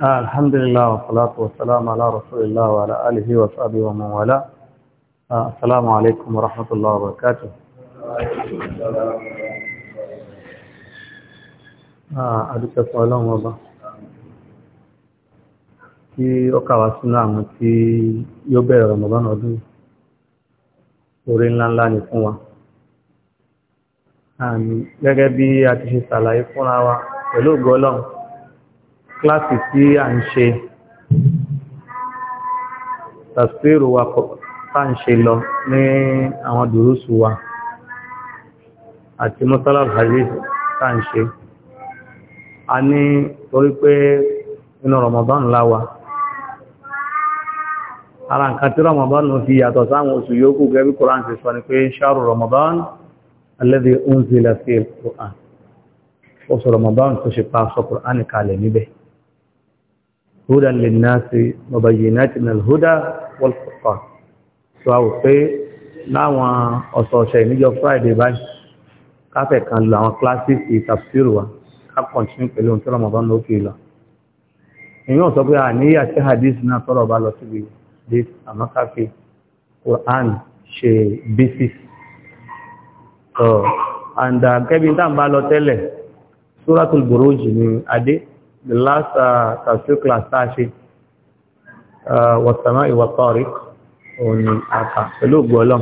alhamdulillah wa salatu wa salam ala rasulillah wa ala alihi wa sahbihi wa man wala ah, assalamu alaikum wa rahmatullahi wa barakatuh àdúpẹ́ ah, fún ọlọ́run ọba tí ó kàwà sínú àwọn tí yóò bẹ̀rẹ̀ Ramadan ọdún orí ńláńlá ni fún wa gẹ́gẹ́ bí a ti ṣe ṣàlàyé fúnra wa pẹ̀lú ògbọ́lọ́run kíláàsì tí a ń ṣe tàṣírò wa tá ń ṣe lọ ní àwọn dùrúsù wa àti mọ́sálà hadith tá ń ṣe a ní torí pé inú Ramadan láwa ara nǹkan tí Ramadan fi yàtọ̀ sáwọn oṣù yòókù gẹ́bí Qur'an ti sọ ni pé ṣáàrù Ramadan alladhi unzila fil Qur'an oṣù Ramadan tó ṣe pa sọ kalẹ̀ níbẹ̀ هدى للناس وبينات من الهدى والفرقان so a wò pé láwọn ọ̀sọ̀ọ̀sẹ̀ níjọ friday báyìí káfẹ̀ kan lọ àwọn kílásìkì tafsir wa ká kọ̀ǹtínú pẹ̀lú ohun tí ọmọ bá ń lò kí lọ èyàn sọ pé àníyà tí hadith náà sọ̀rọ̀ bá lọ síbi dé àmọ́ káfí quran ṣe basis and kẹ́bí uh, tá à ń suratul buruj ni adé the last uh, tafsir class tá a ṣe uh, wọ̀sánmá ìwà tọ́rí òní àkà pẹ̀lú ògbọ́lọ́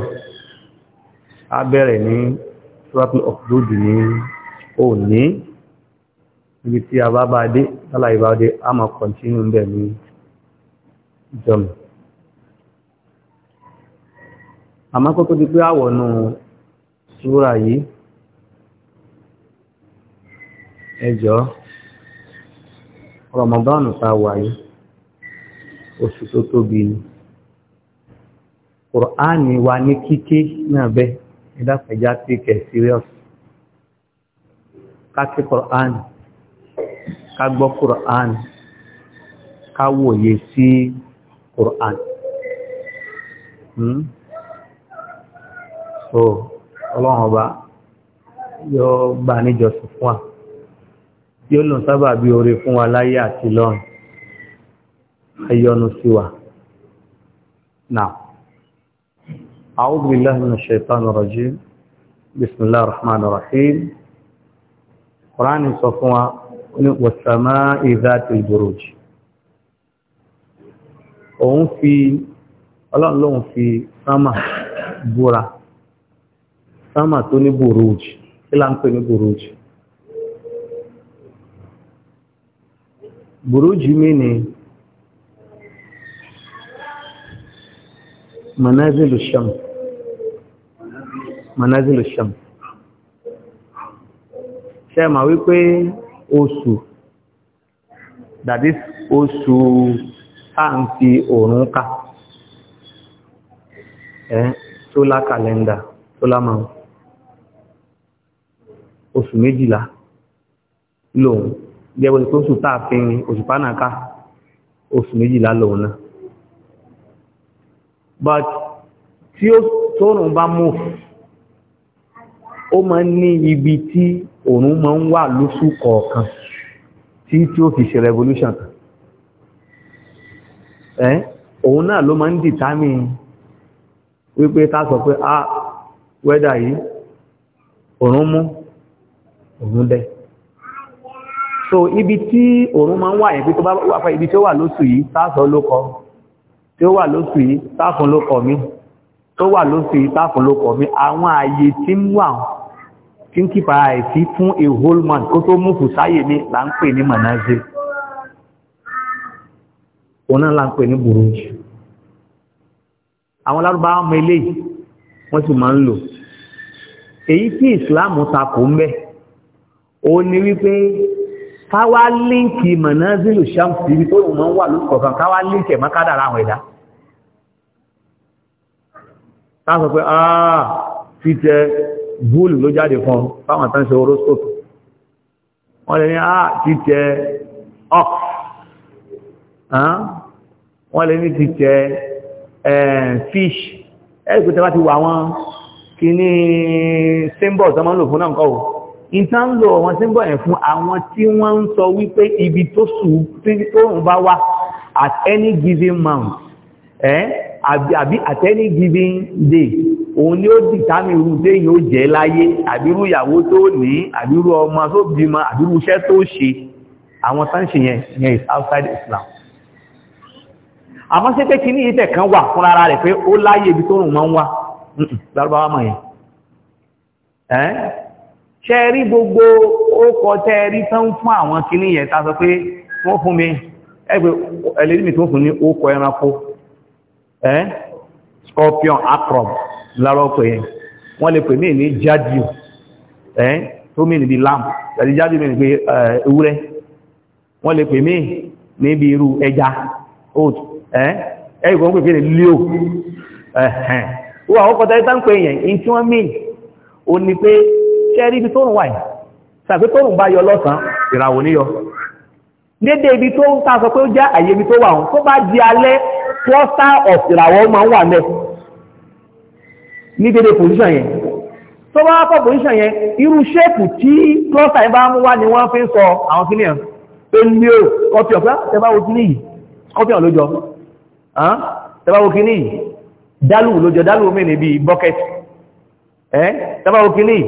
a bẹ̀rẹ̀ ní suratul Ukhdud ní òní ibi tí a bá bá dé tọ́lá ìbá dé a máa kọ̀ntínú bẹ̀ ní jọmù àmọ́ kókó di pé àwọ̀nù súra rọmọdọ́nù tá a wà yìí oṣù tó tóbi ni kùránì wa ní kíké náà bẹ́ẹ̀ ìdápẹ̀já tí kẹ̀ serious ká kí kùránì ká gbọ́ kùránì ká wòye sí kùránì. Hmm? so ọlọ́run ọba yóò gbà níjọsìn fún wa yóò lọ sábà bí oore fún wa láyé àti lọ́run ayọ́nu sí wa náà أعوذ بالله من الشيطان الرجيم بسم الله الرحمن الرحيم قرآن صفوة والسماء ذات البروج òun fi ọlọ́run lóun fi sánmà búra sánmà tó ní bùrújì kí la ń pè ní bùrújì buruji ni manazilu sham manazilu sham ṣe ma wípé oṣù that is oṣù tá ń fi òòrùn ká ẹ́ solar calendar solar month oṣù méjìlá lòun jẹ́wọ́ ní kóṣù tá a fi oṣù pánàká oṣù méjìlá lòun náà but tí ó tóòrùn bá mú ó máa ń ní ibi tí òòrùn máa ń wà lóṣù kọ̀ọ̀kan tí tí ó fi ṣe revolution ẹ́ òun náà ló máa ń dìtámì wípé ká sọ pé ah wẹ́dà yìí òòrùn mú òòrùn dẹ́ so ibi tí òun máa ń wà yẹn pé tó bá wà fẹ́ ibi tí ó wà lóṣù yìí sáàsán ló kọ tí ó wà lóṣù yìí sáàfún ló kọ mí tó wà lóṣù yìí sáàfún ló kọ mí àwọn ààyè tí ń wà tí ń kípa àìsí fún a whole month kó tó mú fùsáyè ní là ń pè ní manaze òun náà là ń pè ní burúkú àwọn lárúbáwá káwá líǹkì mọ̀nàzílù ṣàmùsì ibi tó rùn mọ́ wà lóṣù kọ̀ọ̀kan káwá líǹkì ẹ̀mọ́ kádàrà àwọn ẹ̀dá táàsọ̀ pé àà ah, fìtẹ̀ búùlù ló jáde fún fáwọn tán ṣe horoscope wọ́n lè ní àà ah, fìtẹ̀ ox wọ́n lè ní fìtẹ̀ fish ẹ̀rùkú tẹ́ bá ti wà wọn kì ní symbols ọmọ lò fún náà kọ́wọ́ ìtàn ń lò wọn tí ń bọ̀ yẹn fún àwọn tí wọ́n ń sọ wípé ibi tó sùn tí tóun bá wà at any given month eh? àbí at any given day òun ni ó dìtàmì irú téèyàn ó jẹ́ láyé àbírú ìyàwó tó ní àbírú ọmọ tó bímọ àbírú iṣẹ́ tó ṣe àwọn tán ṣe yẹn yẹn is outside Islam àmọ́ sí pé kí ní ìtẹ̀ kan wà fún ara rẹ̀ pé ó láyé ibi tó rùn mọ́ ń wá lárúbáwá mọ̀ yẹn ṣe rí gbogbo ókọ tẹ́ rí tán fún àwọn kìíní yẹn ta sọ pé wọ́n fún mi ẹgbẹ́ ẹlẹ́dìmì tó fún ní ókọ ẹranko ẹ́ scorpion acrob lárọ́pẹ̀ yẹn wọ́n lè pè mí ní jádìó ẹ́ tó mí níbi lamb tàbí jádìó mí níbi ewúrẹ́ wọ́n lè pè mí níbi irú ẹja oat leo ẹ̀hẹ̀n wọ́n àwọn kọta ìtànpẹ̀ yẹn in tí ni pé ṣẹ́rí ibi tó rùn wáyìí sàgbé tó rùn bá yọ lọ́sàn ìràwọ̀ níyọ dédé ibi tó ń ta sọ pé ó jẹ́ àyè ibi tó wà hùn tó bá di alẹ́ cluster of ìràwọ̀ máa ń wà mẹ́ ní dédé position yẹn tó bá wápọ̀ position yẹn irú ṣéèpù tí cluster yẹn bá mú wá ni wọ́n fi ń sọ àwọn kíní ẹ̀ pé ní o kọfí ọ̀pẹ́ tẹ́bá wo kíní yìí kọfí ọ̀n ló jọ tẹ́bá wo kíní yìí dálù ló jọ dálù omi ní bíi bucket tẹ́bá wo kíní yìí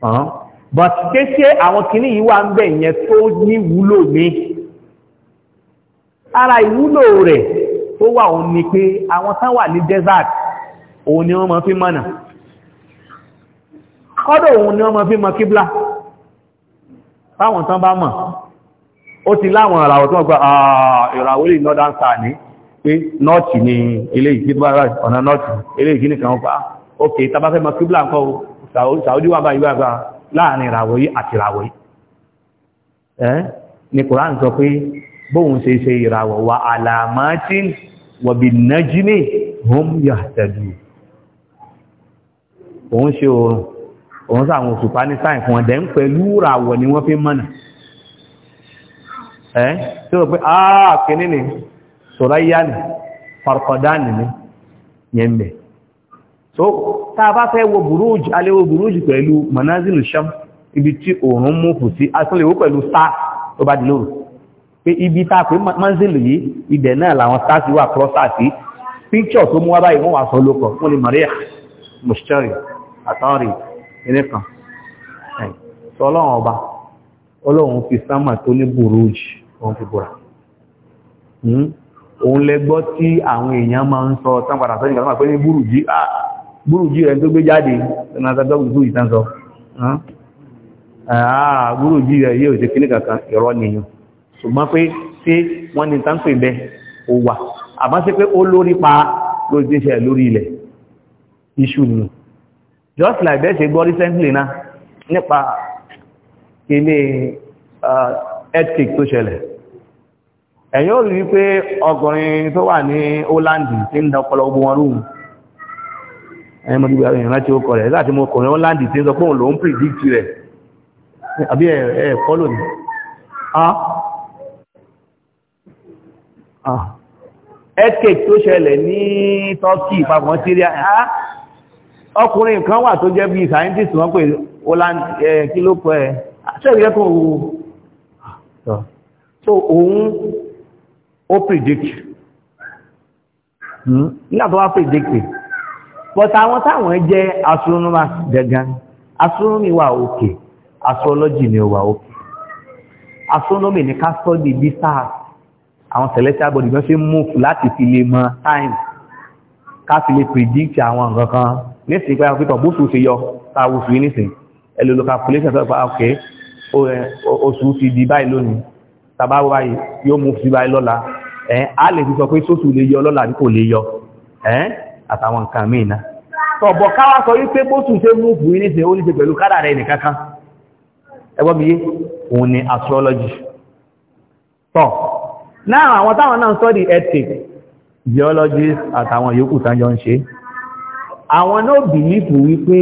but kéṣe àwọn kìíní yìí wà ń bẹ̀ yẹn tó ní wúlò ní ara ìwúlò rẹ̀ tó wà òun ni pé àwọn tán wà ní desert òun ni wọ́n mọ́ fi mọ́nà kọ́dọ̀ òun ni wọ́n mọ́ fi mọ́ kíblá táwọn tán bá mọ̀ ó ti láwọn ìràwọ̀ tó gbá ah, ìràwọ̀ lè northern star ní pé north ni ilé ìgbẹ́ ọ̀nà north ilé ìgbẹ́ nìkan ó pa ókè tàbá fẹ́ mọ́ kíblá nǹkan Saudi wà báyìí bá láàrin ìràwọ̀ yìí àti ìràwọ̀ yìí ẹ́ ni Quran sọ pé bóhun ṣe ṣe ìràwọ̀ wa alamatin wa bin najmi hum yahtadu òun ṣe oòrùn òun sáwọn òṣùpá ní sáìn fún ọ̀dẹ̀ ń pẹ̀lú ìràwọ̀ ni wọ́n fi mọ́nà ẹ́ tí ó pé ààkì ah, ní ni Surayya ni so tá a bá fẹ́ wo buruj alẹ́ wo buruj pẹ̀lú manazilu sham ibi tí oòrùn mú kù sí asúnlẹ̀ wo pẹ̀lú star tó bá di lóru pé ibi tá a pé manzilu yìí ibẹ̀ náà làwọn stars wà crossers sí picture tó mú wá wọ́n wà sọ lóko wọ́n ni maria mustari atari ilé kan sọ ọlọ́run ọba ọlọ́run buruj òun fi búra hmm? òun lẹ gbọ́ tí àwọn èèyàn máa ń sọ tán búrùjí rẹ̀ tó gbé jáde ẹ̀nàtàdọ́gbùgbù ìtànsọ àà búrùjí rẹ̀ ah, yíò ṣe kí ní kankan ìrọ́ nìyàn ṣùgbọ́n pé tí wọ́n ni tánpẹ̀ bẹ ó wà àbá sí pé ó lórí pa lójíṣẹ́ lórí just like that, ṣe gbọ́ recently na nípa ilé ah, earthquake tó ṣẹlẹ̀ ẹ̀yìn ó rí pé ọkùnrin tó wà ní holland ti ń da rúùn ẹ̀yẹn mọ́dí gbogbo ẹ̀yìn láti ókọ̀ rẹ̀ láti mọ́ ọkọ̀ rẹ̀ wọ́n láǹdì tí ó sọ pé òun ló ń predict rẹ̀ àbí ẹ̀ fọ́lò ní earthquake tó ṣẹlẹ̀ ní Turkey papọ̀ Syria ọkùnrin kan wà tó jẹ́ bí scientist wọ́n pè Holland kí ló pẹ́ ṣẹ́gbẹ́ kò so òun ó predict hmm? nígbà tó wá predict but àwọn táwọn jẹ́ astronomer gangan astronomy wà òkè astrology ni ó wà òkè astronomy ni ká study bí stars àwọn celestial body gan ṣe láti fi lè mọ time ká fi lè predict àwọn nǹkan kan nísìnyí pé àwọn pípọ̀ bóṣù ṣe yọ táwùsù yìí nísìnyí ẹlòlò calculation tó pa ah, di báyìí lónìí tàbáwọ́ báyìí yóò move sí báyìí lọ́la ẹ̀ á lè fi sọ pé sóṣù lè yọ àtàwọn nǹkan míì náà tọ̀bọ̀ káwà sọ wípé bó tún ṣe mú fún ní ṣe ó ní ṣe pẹ̀lú kádà rẹ̀ nìkankan ẹgbọ́n mi yé òun ni astrology tọ́ náà àwọn táwọn náà study ethics geologists àtàwọn yòókù tánjọ ń ṣe àwọn náà bìlífù wípé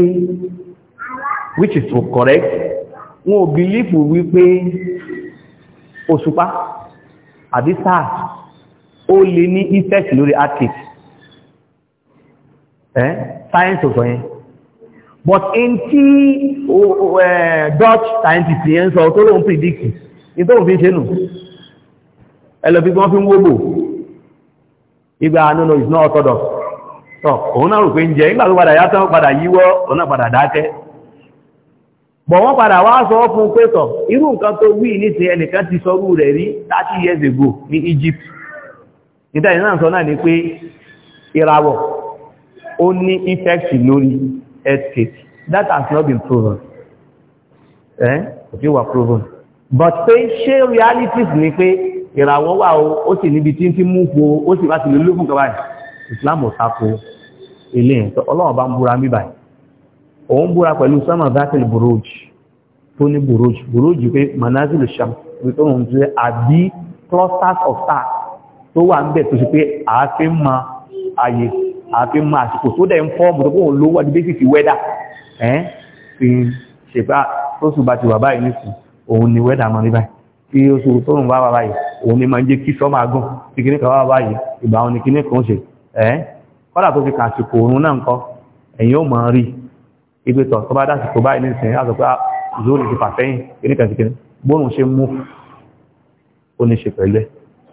which is correct wọn ò bìlífù wípé òṣùpá àbí sáà ó lè ní effect lórí arctic ẹ́ sáyẹ́ǹsì for him but in tí Dutch scientist yẹn sọ tó lóun predict ní tó ṣe nù wọ́n fi ń wóbò ìgbà àánú is not orthodox so òun náà rò pé ń jẹ ìgbà tó padà yàtọ̀ padà yíwọ́ òun náà padà dákẹ́ bọ̀ wọ́n padà wá sọ fún pẹ́tọ̀ irú nǹkan tó wí ní ti ẹnìkan ti sọrú rẹ̀ 30 years ago ní Egypt sọ náà ni pé ìràwọ̀ ó ní effect lórí estate that has not been proven eh kò tí proven but say ṣé realities ni pé ìràwọ̀ wà o ó sì níbi tí ń ti mú po ó sì bá ti lè lókùn kaba Islam ò tako ilé ẹ̀ ọlọ́run bá ń búra mí báyìí òun búra pẹ̀lú sọ́mà vatil buroj tó ní buroj buroj pé manazil sham wípé òun ti rẹ̀ àbí clusters of stars tó wà ń bẹ̀ tó ṣe pé àáfin ma àyè àfi mọ àsìkò tó dẹ̀ ń fọ́ọ̀mù tó kóhùn lówó àti bẹ́sì ti wẹ́dà ẹ́n fi ṣèpá ah, tó sùn bá ti wà báyìí nìsín òun ni wẹ́dà mọ́ ní báyìí tí ó sùn tó rùn bá wà báyìí òun ni máa ń jẹ́ kí sọ́mà gùn tí kìíní kan wà báyìí ìgbà òun ni kìíní kan ṣe ẹ́n kọ́dà tó fi kà àsìkò òun náà ń kọ́ ẹ̀yìn ó mọ̀ rí ibi tọ̀ tó bá dá àsìkò báyìí nìsín á sọ pé zoro ah, ti fà sẹ́yìn kìíní kan kìíní bóun ṣe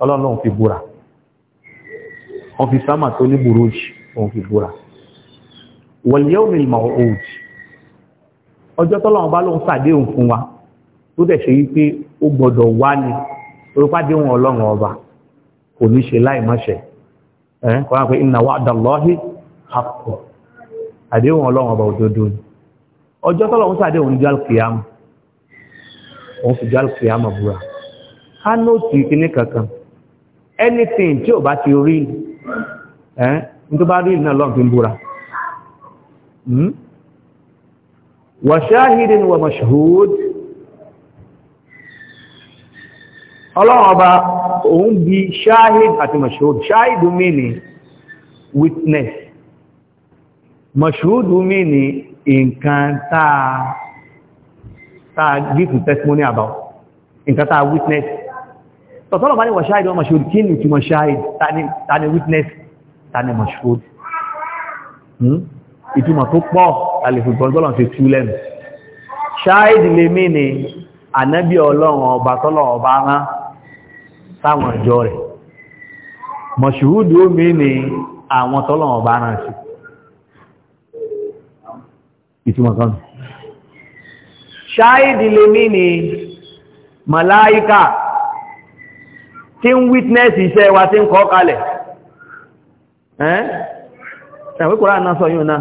ọlọ́run fi búra wọ́n fi sámà tó ní burújì òun fi búra wọ̀lẹ́ọ̀mì mọ̀ọ́d ọjọ́ tọ́lọ́run bá lóun ṣàdéhùn fún wa tó dẹ̀ ṣe yí pé ó gbọ́dọ̀ wá ọba kò ní ṣe láì mọ́ṣẹ̀ ọba òdodo ni ọjọ́ tọ́lọ́run ṣàdéhùn ní jọ́l kìámù òun fi jọ́l kìámù búra ká nóòtù ìkíní kankan anything tí tó bá rí ìrìnà lọ́n fi ń búra hmm? wa shahidin wa mashhud ọlọ́run ọba òun bí shahid àti mashhud shahid mi ni witness mashhud mi ni nǹkan táa give testimony about nǹkan táa witness tọ̀tọ́lọ̀ bá ní wa shahid wa mashhud kí ni ìtumọ̀ shahid ta ni witness tani mashhur hmm? ìtumọ̀ tó pọ̀ alìfùgbọ́n ti tú lẹ́nu ṣáìdì lè mí ni ànábì ọlọ́run ọba tọ́lọ́run ọba rán sáwọn ìjọ rẹ̀ mọ̀ṣùhúdù ó mí ni àwọn tọ́lọ́run ọba rán sí ìtumọ̀ kan ṣáìdì lè mí ni màláíkà tí ń wítínẹ́sì iṣẹ́ wa tí ń kọ́ ẹ́n ẹ̀wẹ́ kòrán náà sọ yíò náà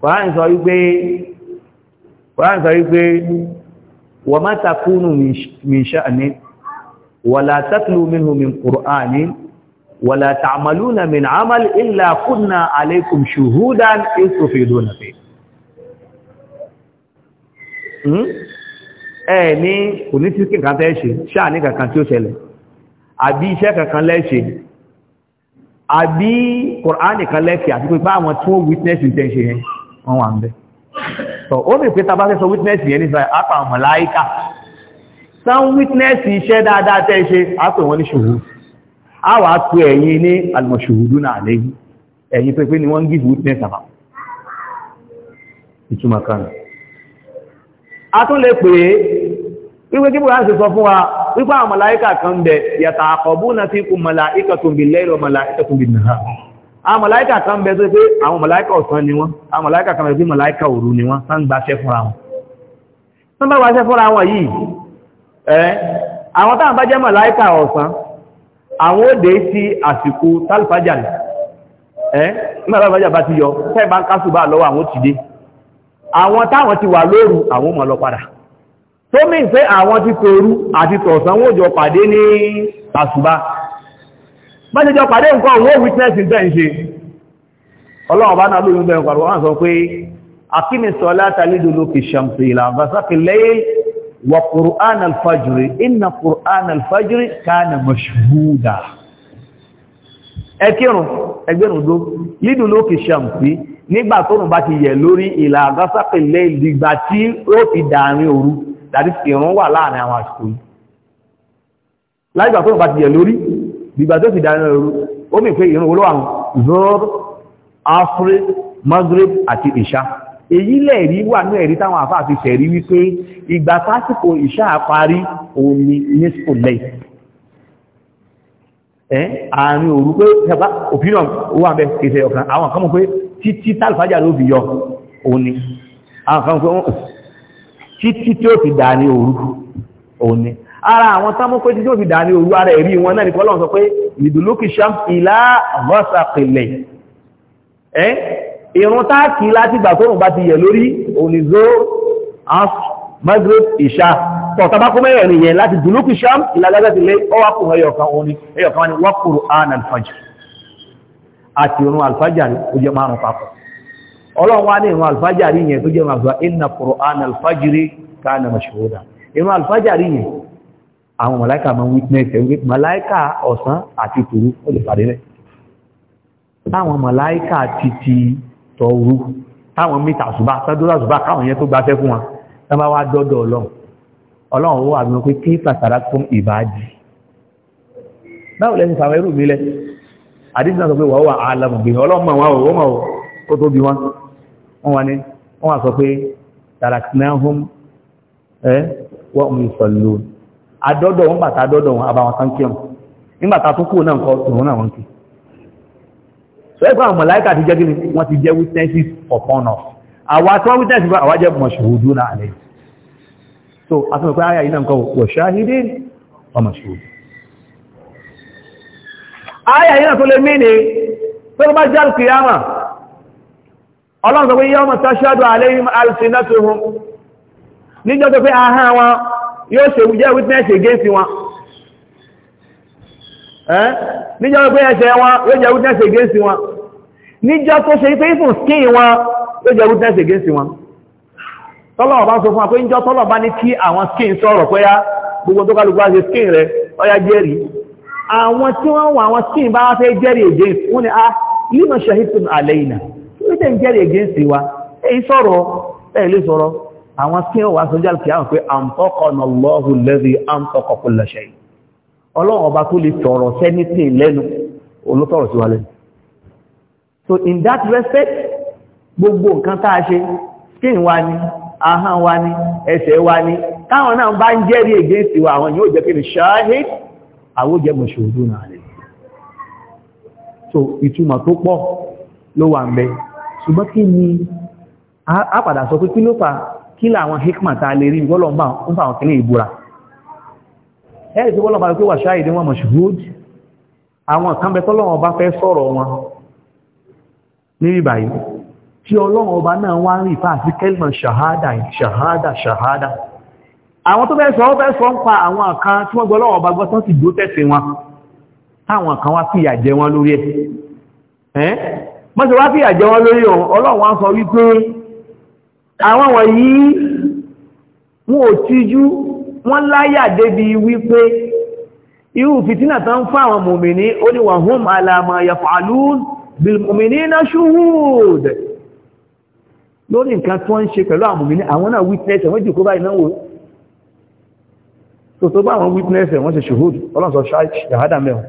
kòrán sọ wípé kòrán sọ wípé wà má takúnù min sha'nin wà látàkùnù minhu min kòránì wà látàmàlúnà min amal illa kunna alaikum shuhudan istufiduna fi hmm? ẹ̀ ní kò ní tí kìkan tẹ́ ṣe ṣáà ní kankan tí ó ṣẹlẹ̀ àbí iṣẹ́ kankan lẹ́ṣe àbí kọ̀ránì kan lẹ́kì àti pípa àwọn tí wọ́n witness intention yẹn wọ́n wà ń bẹ́ so ó mẹ́ pé tàbá sọ witness yẹn ní sàá àpà àwọn màláíkà sán witness iṣẹ́ dáadáa tẹ́ ṣe àpẹ wọn ní ṣòhù a wà pẹ ẹ̀yin ní alìmọ̀ṣòhùdú náà lẹ́yìn ẹ̀yin pẹ́pẹ́ ni wọ́n give witness àbá ìtumọ̀ kan a wípé tí bùrá ń sọ fún wa wípé àwọn màláíkà kan bẹ yàtà àkọ̀bú náà fi kú màláíkà tó bí lẹ́rọ màláíkà tó bí nàá àwọn màláíkà kan bẹ tó pé àwọn màláíkà ọ̀sán ni wọ́n àwọn màláíkà kan bẹ pé màláíkà òru ni wọ́n tán gbaṣẹ́ fúnra wọn tán bá gbaṣẹ́ fúnra wọn yìí ẹ́ táwọn ti wà lóru àwọn ó mọ̀ tó mìí pé àwọn ti tòru àti tọ̀sán wọ́n jọ pàdé ní àsùbá bá ti jọ pàdé nǹkan wọ́n witness in tẹ́ ń ṣe ọlọ́run bá náà lóyún bẹ̀rẹ̀ pàdé wọ́n sọ pé akíni sọlá tàlídòlò kì ṣàmsì ìlànàfàsákì lẹ́yìn wa qur'an alfajiri inna qur'an alfajiri kana lẹ́yìn dìgbà tí dàdí ìrún wà láàrin àwọn àsìkò yìí láìgbà tó bá ti yẹ lórí gbígbà tó fi dáná ẹrú ó mì pé ìrún olówà zor afri maghrib àti ìṣá èyí lẹ́ẹ̀rí wà ní ẹ̀rí táwọn àfáà fi ṣẹ̀rí wípé ìgbà tásìkò ìṣá parí omi nísìkò lẹ́yìn ẹ́ àárín òru pé ṣẹba opinion ó wà bẹ́ kẹsẹ̀ ọ̀kan àwọn kan mọ̀ títí tí ó fi dà ní òru òun ni ara àwọn sámú pé títí ó fi dà ní òru ara ẹ̀rí wọn náà ní kọ́lọ̀ sọ pé ìdùlókì sham ìlà ọ̀sàpìlẹ̀ ẹ́ ìrún táàkì láti gbà tó rùn bá ti yẹ lórí onízó Maghrib Isha tọ̀tàbákú mẹ́rẹ̀ nìyẹn láti dùlókì sham ìlà lágbàtílẹ̀ ọwákùn ẹyọkan òní ẹyọkan wọn ni ọlọ́run wá ní ìrun alfajari yẹn tó jẹ́ ìrun àbúrà inna qur'an alfajiri kana mashhuda ìrun alfajari yẹn àwọn màláìkà máa witness ẹ̀ wípé màláìkà ọ̀sán àti tòru ó lè pàdé rẹ̀ táwọn màláìkà ti ti tọrú táwọn mítà ṣùgbà sọ́dọ́lá ṣùgbà káwọn yẹn tó gbáfẹ́ fún wọn tán bá wá dọ́dọ̀ ọlọ́run ọlọ́run ó wà ní pé kí wọ́n wá sọ pé tàràkìnáhùn ẹ́ wọ́n mú ìsọ̀lú adọ́dọ̀ wọn bàtà adọ́dọ̀ wọn àbáwọn sánkíọ̀n nígbàtà tó kú náà kọ́ tòun náà wọ́n kí so ẹgbẹ́ àwọn mọ̀láíkà ti jẹ́ gíní wọ́n ti jẹ́ witnesses upon us àwa tí wọ́n witnesses bá yìí náà tó lè mí ni tó bá jẹ́ àlùkìyàmà ọlọ́run sọ pé yọ́ mọ̀ tashhadu alayhim alsinatuhum níjọ́ tó pé ahán wọn yóò ṣe jẹ́ witness against wọn níjọ́ tó pé ẹsẹ̀ wọn yóò jẹ́ witness against wọn níjọ́ tó ṣe skin wọn yóò jẹ́ witness against wọn tọ́lọ̀ bá sọ fún wa pé níjọ́ tọ́lọ̀ bá ní skin sọ̀rọ̀ pé ya gbogbo tó kálukú wá skin rẹ̀ ọya jẹ́rìí àwọn tí wọ́n wọ àwọn skin bá wá fẹ́ wọ́n ni a ah, ní tẹ́ ń jẹ́rì against wa èyí sọ̀rọ̀ ẹ̀ lè sọ̀rọ̀ àwọn tí ó wà sójá kí á pé àǹtọ́kọ̀nà lọ́hù lẹ́rí àǹtọ́kọ̀kọ̀ lẹ́ṣẹ̀ ọlọ́run ọba tó lè sọ̀rọ̀ sẹ́nítìn lẹ́nu so in dat respect gbogbo nǹkan tá skin wa ni aha wa ni ẹsẹ̀ wa ni táwọn náà bá ń jẹ́rí wa ni náà so ìtumọ̀ tó pọ̀ ló wà ṣùgbọ́n kí ni a padà sọ pé kí ló fà kí láwọn hikma ta lè rí wọ́lọ́mbà ń fà wọn kí ní ìbúra ẹ̀rì tí wọ́lọ́mbà ló pé wà ṣáà ìdí wọn mashhud àwọn kan bẹ tọ́lọ́wọ́n bá fẹ́ sọ̀rọ̀ wọn níbi báyìí tí ọlọ́wọ́n ọba náà wá ń rí fà sí kẹ́lìmọ̀ ṣàhádà ṣàhádà ṣàhádà àwọn tó fẹ́ sọ fẹ́ táwọn kan wá fìyà jẹ wọn lórí ẹ̀ wọ́n ti wá fi àjẹ́ wọn lórí ọlọ́run wá sọ wípé àwọn wọ̀nyí wọn ò tijú wọ́n láyà débi wípé irú fìtínà tán fún àwọn mòmìnì ó ní wà hum ala ma yaf'alun bil mu'minina shuhud lórí nǹkan tí wọ́n ń ṣe pẹ̀lú àwọn mòmìnì àwọn náà witness wọ́n jù kó báyìí náà wò tó witness wọ́n ṣe shuhud ọlọ́sọ̀ ṣáàdà mẹ́wọ̀n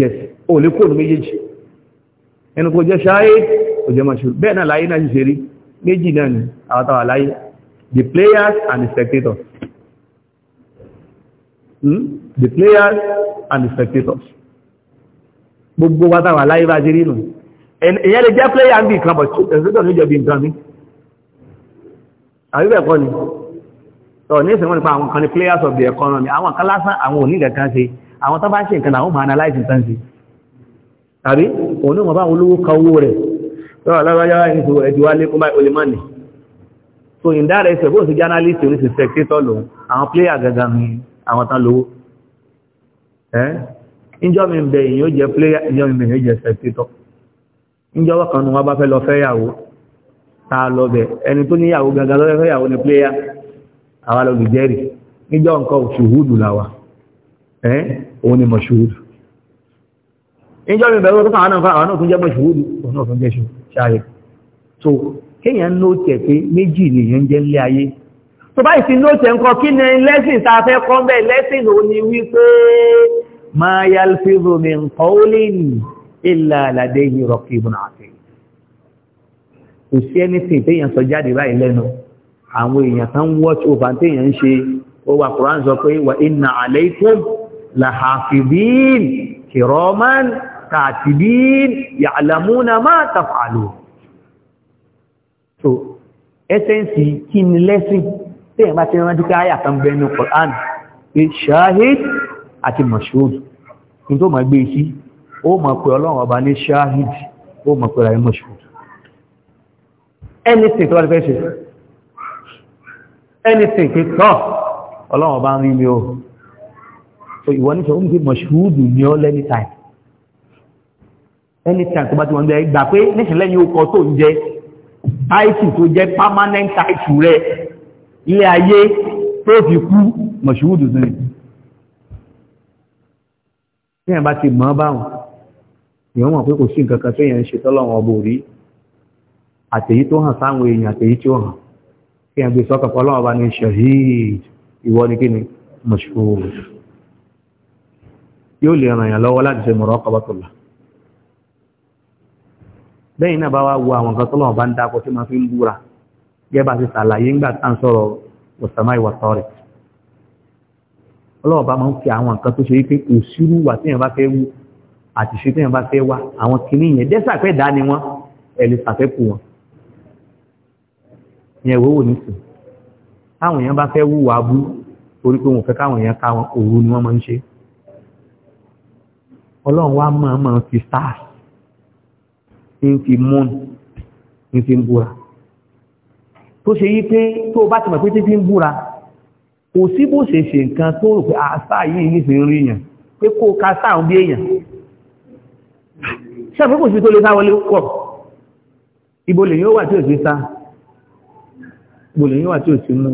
yes o lè kóòdù méjèèjì ẹnu kò jẹ́ ṣáyé kò jẹ́ mọ̀ṣù bẹ́ẹ̀ náà láyé náà ṣe rí méjì ni àwátawà láyé the players and the spectators hmm? the players and the spectators gbogbo wátawà láyé bá ṣe rí nù èyàn lè jẹ́ player ń bí nǹkan bọ̀ spectators ló jẹ́ bí nǹkan mi àbí bẹ́ẹ̀ kọ́ ni tọ̀ ní ìsìnkú nípa àwọn kan ni players of the economy àwọn kan lásán àwọn ò ní kan ṣe àwọn tó bá ń ṣe nǹkan àwọn máa analyze nǹkan sí tàbí òun náà bá wọn olówó ka owó rẹ̀ lọ́wọ́ alábájáwá ní ìṣòro ẹ̀dùwá lékún so in that respect bóòsì journalist oníṣẹ́ spectator lòun àwọn player gangan ni àwọn tán lówó ẹ́ ìjọ́ mi ń bẹ èèyàn ó jẹ player ìjọ́ mi ń bẹ èèyàn ó jẹ spectator ìjọ́ wọ́n kan nu wọn bá fẹ́ lọ fẹ́ yàwó níjọ́ nǹkan òṣùwúdù làwà ẹ́ òun ni mọ̀ṣúúdù ìjọ́ mi bẹ̀rẹ̀ ọkọ̀ àwọn àwọn náà tún jẹ́ mọ̀ṣúúdù òun náà tún jẹ́ ṣáre so kéèyàn ló tẹ̀ pé méjì nìyàn jẹ́ lé ayé tó bá ìsìn ló tẹ̀ nǹkan kí ni lẹ́sìn tá a fẹ́ kọ́ bẹ́ẹ̀ lẹ́sìn ò ní wípé ma yalfizu min qawlin illa ladayhi raqibun atid kò sí anything téèyàn sọ jáde báyìí lẹ́nu àwọn èèyàn kan watch over téèyàn ń ṣe ó wà Kùránì sọ pé wà inna alaykum لحافظين كراما كاتبين يعلمون ما تفعلون so essence kí ni lesson tí ẹ̀mà tí wọ́n dúkẹ́ àyà kan bẹnu Qur'an pé shahid àti mashhud ní tó ma gbé e sí ó ma pè ọlọ́run ọba ní shahid ó ma pè ráyé mashhud anything tó wà anything pé tọ́ ọlọ́run ọba ń mi o so ìwọ ní sọ wọ́n fi mọ̀ṣúùdù ní ọ́ lẹ́ni táì ẹni tí a tó bá ti wọ́n jẹ́ gbà pé níṣẹ́lẹ̀ ní okọ̀ tó ń jẹ́ táìtù tó jẹ́ permanent táìtù rẹ̀ ilé ayé tó fi kú mọ̀ṣúùdù sí ní ẹ̀bá ti mọ́ báwọn èèyàn mọ̀ pé kò sí nǹkan kan tó yẹn ń ṣe tọ́lọ́wọ́n ọbọ̀ rí àtèyí tó hàn sáwọn èèyàn àtèyí tí hàn kí ẹ̀ gbé sọ́kàn pọ́lọ́wọ́n bá ní ṣahid ìwọ ni kí ni mọ̀ṣúùdù yóò lè ràn yàn lọ́wọ́ láti ṣe muraqabatullah lẹ́yìn náà bá wá wo àwọn nǹkan tọ́lọ́wọ́ bá ń dákọ̀ tí máa fi ń búra gẹ́bà ti sàlàyé ńgbà tá ń sọ̀rọ̀ òsàmá ìwà tọ́rẹ̀ ọlọ́wọ́ bá máa ń fi àwọn nǹkan tó ṣe wípé kò sírú wà tí èèyàn bá fẹ́ wú àti ṣe tí èèyàn bá fẹ́ wá àwọn kìíní yẹn dẹ́sàpẹ́ dá ni wọ́n ẹ̀lì sàfẹ́kù wọn ìyẹn wò ní sùn táwọn èèyàn bá fẹ́ wú wàá bú torí pé wọn fẹ́ káwọn èèyàn ká wọn òru ni wọ́n máa ń ṣe ọlọ́run wá máa máa fi stars ń fi moon ń fi ń búra tó ṣe yí pé tó o bá ti mọ̀ pé títí ń búra kò sí bó ṣe ṣe nǹkan tó rò pé àṣà ah, yìí nífẹ̀ẹ́ rí èèyàn pé kó ka sáà bí èèyàn ṣàfihàn kò sí tó lè sá wọlé kọ̀ ibo lèyìn ó wà tí ò sí sá ibo lèyìn wà tí ò sí mú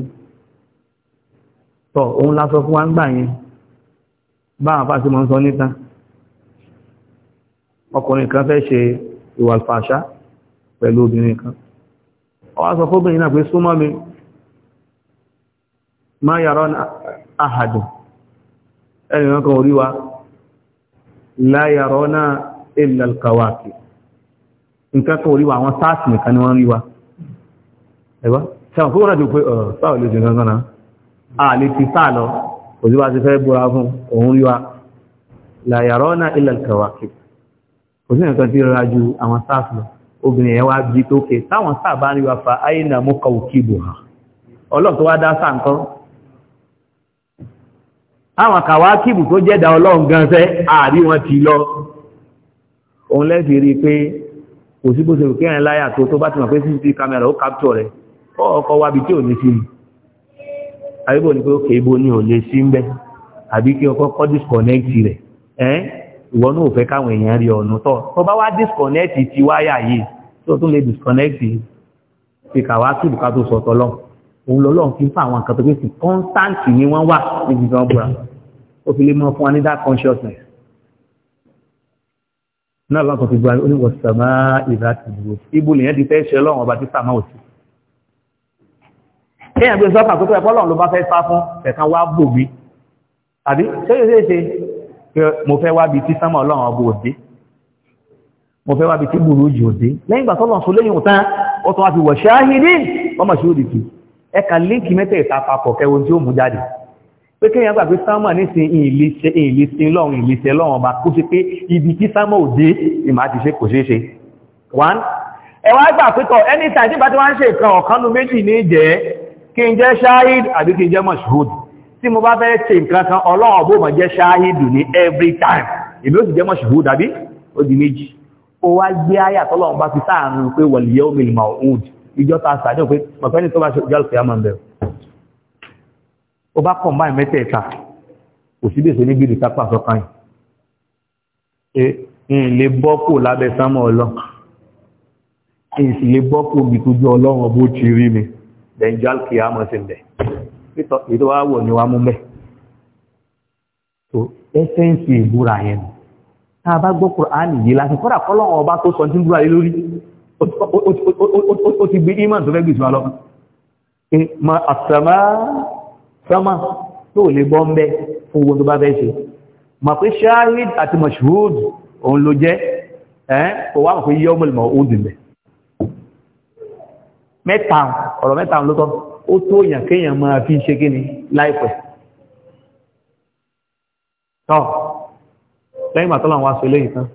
tọ̀ òun la sọ fún wa ń gbà yẹn báwọn afáṣe máa ń sọ níta ọkùnrin kan fẹ́ ṣe ìwà fàṣá pẹ̀lú obìnrin kan ó wá sọ fóbìnrin náà pé súnmọ́ mi má yàrá àhàdùn ẹnìyàn kan orí wa láyàrá náà ìlàlkàwàkì nǹkan kan orí wa àwọn sáàtì nìkan ni wọ́n rí wa ẹ̀wá sẹ́wọ̀n fún ọ̀rọ̀dù pé ọ̀sáwò lè jìn kò sí nǹkan tí rọra ju àwọn sars lọ obìnrin yẹn bí tó ké táwọn sáà bá ń rí wa fa ayé náà mú kọ̀wù kí ibò hàn ọlọ́run tó wá dá sáà nǹkan àwọn kàwá kíbù tó jẹ́dà ọlọ́run gan sẹ́ ààrí wọn ti lọ òun lẹ́sìn rí i pé kò sí bó ṣe rò kéèyàn láyà tó tó bá ti mọ̀ pé cctv camera ó capture rẹ̀ kọ́ ọkọ̀ wábi tí ò ní sí mi àríbò ni pé ó kéèbó ni ò lè sí ń bẹ́ àbí kí ọkọ̀ disconnect rẹ̀ ẹ́n ìwọ náà ò fẹ́ káwọn èèyàn rí ọ̀nà tọ́ tó bá wá disconnect ti wáyà yìí tó tún lè disconnect ti kàwá sí ìbùká tó sọ tọ́lọ́ òun lọ́lọ́run fi ń fa àwọn nǹkan tó pé sí constant ni wọ́n wà níbi tí wọ́n búra ó fi lè mọ fún wa ní that consciousness náà lọ́kàn fi gba oníwọ̀ sàmá ìdá ti dúró ibú lèyàn ti fẹ́ ṣe lọ́wọ́n ọba tí sàmá ò sí kéèyàn gbé sọ́kà tó pẹ́ pọ́lọ́run ló bá fẹ́ sá fún ẹ̀kan mo fẹ́ wá bí tí sánmà ọlọ́run ọbọ̀ òdé mo fẹ́ wá bí tí gbùrú jù òdé lẹ́yìn ìgbà tọ́lọ̀ sọ lẹ́yìn òtán ó tún wá fi wọ̀ ṣáhìdí ọmọ sí òdìtì ẹka líǹkì mẹ́tẹ̀ẹ̀ta papọ̀ kẹwo tí ó mú jáde pé kéèyàn gbà pé sánmà nísìn ìlísìn lọ́run ìlísìn lọ́run ọba kó ṣe pé ibi tí sánmà òdé ìmá ti ṣe kò ṣeé ṣe one ẹ gbà pé tọ anytime tí bá ń ṣe nǹkan ọ̀kanú méjì ní jẹ́ kí tí mo bá fẹ́ ṣe nǹkan kan ọlọ́run bó mọ̀ jẹ́ ṣáhídù ní every time èmi ó sì jẹ́ mọ̀ṣùgbó dàbí ó di méjì ó wá gbé ayà tọ́lọ́run bá fi sáàrin pé wọ̀lìyẹ́ omi ìmọ̀ òun ìjọ ta sàdé pé mọ̀fẹ́ni tó bá ṣe ìjọ ìfẹ́ àmọ́ bẹ̀rẹ̀ ó bá kọ̀ báyìí mẹ́tẹ̀ẹ̀ta kò sí bèsè níbi ìdí sápà sọ́kàn yìí n lè bọ́ kò lábẹ́ sánmọ́ ọlọ́run n sì lè bọ́ kò bìtójú ọlọ́run ọbó ti rí mi dẹ̀ ìjọ ìfẹ́ àmọ́ sí bẹ̀rẹ̀ pítọ̀ ètò wá wọ̀ ni wá mú mẹ́ tó ẹsẹ̀ǹsì ìbúra yẹn nù tá a bá gbọ́ Kùránì yìí láti kọ́dà kọ́lọ́hún ọba tó sọ ní búra yìí lórí ó ti gbé iman tó lọ ma àtàmá sámà tó lè bọ́ ń bẹ́ fún owó tó bá fẹ́ ṣe ma pé ṣáhid àti mashhud òun ló jẹ́ ẹ́ kò wá mọ̀ pé yọ́mọ̀lùmọ̀ ó dìbẹ̀ mẹ́ta ọ̀rọ̀ mẹ́ta ló tọ́ ó tó èèyàn kéèyàn máa fi ṣe kí ni láìpẹ́ tọ́ lẹ́yìn màtọ́lá wa sọ léyìí tán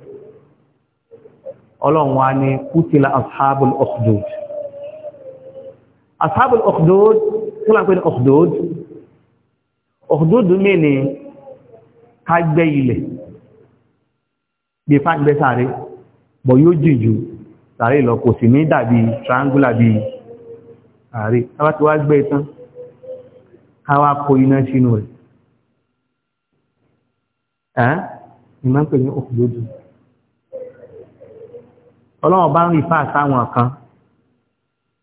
ọlọ́run wa ni kútìlá ashabul ukhdud ashabul ukhdud kí lápé ní ukhdud ukhdud ni ká ilẹ̀ bí fáàgbẹ́ sáré bọ̀ yóò jìn ju sáré lọ kò ní dàbí triangular bíi ààrí tàbá ti wá gbé e tán káwá kó iná sínú rẹ̀ ẹ́ ìmọ̀ ń pè ní òkúlódù ọlọ́wọ́n bá ń rí fáà sáwọn kan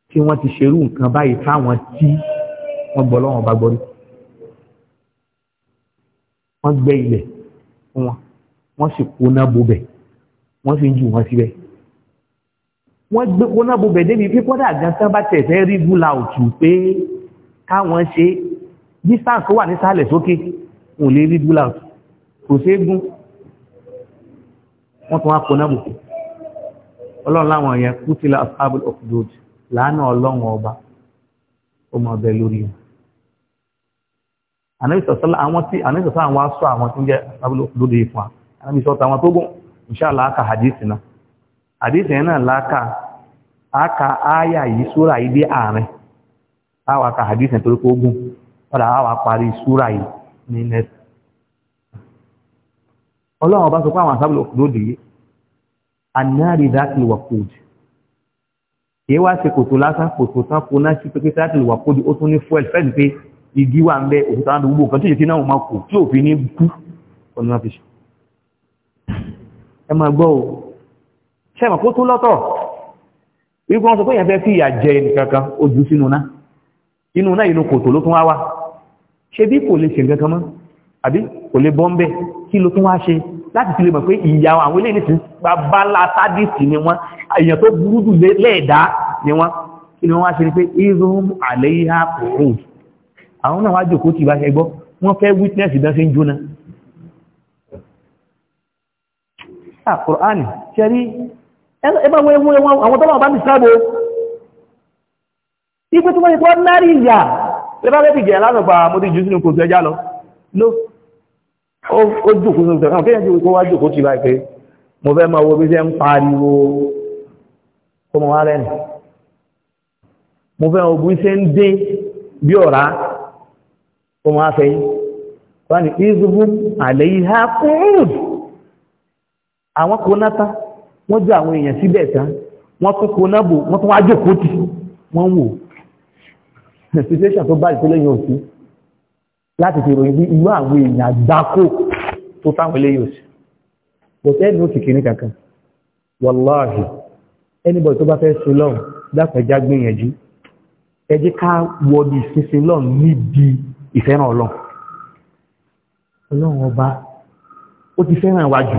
tí wọ́n ti ṣerú nǹkan báyìí fáwọn tí wọ́n gbọ́ lọ́wọ́n bá gbọ́rí wọ́n gbẹ́ ilẹ̀ fún wọn wọ́n sì kó náà bobẹ̀ wọ́n sì ń jù wọ́n síbẹ̀ wọ́n gbé kóná bobẹ̀ débi pé kọ́dà gan tán bá tẹ̀fẹ́ rí gúlà òtù pé káwọn ṣe distance tó wà ní sálẹ̀ sókè ò lè rí gúlà òtù kò ṣe é gún wọ́n tún wá kóná bò ọlọ́run láwọn yẹn kú sí ashabul ukhdud làánà ọlọ́run ọba ó mọ ọbẹ̀ lórí wọn. ànábìsọ̀sọ́lá àwọn tí ànábìsọ̀sọ́ àwọn aṣọ àwọn tí ń jẹ́ ashabul ukhdud yìí fún wa ànábìsọ̀tà àwọn tó gùn inshallah ká hadith náà hadith yẹn náà láàkà aka áyà yìí súrà yìí dé àárín àwa ka hadith nítorí pé ogun ọ̀dà àwa parí súrà yìí ní net ọlọ́run ọba sọ pé àwọn àsábìlì òkúdó dèé anáàrí dákìlì wà kóòdù kì í wá ṣe kòtò lásán kòtò tán kó náà sí pé dákìlì wà kóòdù ó tún ní fúẹ̀lì fẹ́ẹ̀lì pé igi wà ń bẹ òkúta ń gbogbo nǹkan tó yẹ kí náà máa kù tí òfin ní kú ọ̀nà náà ẹ máa gbọ́ o ṣe é mọ̀ kó tún lọ́tọ̀ wípé wọ́n sọ pé èèyàn fẹ́ fi ìyà jẹ ẹnìkan kan ojú sínú náà inú náà inú kòtò ló tún wá wá ṣe bí kò lè ṣe nǹkan kan mọ́ àbí kò lè bọ́ ń bẹ̀ kí ló tún wá ṣe láti fi lè mọ̀ pé ìyà àwọn ilé ìdísìn babalá sádìsì ni wọ́n èèyàn tó burú jù lẹ́ẹ̀dá ni wọ́n kí ni wọ́n wá ṣe ni pé irum àléhà kòròd àwọn náà wá jòkó tì bá ṣe gbọ́ wọ́n fẹ́ witness ìdán sí ń jóná. Àkùrọ̀ ah, ẹgbẹ́ wọn ewu ewu àwọn tọ́lọ̀ bá ti sáàbò ipé tí wọ́n ti wọ́n nárí ìyà lẹ́bàrẹ́ ti gẹ̀ẹ́ lánàpá mo ti jù sínú kò sẹ́já lọ ló ó jùkú sínú sẹ́já kí ẹ̀yìn kó wá jùkú ti bá ìpé mo fẹ́ máa wo bí ṣe ń pariwo kó mọ wá rẹ́nu mo fẹ́ wo bí ṣe ń dé bí ọ̀rá kó mọ wá fẹ́ yí wọ́n ni ìzùbù àlẹ́ yìí ha kúrù àwọn kò náà wọ́n jẹ́ àwọn èèyàn síbẹ̀ tán wọ́n tún kó náà bò wọ́n tún wá jókòó tì wọ́n wò situation tó bá ìtẹ́lẹ́yìn òsì láti fi ròyìn bí irú àwọn èèyàn àgbákò tó táwọn eléyìn òsì but ẹni ó kìkì ní kankan wàláhì anybody tó bá fẹ́ sin lọ́run dápẹ̀já gbìyànjú ẹ jẹ́ ká wọ bí ìsinsin lọ́run níbi ìfẹ́ràn ọlọ́run ọlọ́run ọba ó ti fẹ́ràn wájú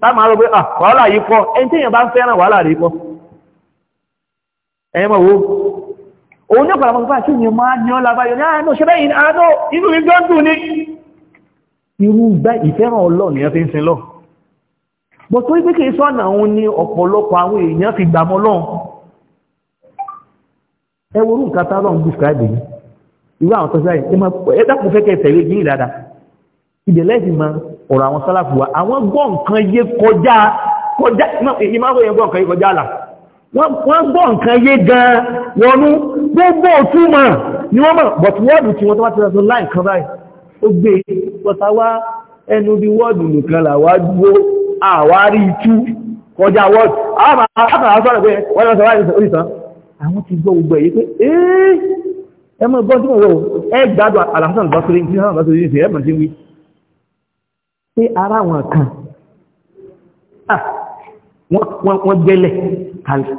táàmà rọ pé ah, wàhálà yìí pọ̀ ẹni tí èèyàn bá ń fẹ́ràn wàhálà rí pọ̀ ẹ̀yẹ́ mọ̀ wo òun ní ọ̀pàdà mọ̀sífà ah, kí ni máa ní ọlá báyọ̀ ní àánú ah, ṣe bẹ́yìn àánú inú mi gbọ́n dùn ní irú gbá ìfẹ́ràn ọlọ́ ni ẹ fi ń sin lọ bọ̀ tó wípé kìí sọ́nà òun ni ọ̀pọ̀lọpọ̀ àwọn èèyàn fi gbàmọ́ lọ́n ẹ wo orúkà tálọ̀ ń describe yìí irú àwọn tọ́sí ọ̀rọ̀ àwọn sálàfù wa àwọn gbọ́ nǹkan yé kọjá kọjá èyí máa gbọ́ nǹkan yé kọjá àlà wọ́n gbọ́ nǹkan yé gan wọnú gbogbo òtúmọ̀ ni wọ́n mọ̀ but wọ́ọ̀dù tí wọ́n tó bá ti rẹ̀ láì kan báyìí ó gbé pọ̀tà e. wá ẹnu bí wọ́ọ̀dù nìkan làwá dúró àwárí tú kọjá wọ́ọ̀dù àwọn ti gbọ́ gbogbo èyí pé ẹ́ẹ́ ẹmọ gbọ́n tí wọ́n wọ́n ẹgbàdọ̀ àlàáfíà lọ́sọ̀rọ̀ ìgbìyànjú ẹ̀mọ̀ tí wí pé ara wọn kan ah, wọ́n gbẹ́lẹ̀ kalẹ̀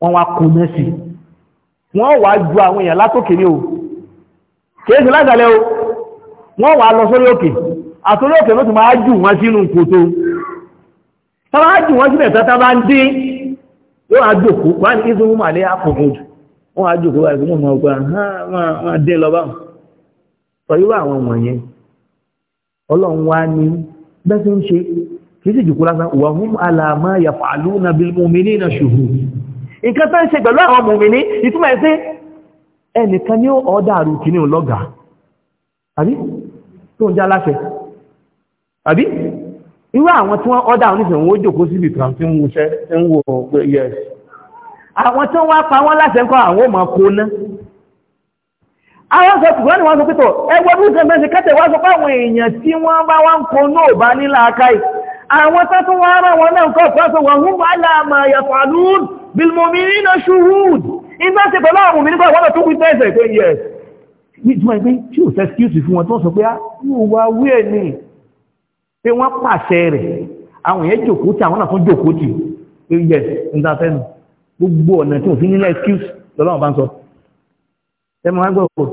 wọ́n wá kò náà sí wọ́n wá ju àwọn èèyàn látòkèrè o kéèsì lágbàlẹ̀ o wọ́n wá lọ sórí òkè àtórí òkè ló ti máa jù wọ́n sínú kòtò tàbá jù wọ́n sílẹ̀ tàbá bá ń dé yóò wá jòkó wá ní ìsìn mú màlẹ́ àpòkò jù wọ́n wá jòkó wá ìsìn mú màlẹ́ àpòkò ọlọ́run wá ní bẹ́sẹ̀ ń ṣe kìí sì jùkú lásán wà hún alàmà yàfàálù na bilmùmìnì na ṣùgbù nǹkan tó ń ṣe pẹ̀lú àwọn mùmìnì ìtumọ̀ ẹ̀ pé ẹnìkan ní ọ̀dàrú kìíní lọ́gà àbí tó ń já láṣẹ àbí irú àwọn tí wọ́n ọ̀dàrú nífẹ̀ẹ́ wọn ó jókòó síbi kan tí ń wo ṣẹ́ ń wo yes àwọn tí wọ́n pa wọ́n láṣẹ ń kọ́ àwọn ò máa kó náà àwọn sọ tùgbọ́n ni wọ́n sọ pítọ̀ ẹgbẹ́ bí ìsẹ̀ mẹ́sì kẹ́tẹ̀ wá sọ páwọn èèyàn tí wọ́n bá wá ń kó náà bá nílà akáì àwọn tẹ́tún wọ́n ara wọn náà kọ́ pẹ́sọ wọ́n hún bá láàmà yàfàlún bilmomini na ṣuhud iná ti pẹ̀lú àwọn òmìnir wọ́n tó wí tẹ́sẹ̀ pé yẹ ìtumọ̀ ìpé tí ò tẹ́síkúsì fún wọn tó sọ pé yóò ah, wá wí ẹ̀ ní pé wọ́n pàṣẹ rẹ̀ gbogbo ọ̀nà tí ò sí nílẹ̀ excuse lọ́lọ́run bá ń sọ ẹ máa gbọ́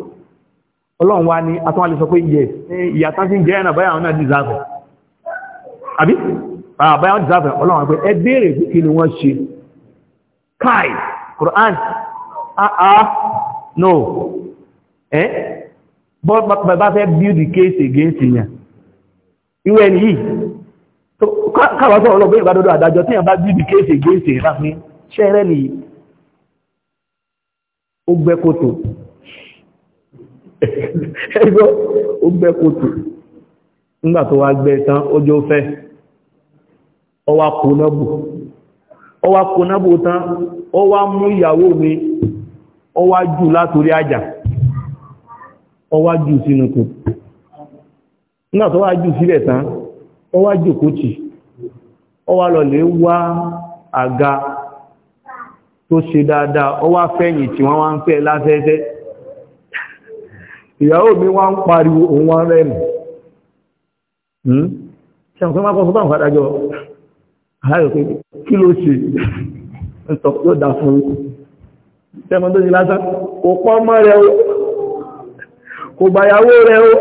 ọlọ́run wá ní atọ́wà lè sọ pé yẹ ìyàtá sí jẹ́ ẹ̀nà báyàwọn náà dìzáfẹ̀ àbí báyàwọn dìzáfẹ̀ ọlọ́run pé ẹ béèrè kí ni wọ́n ṣe káì Qur'an àà no ẹ́ bá fẹ́ build the case against ìyàn ìwé ẹni yìí káwàtọ̀ ọlọ́gbẹ́ ìbádọ́dọ̀ àdájọ́ tí yàn bá build the case against ìyàn ẹgbọ́ ó gbẹ́ kòtò nígbà tó wá gbẹ́ tán ọjọ́ fẹ́ ọwá kónábù ọwá kónábù tán ọwá mú ìyàwó mi ọwá jù látorí àjà ọwá jù sínú kò nígbà tó wá jù sílẹ̀ tán ọwá jù kòtì ọwá lọlẹ̀ wá àga tó ṣe dáadáa ọwá fẹ́yìn tí wọ́n wá ń fẹ́ ìyàwó mi wá ń pariwo òun wá rẹ̀nù hmm? ṣe àwọn ọmọ akọ́sọ́bà ń fadájọ́ aláìsí kí ló ṣe ń tọ́ yóò dá fún ṣẹ́mọ́ tó ṣe lásán kò pọ́ mọ́ rẹ̀ o kò gbàyàwó rẹ̀ o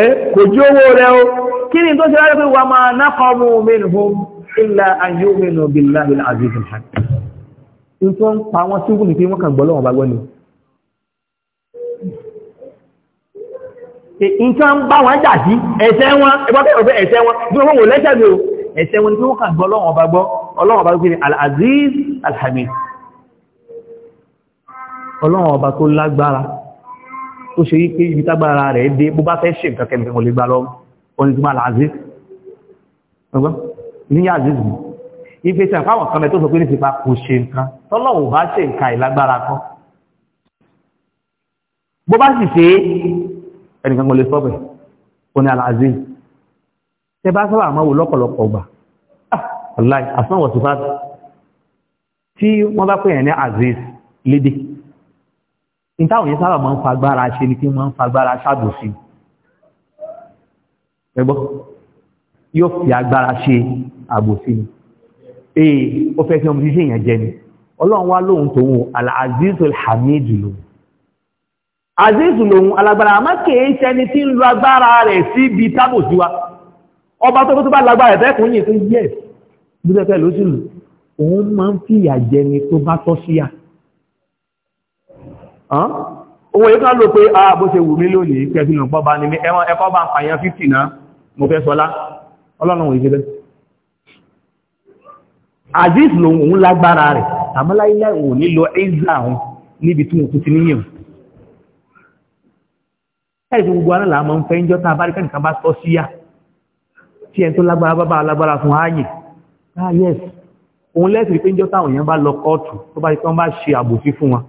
ẹ́ kò jí owó rẹ̀ o kí ni tó ṣe láti pé wà máa nákọ̀ọ́mù minhum illa an yu'minu billahi nǹkan ń bá wọn jà sí ẹ̀ṣẹ̀ wọn ẹgbẹ́ ọ̀fẹ́ ẹ̀ṣẹ̀ wọn bí wọ́n wò lẹ́ṣẹ̀ mi o ẹ̀ṣẹ̀ wọn tí wọ́n kàn gbọ́ ọlọ́run ọba gbọ́ ọlọ́run ọba gbé al-aziz al-hamid ọlọ́run ọba tó lágbára tó ṣe wípé ibi tágbára rẹ̀ dé bó bá fẹ́ ṣe nǹkan kẹ́mìkẹ́ wọn ẹnìkan kò lè sọ bẹ́ẹ̀ ó ní aláàzí tẹ bá sábà máa wò lọ́pọ̀lọpọ̀ gbà ọ̀láì ah, àsán wọ̀ sífà tí wọ́n bá pèèyàn ní aziz lédè ìtàwọn yẹn sábà máa ń fagbára ṣe ni kí wọ́n ń fagbára ṣàbòsí ẹgbọ́ yóò fi agbára ṣe àbòsí ni ee ó fẹ́ fi ọmọ ṣíṣe èèyàn jẹ ni ọlọ́run wá lóhun tòun aláàzí tó hàmí jùlọ azizu lòun alágbára àmá kèé ṣẹni tí ń lo agbára rẹ̀ sí ibi tábò sí wa ọba tó kó tó bá lágbára ẹ̀tẹ́kùn yìí tó yẹ bíbẹ́fẹ́ ló sì lù òun máa ń fi ìyà jẹni tó bá tọ́ sí à owó yìí kan ló pé a ah, bó ṣe wù mí lónìí kẹfì lọ́pọ̀ bá ní ẹwọ́n ẹkọ́ bá ń pàyàn fífì náà mo fẹ́ sọlá ọlọ́run òun ìṣẹ́lẹ̀ azizu lòun lágbára rẹ̀ àmọ́ òun nílò ẹ̀zà òun ẹ̀sùn gbogbo aná làá mọ́ ń fẹ́ ń jọta abárí kẹ́nìkan bá sọ sí yá tí ẹn tó lágbára bá bá alágbára fún ààyè ah yes òun lẹ́sìn pé ń jọta àwọn èèyàn bá lọ kóòtù tó bá ikọ́ bá ṣe àbòsí fún wọn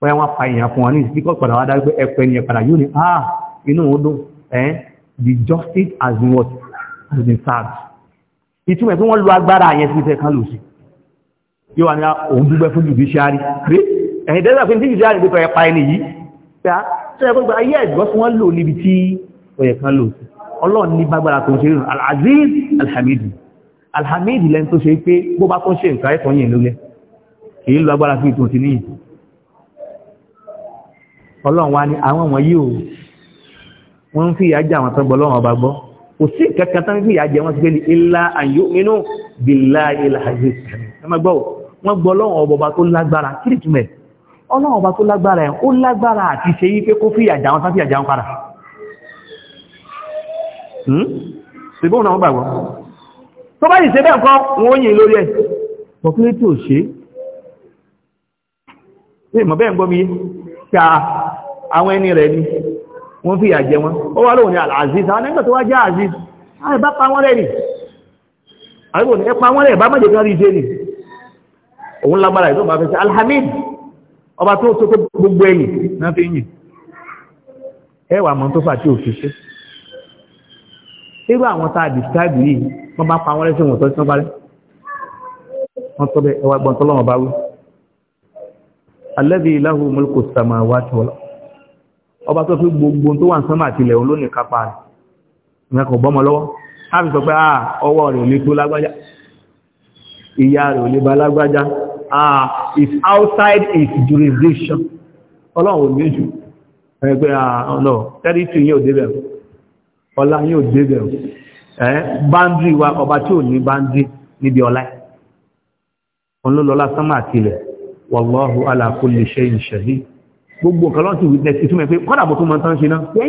bóyá wọn pa èèyàn fún wọn ní ìsìnkọ́ padà wá dárí pé ẹ̀pẹ́ ni ẹ̀padà yóò ní ah inú òun dùn Eh, the justice has been what has been served ìtumọ̀ pé wọ́n lo agbára àyẹn sí ìfẹ́ kan lò sí yóò wà ní ah, òun dúpẹ́ fún judiciary ẹ̀yìn dẹ́gbà pé ní judiciary gbé pẹ̀lú ẹ̀pa ẹni yìí ah, ṣe gbogbo ayé ẹ̀gbọ́ fún wọn lò níbi tí ọ̀yẹ̀ kan lò sí ọlọ́run ní bágbára tó ń ṣe rìn al-aziz alhamidu alhamidu lẹ́nu tó ṣe pé bó bá tún ṣe nǹkan ẹ̀kọ́ yẹn lólẹ́ èyí lọ agbára fún ìtò tìní ọlọ́run wa ni àwọn wọ̀nyí o wọ́n ń fi ìyà jẹ àwọn tó gbọ́ lọ́wọ́ ọba gbọ́ kò sí kankan tán fi ìyà jẹ wọ́n ti gbélé ilá àyọ́mínú bíláà ilà àyè ẹ má gbọ́ wọ́n gbọ́ lọ́wọ́ ọba tó lágbára kí ọlọ́run ọba tó lágbára ẹ̀ ó lágbára àti ṣe yí pé kó fi ìyàjà wọn sáfí ìyàjà wọn padà hmm? ṣùgbọ́n náà gbàgbọ́ tó bá yìí ṣe bẹ́ẹ̀ kan wọ́n ó yìn lórí ẹ̀ pọ̀kúlé tí ò ṣe é mọ̀ bẹ́ẹ̀ ń gbọ́ mi kí àwọn ẹni rẹ̀ ni wọ́n fi ìyàjẹ wọn ó wá lóòrùn Aziz àwọn ẹgbẹ̀ tó wá jẹ́ Aziz àìbá pa wọ́n rẹ̀ rí àwọn pa wọ́n rẹ̀ bá mọ́jẹ̀ ọba tó tó gbogbo ẹ̀yìn náà fi yìn ẹwà mọ́ tó fà tí ò fi ṣe irú àwọn tá a describe yìí wọ́n bá pa wọ́n lẹ́sẹ̀ wọ́n tọ́ sí wọ́n bá rẹ́ wọ́n tọ́ bẹ́ ẹwà gbọ́n tọ́lọ́wọ́n bá wí alladhi lahu mulku samawati wal ọba tó fi gbogbo tó wà ń sánmà àtìlẹ̀ òun lónìí kápá rẹ̀ ìyẹn kò bọ́mọ lọ́wọ́ á fi sọ pé ah, ọwọ́ rẹ̀ ò ní tó lágbájá ìyá rẹ̀ ò lè bá lágbájá ah it's outside its jurisdiction ọlọ́run ò ní jù ẹgbẹ́ ọ̀nà tẹ́rìtì yóò débẹ̀ ọlá yóò débẹ̀ ẹ́ báńdì wa ọba tí ò ní báńdì níbi ọlá ọlọ́lọ́lá sánmà àtìlẹ̀ wallahu ala kulli shay'in shahid gbogbo nǹkan lọ́n ti witness ìtumẹ̀ pé kọ́dà bó tó mọ̀ tán ṣe náà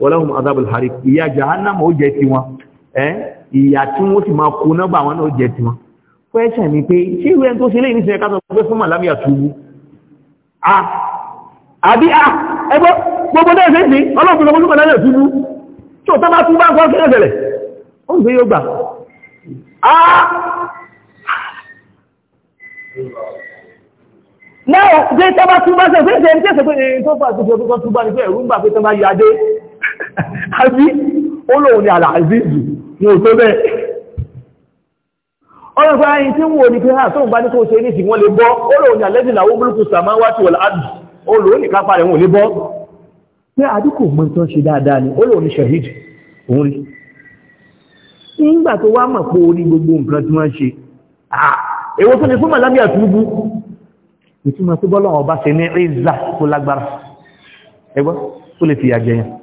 wọ́lọ́hùn azabul harik ìyà jahannama ó jẹ́ ti wọn ẹ́ ìyà tí wọ́n sì máa kó nọ́bà wọn náà ó jẹ́ ti wọn fẹ́ṣẹ̀ ni pé ṣé ìwé tó ṣe léyìn níṣẹ́ kásọ̀ pé fún màlámi àtúwú àbí a ẹgbọ́ gbogbo náà ṣe ń sìn ọlọ́pùn lọ́pùn lọ́pùn lọ́pùn àtúwú tí ó tọ́ bá tún bá ń kọ́ kí ó ṣẹlẹ̀ ó ń gbé yóò gbà náà gbé tọ́ bá tún bá ṣe fẹ́ṣẹ̀ ní tẹ́ṣẹ̀ pé tó fà tó fẹ́ tó bá ní pé ẹ̀rú ń gbà pé tọ́ bá yọ adé àbí olóhun ni àlàázizu ní òtó bẹ́ẹ̀ ọ̀rọ̀ pé ayin tí wò ní pé ha ah, tóun bá ní kó ṣe ní ìsìn wọ́n lè bọ́ olóhun ni àlẹ́dì làwọn búrúkú sàmáwátì wọ̀lá àdù olóhun ní kápá rẹ̀ wọ́n lè bọ́ pé àdúkò mọ́ tó ń ṣe dáadáa ni olóhun ni shahid òun rí nígbà tó wá mọ̀ pé orí gbogbo nǹkan tí wọ́n ṣe èwo tó ní fún màlámì àtúbú ìtumọ̀ tó bọ́lọ́wọ́ bá ṣe ní rízà tó lágbára ẹgbọ́ tó lè fìyà jẹyàn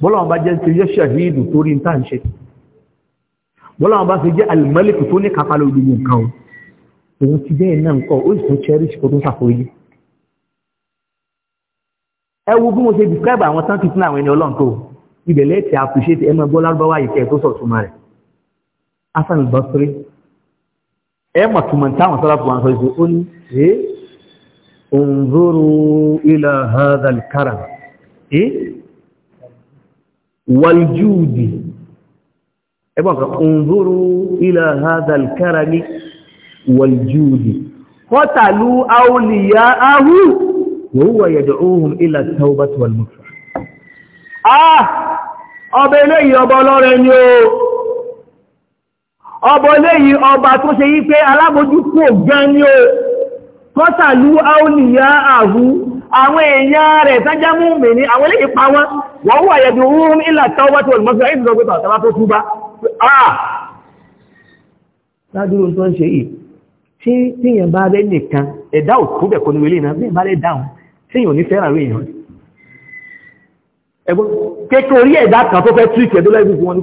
bọ́lọ́wọ́n bá jẹ́ ṣe yẹ́ ṣàhídù torí ń tà ń ṣe bọ́lọ́wọ́n bá ṣe jẹ́ alìmọ́lìkù tó ní kápá lórí nǹkan o òun ti bẹ́ẹ̀ náà nǹkan ó sì tún cherish kó tó ń ṣàforíjì ẹ wo bí mo ṣe describe àwọn tán tuntun àwọn ẹni ọlọ́run tó ibẹ̀ lẹ́ẹ̀tì appreciate ẹ máa gbọ́ lárúbáwá yìí kẹ́ tó sọ̀ túmọ̀ rẹ̀ Hasan al-Basri ẹ mọ̀ túmọ̀ táwọn sọ́lá fún wọn sọ ó ní ṣe unzuru ila hadha karam waljúùdì ẹgbọ́n kan ǹzúrú ilẹ̀ hadal karami waljúùdì kọtàlú auliya ahu wòwúwà yẹ̀dọ̀ ohun ilẹ̀ taubat walmufa ah ọbẹ̀ eléyìí ọba ọlọ́rẹ ni o ọba eléyìí ọba tó ṣe yí pé alábòjúkò gan ni o kọtàlú auliya ahu àwọn èèyàn rẹ̀ sájá mú mi ní àwọn ilé ìpa wọn wọ́n wà yẹ̀dù oòrùn ilà tọ́wọ́ tó olùmọ́sílá ìsìnkọ̀gbẹ̀tọ̀ tọ́wọ́ tó túbá àà ládúró tó ń ṣe yìí tí tíyàn bá rẹ̀ nìkan ẹ̀dá òkú bẹ̀ kọ́ ní wílé náà bẹ́ẹ̀ bá rẹ̀ dáhùn tíyàn ní fẹ́ràn rẹ̀ èèyàn ẹgbọ́n kékeré ẹ̀dá kan tó fẹ́ tú ìkẹ́dó lẹ́gbẹ̀ẹ́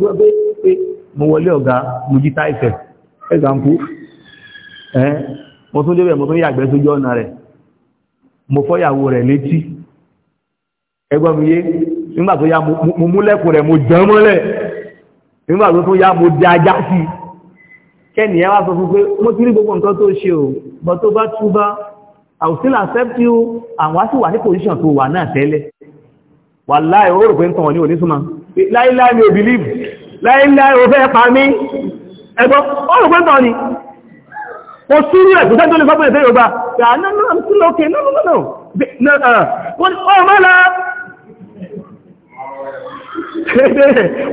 tún débẹ̀ mo mo fọ́yàwó rẹ̀ létí ẹgbọ́n mi yé nígbà tó yá mo múlẹ̀kùn rẹ̀ mo jẹ́ mọ́lẹ̀ nígbà tó yá mo di ajá sí kẹ́ni ẹ wá sọ fún pé mo ti rí gbogbo nǹkan tó ṣe o bọ́ tó bá túbá I will still accept you àwọn á sì wà ní position tó wà náà tẹ́lẹ̀ wàláì ó rò pé ń tàn ní onísùnmọ́ láíláì mi ò believe láíláì ò fẹ́ pa mí ẹgbọ́n ó rò pé ń tàn ní mo sí ní ẹ̀kùnṣẹ́ tó lè sọ́pẹ̀ ìfẹ́ Yorùbá no, no, I'm still okay. No, no, no, no. no uh, what, oh, my love.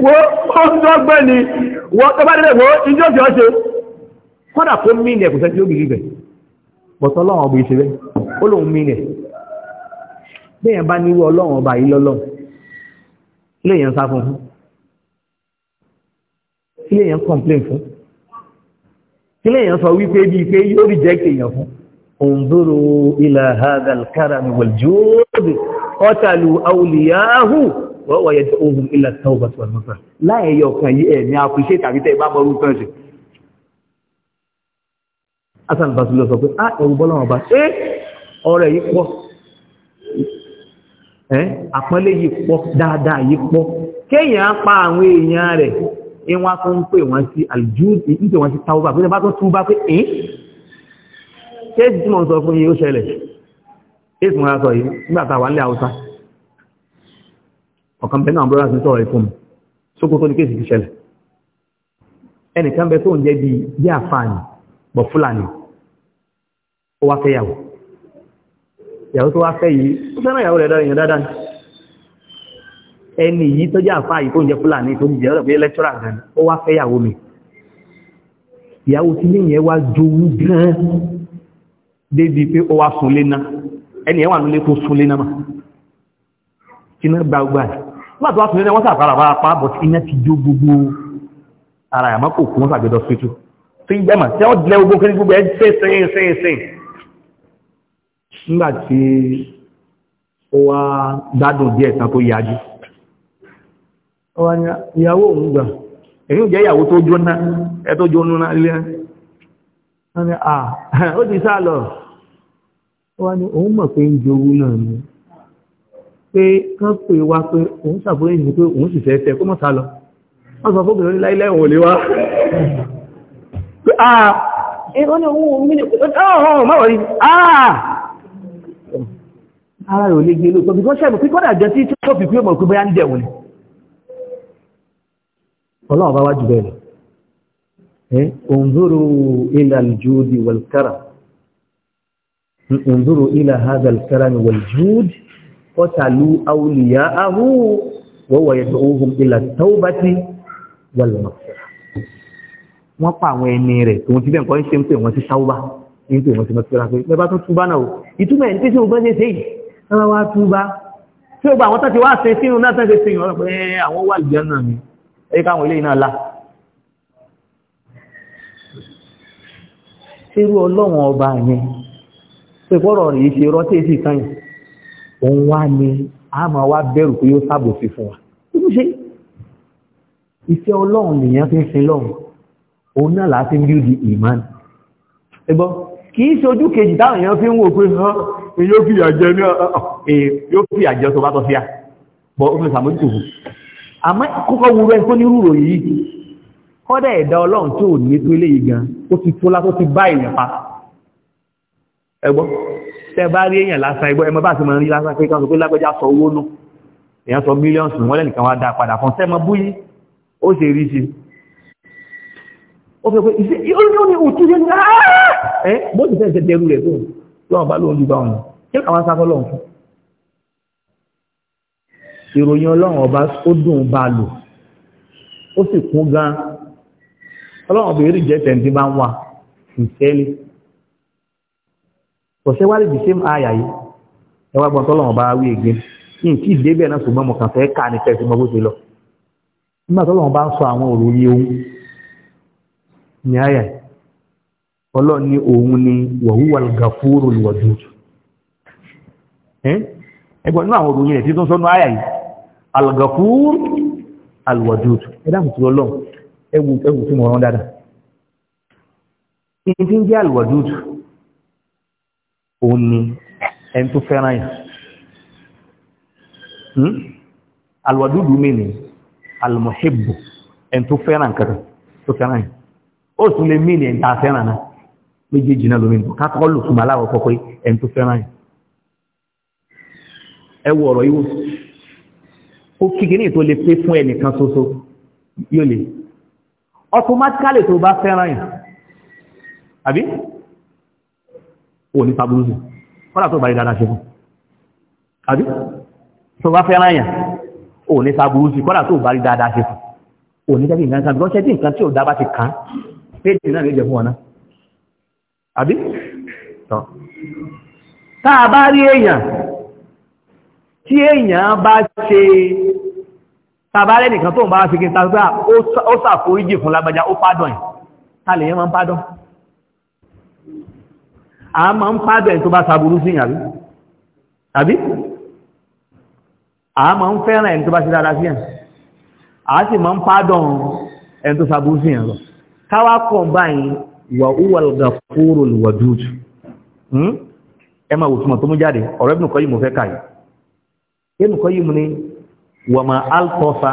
Wọ́n ọgbọ́gbọ́ ni, wọ́n tọ́bá nílẹ̀ wọ́n ìjọ́ ìjọ́ ṣe, kọ́dà fún mí ní ẹ̀kùnṣẹ́ tí ó bìí rẹ̀, bọ̀tọ́ ọlọ́run ọgbọ̀ ìṣẹ́ rẹ̀, ó lóun mí nẹ̀. Bẹ́yẹn bá nírú ọlọ́run ọba yìí lọ́lọ́run, ilé yẹn ń sá fún fún, ilé yẹn ń complain fún, ilé sọ wípé bíi pé yóò reject èèyàn fún. انظروا إلى هذا الكرم والجود قتلوا أولياءه وهو يدعوهم إلى التوبة والمغفرة لا يوكان يي ẹ appreciate àbí tẹ́ bá mo run ṣe asan basulo sọ pé ah ẹ̀rù bọ́lọ́run ba ṣe ọ̀rẹ́ yìí pọ̀ eh àpọ́nlé yìí pọ̀ dáadáa yìí pọ̀ kéèyàn pa àwọn èèyàn rẹ̀ in wa kun pè wọ́n sí aljud in pè wọ́n sí tauba pé bá tó tuba pé eh kéèsì tí mo sọ fún yìí ó ṣẹlẹ̀ kéèsì mo sọ yìí nígbàtà wà nílẹ̀ haúsá ọ̀kan bẹ́ẹ̀ náà brọ́dá ti sọ̀rọ̀ ìfún mi Sókótó ní kéèsì ti ṣẹlẹ̀ ẹnìkan bẹ tó ń jẹ́ bí bí àfààní bọ̀ fúlàní ó wá fẹ́ yàwó yàwó tó wá fẹ́ yìí ó fẹ́ràn yàwó rẹ̀ dáadáa dáadáa ẹni yìí tó jẹ́ àfààní tó ń jẹ́ fúlàní tó ń jẹ́ ọ̀rọ̀ pé lẹ́tírà gan ó wá fẹ́ yàwó mi ìyàwó tí ní ìyẹn wá jowú gan débi pé ó wá súnlé náà ẹni ẹwà nílé tó súnlé náà iná gbàgbà nígbà tó wá súnlé náà wọ́n sàfàrà wá pa bọ̀ iná ti jó gbogbo ara àmọ́ kò kún sàgbẹ̀dọ̀ sójú tí gbẹ́mà tí wọ́n dilẹ̀ ogun kiri gbogbo ẹ ṣe sẹ́yìn sẹ́yìn sẹ́yìn nígbà tí ó wá gbádùn díẹ̀ tán tó yájú ìyàwó òun gbà èyí ò jẹ́ ìyàwó tó jóná ẹ tó jóná ilé ó ti sá lọ wá ní òun mọ̀ pé ń jowú náà ni pé kán pè wá pé òun ṣàfihàn ìlú pé òun sì fẹ́ tẹ́ kó mọ̀ sá lọ wọ́n sọ fókè lórí láìláì òun lè wá pé àà ẹ̀kọ́ ní òun òun mílẹ̀ ọ̀hún máwọ̀ rí àà ara rẹ̀ ò lè gbé lóòótọ́ bí wọ́n ṣẹ̀bù pé kọ́dà tí tó fi pé mọ̀ pé bóyá ń dẹ̀wọ̀n ni ọlọ́run bá wá jù bẹ́ẹ̀ lọ انظروا إلى الجود والكرم انظروا إلى هذا الكرم والجود قتلوا أولياءه وهو يدعوهم إلى التوبة والمغفرة wọ́n pa àwọn ẹni rẹ̀ tòun ti bẹ́ẹ̀ kọ́ ń ṣe ń pè wọ́n sí sáúbà ń pè wọ́n sí mọ́tíra pé bẹ́ẹ̀ bá tún túbá náà ìtumọ̀ ẹni tí sí ọgbọ́n ṣe ṣe yìí wọ́n wá túbá tí ó gba àwọn tàbí wá ṣe sínú náà tàbí ṣe ìrànlọ́ pé eh, àwọn wà lùjẹ́ náà mi ẹ̀yíká àwọn eléyìí náà la ṣerú ọlọ́run ọba yẹn pé fọ́rọ̀ rèé ṣe rọ́tí èsì kan yìí òun wá ní a máa wá bẹ̀rù pé yóò sábòsí fún wa irú ṣe iṣẹ́ ọlọ́run nìyẹn fi ń sin lọ́run òun náà là á fi ń bí di ìmán ẹgbọ́ kì í ṣe ojú kejì táwọn èèyàn fi ń wò pé ah, ah, ah, eh, yóò fi àjẹ ní yóò fi àjẹ tó bá tọ́ sí à bọ́ ó fi sàmójútó fún àmọ́ kókó wúrọ ẹ̀ tó ní rúrò yìí kọ́dà ẹ̀dá ọlọ́run tó ní tó eléyìí gan ó ti tó lá tó ti bá ìyẹn pa ẹgbọ́ tẹ́ bá rí èèyàn lásán ẹgbọ́ ẹmọ bá ti mọ̀ rí lásán pé káwọn pé lágbẹ́já sọ owó nù èèyàn sọ mílíọ̀nsì wọ́n lẹ́nìkan wá dá padà fún sẹ́mọ búyí ó ṣe rí sí ó fẹ́ pé ìṣe ó ní òtún ṣe ní ah! ẹ́ bó ti fẹ́ ṣe dẹrú rẹ̀ fún lọ́wọ́n bá lóun ju bá wọn kí àwọn sáfọ́ lọ́wọ́n fún ìròyìn ọlọ́run ọba ó dùn bá lò ó sì kún gan ọlọ́run bèèrè ọ̀sẹ̀ wá lè di same aya yìí ẹ wá gbọ́n tọ́lọ́wọ́n bá wí ègbé kí n kí ìdè bẹ́ẹ̀ náà ṣùgbọ́n mo kàn fẹ́ ká ní tẹ̀sí mọ́ bó ṣe lọ nígbà tọ́lọ́wọ́n bá ń sọ àwọn òròyìn ohun ní aya yìí ọlọ́run ní òun ni wọ̀húwà gàfúrò lọ́dún ẹgbọ́n nínú àwọn òròyìn rẹ̀ tí tó ń sọ́nú aya yìí algafur alwadud ẹ̀dá kùtù ọlọ́run ẹwù tí mo rán dáadáa ìdí ń jẹ́ òun ni ẹni tó fẹ́ràn yà hmm? alùwàdúdú mi ni alùmọ̀hébù ẹni tó fẹ́ràn kankan tó fẹ́ràn yà ó tún lè mí ni ẹni tá a fẹ́ràn náà méjèèjì náà lómi nìkan kákọ́ lò fún aláwọ̀ kọ́kọ́ ẹni tó fẹ́ràn yà ẹ wọ ọ̀rọ̀ yìí wò ó kíkiní tó lè pé fún ẹnìkan ṣoṣo yóò lè automatically tó bá fẹ́ràn yà àbí ò ní pàbúrú sí kọ́lá tó bàrí dáadáa ṣe fún àbí tó bá fẹ́ràn àyàn ò ní pàbúrú sí kọ́lá tó bàrí dáadáa ṣe fún ò ní jẹ́bi nǹkan kan lọ́sẹ̀ tí nǹkan tí ò dá bá ti kàn péjì náà lè fún ọ̀nà àbí tọ́ tá a bá rí èèyàn tí èèyàn bá ṣe tàbárẹ́ nìkan tó ń bá ṣe kí n ta gbá ah, ó ṣàforíjì fún lágbàjá ó pádọ̀ yìí ta lè yẹn máa ń pádọ̀ a máa ń pàdẹ̀ tó bá sàbúrú sí ìyàrí tàbí a máa ń fẹ́ràn ẹni tó bá sí dáadáa sí ẹ̀ a sì máa ń pàdọ̀ ẹni tó sàbúrú sí ìyàrí káwà kọ̀ báyìí wà huwal ghafurul wadud hmm? ẹ máa wò túnmọ̀ tó mú jáde ọ̀rọ̀ Ibn Qayyim mo fẹ́ káyì Ibn Qayyim ni wà máa alkọ́fà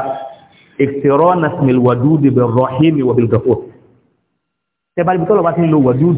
iktirana ismil wadud bil rahim wa bil ghafur tẹ́bàlì bí tọ́lọ̀ bá ti ń lo wadud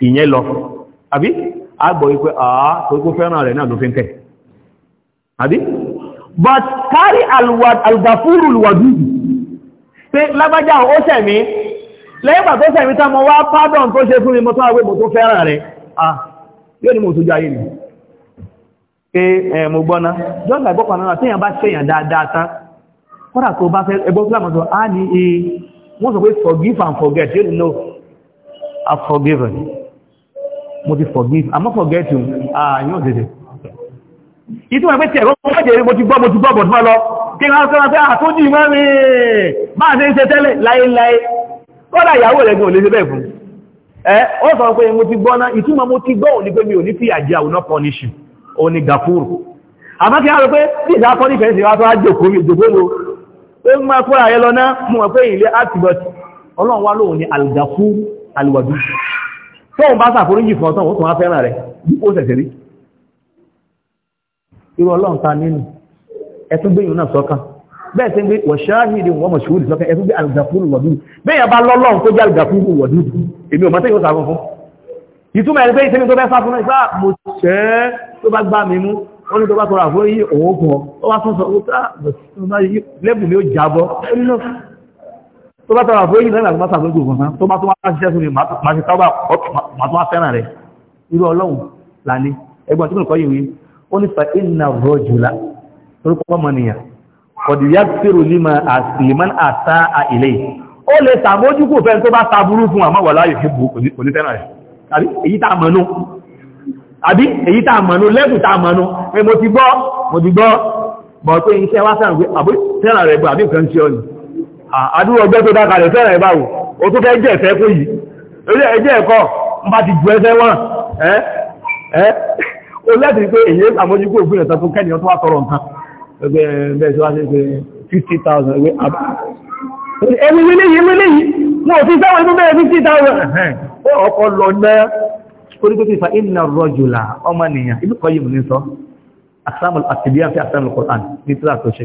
ìyẹn lọ àbí agbọ̀ wípé àá torípó fẹ́ràn rẹ̀ náà ló fi ń tẹ̀ àbí but kárí alùgbàfúrù lùwàdúdù pé lágbájá ó sẹ̀mí lẹ́yìnbà tó sẹ̀mí tá mọ́ wá pardon tó ṣe fún mi mo tó àwẹ́ mo tó fẹ́ràn rẹ̀ ah yóò ní mo tó jáyé ni pé ẹ mo gbọ́ná john àgbọ́kọ̀ náà tí èèyàn bá ṣèyàn dáadáa tán kọ́dà tó bá fẹ́ ẹgbọ́ fúlàmù sọ á ní e wọ́n sọ pé forgive and forget you know I've forgiven mo ti forgive not forget ah, you ààyàn òdèdè ìtumọ̀ pé tí ẹ̀rọ mọ́jẹ̀ mo ti gbọ́ mo ti gbọ́ bọ̀dúnmọ́ lọ kí wọ́n sọ́rọ̀ pé àtúndì ah, mẹ́rin máa ṣe ń ṣe tẹ́lẹ̀ láéláé kọ́dà ìyàwó rẹ̀ gan ò lè ṣe bẹ́ẹ̀ fún ẹ́ ó sọ pé mo ti gbọ́ náà ìtumọ̀ mo ti gbọ́ òní pé mi ò ní fìyà jẹ àwùná pọ́níṣì òní gàfúrù àmọ́ kí wọ́n rọ pé tí ìjà pọ́níṣì ṣe wá tó wá jòkó mi jòkó lo pé ń máa kóra yẹ lọ náà mo mọ̀ pé ilé àtìbọ̀tì ọlọ́run wá lóhun ni àlùgàfúrù àlùwàdúrù tóun bá ṣàforíjì fún ọtọ́ òun tó wá fẹ́ràn rẹ̀ ó ṣẹ̀ṣẹ̀ rí irú ọlọ́run ta nínú ẹtún gbé yìí náà sọ́kàn bẹ́ẹ̀ sí gbé wọ̀ṣáàhìrì wọ́n mọ̀ṣúrì sọ́kàn ẹtún gbé alìgàfúrù wọ̀dú bẹ́ẹ̀ bá lọ́lọ́run tó jẹ́ alìgàfúrù wọ̀dú èmi ò mọ̀ tẹ́yìn ó sàfún fún ìtumọ̀ ẹni pé ìsinmi tó fẹ́ sá fún ìgbà ah, mo ṣẹ́ tó bá gbá mi mú ó ní tó bá tọrọ àforíjì òun kùn ó wá tún sọ ó tá lẹ́bùn mi ó jábọ́ tó bá tọrọ àforíjì lẹ́nà àgbàsà tó gbogbo kan tó bá tó wá ṣiṣẹ́ sórí máa ṣe tábà máa tó wá fẹ́ràn rẹ̀ irú ọlọ́run lálé ẹgbọ́n tí mo kọ́ yìí ó ní fa iná rọ́jùlá lórúkọ ọmọnìyàn kọ̀dìyà fèrò lèman àtà àìlẹ̀ ó lè sàmójú kò fẹ́ tó bá taburú fún àmọ́wọ̀lá yìí bù kò ní fẹ́ràn rẹ̀ àbí èyí tá àmọ́nú àbí èyí tá àmọ́nú lẹ́bùn àdúrà ọjọ́ tó dákàlẹ̀ fẹ́rẹ̀ ìbáwò o tó fẹ́ jẹ́ ẹ̀fẹ́ kó yìí orí ẹjẹ́ ẹ̀kọ́ ń bá ti jù ẹsẹ́ wọn ẹ́ o lẹ́tìí pé èyí àmójúkú òfin ẹ̀tọ́ tó kẹ́ni ọtọ́ àtọrọ nǹkan ẹgbẹ́ bẹ́ẹ̀ sí wá sí pé 50,000 ẹgbẹ́ àbá ẹni wílé yìí wílé yìí wọn ò fi sáwọn ẹgbẹ́ bẹ́ẹ̀ 50,000 ó ọkọ̀ lọ náà torí pé fífa ìnà rọjùlà ọmọ nìyàn ibi kọ́ yìí mú ní sọ asámùl àtìbíyàn fi asámùl kọ̀ọ̀tàn ní tíra tó ṣe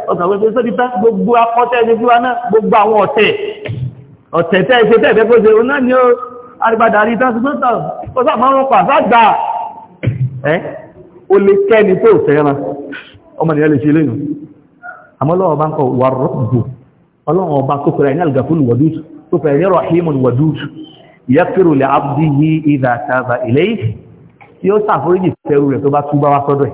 ọ̀sán pé tó ti tán gbogbo akọ́tẹ́ ní bí wá náà gbogbo àwọn ọ̀tẹ̀ ọ̀tẹ̀ tẹ́ ṣe tẹ́ ìfẹ́ kó ṣe náà ni ó arípadà rí tán ṣùgbọ́n tán ó sá máa ń rọpa sáàgbà ẹ́ ó lè kẹ́ni tó fẹ́ràn ọmọ nìyẹn lè ṣe lẹ́nu àmọ́ ọlọ́run ọba ń kọ wà rọ́pù ọlọ́run ọba tó li abdihi idha taba ilayhi tí ó ṣàforíjì fẹ́rù rẹ̀ tó bá túbá wá sọ́dọ̀ ẹ̀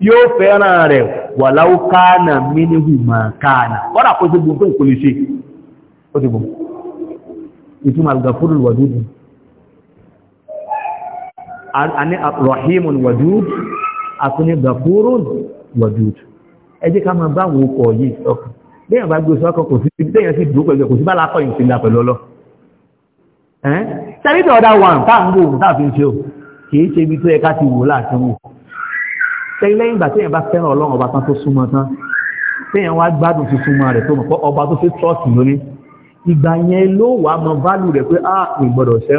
yóò fẹ́ràn rẹ̀ wà láwó káànà mínihù ma káànà wọ́n àpò ti gbùn tó ìkò lè ṣe ó ti gbùn ìtumà algafurul wadúdù a ní rahimun wadúdù a tún ní gafurul wadúdù ẹ jẹ́ ká máa bá wọn kọ̀ yìí sọ́kàn lẹ́yìn bá gbé e sọ́kàn kò sí lẹ́yìn sí dúró pẹ̀lú kò sí bá lápọ̀ yìí sí la pẹ̀lú ọlọ́ sẹ́yìn tó ọ̀dà wà táà ń wò táà fi ń ṣe ò kì í ṣe ibi sẹ́yìn lẹ́yìn ìgbà bá fẹ́ràn ọlọ́run ọba tán tó súnmọ́ tán téèyàn wá gbádùn sí rẹ̀ tó mọ̀ ọba tó ṣe trọ́ọ̀tì lóní ìgbà yẹn ló wà mọ válù rẹ̀ pé ah mi gbọ́dọ̀ ṣẹ́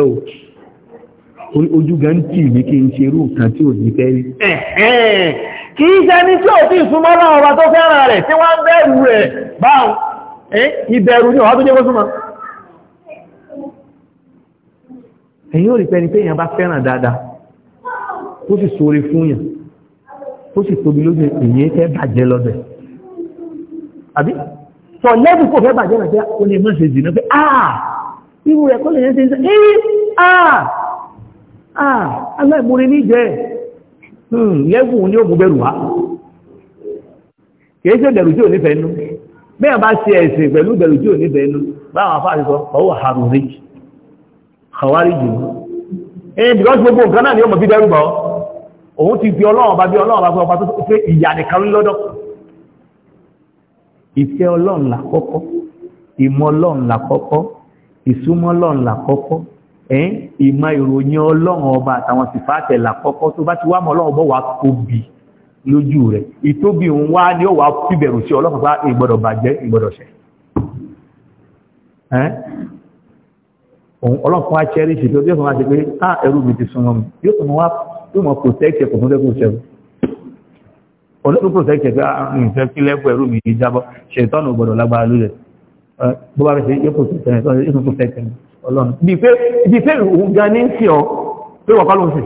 o ojú gan tì mí kí n nǹkan ò ní fẹ́ kì í ṣe tí ò ọba tó fẹ́ràn rẹ̀ tí wọ́n bẹ̀rù rẹ̀ báwọn ìbẹ̀rù ni ọba tó jẹ́ ó sì tóbi lóde èyí fẹ́ bàjẹ́ lọ́dẹ̀ àbí sọ lẹ́bù kò fẹ́ bàjẹ́ lọ́dẹ̀ ó lè má jìnnà pé ah irú rẹ̀ kọ́ lè yẹn ṣe ń sẹ́ ẹ́ ah ah aláìmúrin níjẹ́ hmm, lẹ́bù ni ó mú bẹ̀rù wá kìí ṣe bẹ̀rù tí ò nífẹ̀ẹ́ nú bẹ́ẹ̀ bá ṣe ẹ̀sìn pẹ̀lú bẹ̀rù tí ò nífẹ̀ẹ́ nú báwọn afáàrí sọ ọwọ́ àrùn rí kàwárí jù ní ẹ̀ bìkọ́ gbogbo nǹkan náà òun ti fi ọlọ́run bá bí ọlọ́run bá fún ọba tó fẹ́ ìyà nìkan lọ́dọ̀ ìfẹ́ ọlọ́run làkọ́kọ́ ìmọ̀ ọlọ́run làkọ́kọ́ ìsúnmọ́ ọlọ́run làkọ́kọ́ ẹ̀yìn ìmọ̀ ìròyìn ọlọ́run ọba àtàwọn sìfáàtẹ̀ làkọ́kọ́ tó bá ti wá mọ́ ọlọ́run bọ́ wà tóbi lójú rẹ̀ ìtóbi ń wá ní ó wà fìbẹ̀rù sí ọlọ́run bá ìgbọ́dọ̀ ah, bàjẹ́ ìgbọ́dọ̀ ṣẹ̀ ọlọ́run wá chẹ́rìṣì tó bí ṣe pé ah, ẹrú mi ti súnmọ́ mi yóò tún wá yóò mọ̀ protect ẹ̀kọ̀ fún lẹ́kùn ṣẹ̀rù olóòtú protect ẹ̀kọ́ ìfẹ́ ah, kí lẹ́kùn ẹ̀rù mi jábọ́ ṣètọ́nù gbọ́dọ̀ lágbára lórí ẹ̀ bó bá fẹ́ yóò protect ẹ̀kọ́ yóò protect ẹ̀kọ́ ọlọ́run bí pé òun gan ní sí ọ pé wọ́n kọ́ ló ń sè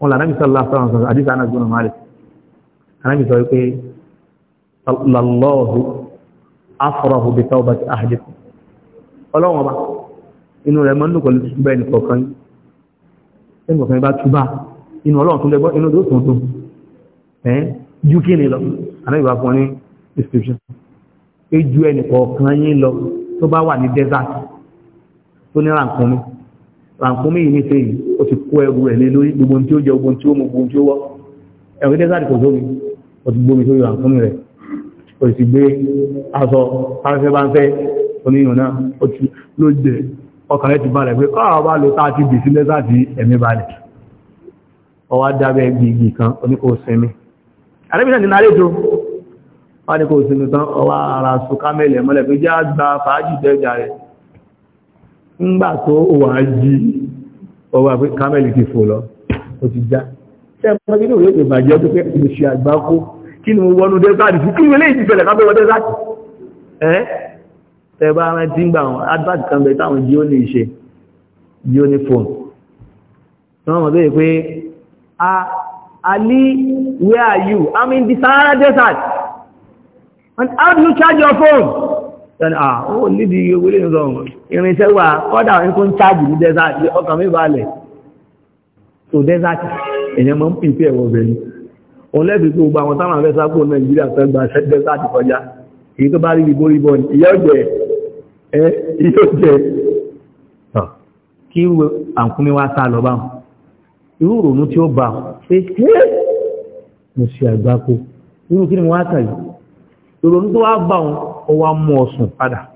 wọn là nábì sọ́lá sọ́rọ̀ sọ́rọ̀ àdìsá náà gbọ́nà máa rẹ̀ anábì afọ́rọ̀hù bí tọ́ọ̀bà ti àhàdìkù ọlọ́run ọba inú rẹ̀ mọ́ nínú bẹ́ẹ̀ nìkọ̀ọ̀kan yìí ẹgbẹ̀ ọ̀fẹ́ bá túbá inú ọlọ́run tó lẹ́gbọ́ inú tó tuntun ẹ́ ju kí ni lọ anáyíwá fún ní description pé ju ẹnì kọ̀ọ̀kan yín lọ tó bá wà ní desert tó ní rànkúnmí rànkúnmí yìí níṣe yìí ó ti kó ẹrù ẹ̀ lé lórí gbogbo tí ó jẹ gbogbo tí ó mu gbogbo tí ó wọ́ ẹ̀rù desert kò sómi ó ti gbómi sórí rànkúnmí rẹ̀ ó sì gbé aṣọ afẹ́fẹ́ bá ń fẹ́ oníyàn náà ó ti ló jẹ ọkàn rẹ̀ ti balẹ̀ pé kọ́ wá ló tá ti bì sí lẹ́sà tí ẹ̀mí balẹ̀ ọwá dábẹ́ gbìgbì kan oníkò sinmi àrẹ́bìnà ní náréjò wá ní kò sinmi tán ọwá ara sọ kámẹ́lẹ̀ mọ́lẹ̀ pé já gba fàájì jẹ́jà rẹ̀ ńgbà tó wà jí ọwá pé kámẹ́lì ti fò lọ ó ti já ṣẹ́ ẹbá rántí gbà wọn advert kan bẹ táwọn jí ó ní ìṣe jí ó ní phone wọ́n mọ̀ bẹ́ẹ̀ pé Ali where are you I'm in the Sahara desert and how do you charge your phone then ah ó nídi owó lè rọrùn irinṣẹ́ wà kọ́dà nǹkan charge ní desert ọkàn mi balẹ̀ so desert èèyàn máa ń pìpẹ́ ẹ̀wọ̀ bẹ̀rẹ̀ òun lẹ́bi pé gbogbo àwọn táwọn afẹ́sápò Nàìjíríà fẹ́ gba desert kọjá èyí tó bá rí ibo rí ìyá ọ̀jẹ̀ ẹ yóò jẹ tọ kí àǹkúmi wá sá lọ báwọn irú ìrònú tí ó bá ṣe ṣe mo ṣe àgbákò irú kí ni mo wá tà yìí ìrònú tó wá bá wọn ó wá mú ọsùn padà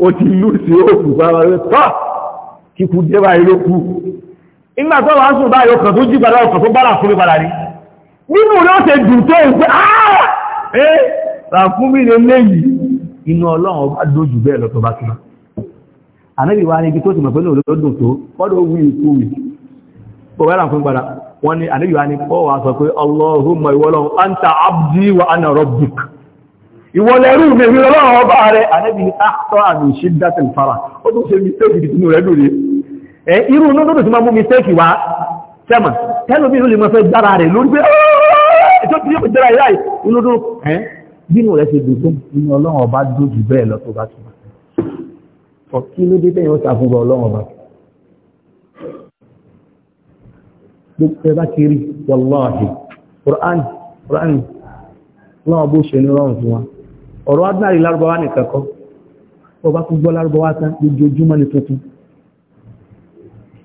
ó ti lù sí òkú pàápàá rẹ tọ kíkú jẹ báyìí ló kú nígbà tó wàá sùn báyìí ọkàn tó jí padà ọkàn tó bára fún mi padà rí nínú rẹ ó ṣe dùn tó ń pẹ ààrẹ ẹ ràkúnmí lè léyìí inú ọlọ́run ọba dójú bẹ́ẹ̀ lọ́tọ̀ bá tún ànábì wa ní ibi tó ti mọ̀ pé ní olódùn tó kọ́dọ̀ wí ikú wì ó wẹ́rà fún padà wọ́n ní ànábì wa ní kọ́ wa sọ pé Allahumma ìwọ́lọ́run anta abdi wa ana rabbuk ìwọ́lẹ́rú mi rí ọlọ́run ọba rẹ̀ ànábì ní àtọ́ ah, àmì shiddatil farah ó tún ṣe mistake ìdìtínú rẹ̀ lórí ẹ irú inú tó ti máa mú mistake wá sẹ́mà tẹ́lómi ló lè mọ́ fẹ́ dára rẹ̀ lórí pé ọ́ọ́ bínú rẹ̀ ṣe dùn tó inú ọlọ́run ọba dùn jù bẹ́ẹ̀ lọ tó bá tún bá fọ kí ló dé tẹ̀yìn ó ṣàfùgbọ ọlọ́run ọba gbogbo ẹ bá ti rí wọláhì quran quran ọlọ́run bó ṣe ní rọrùn fún wa ọ̀rọ̀ adúláàrí lárúbáwá nìkan kọ́ ó tún gbọ́ lárúbáwá tán lójoojúmọ́ ní tuntun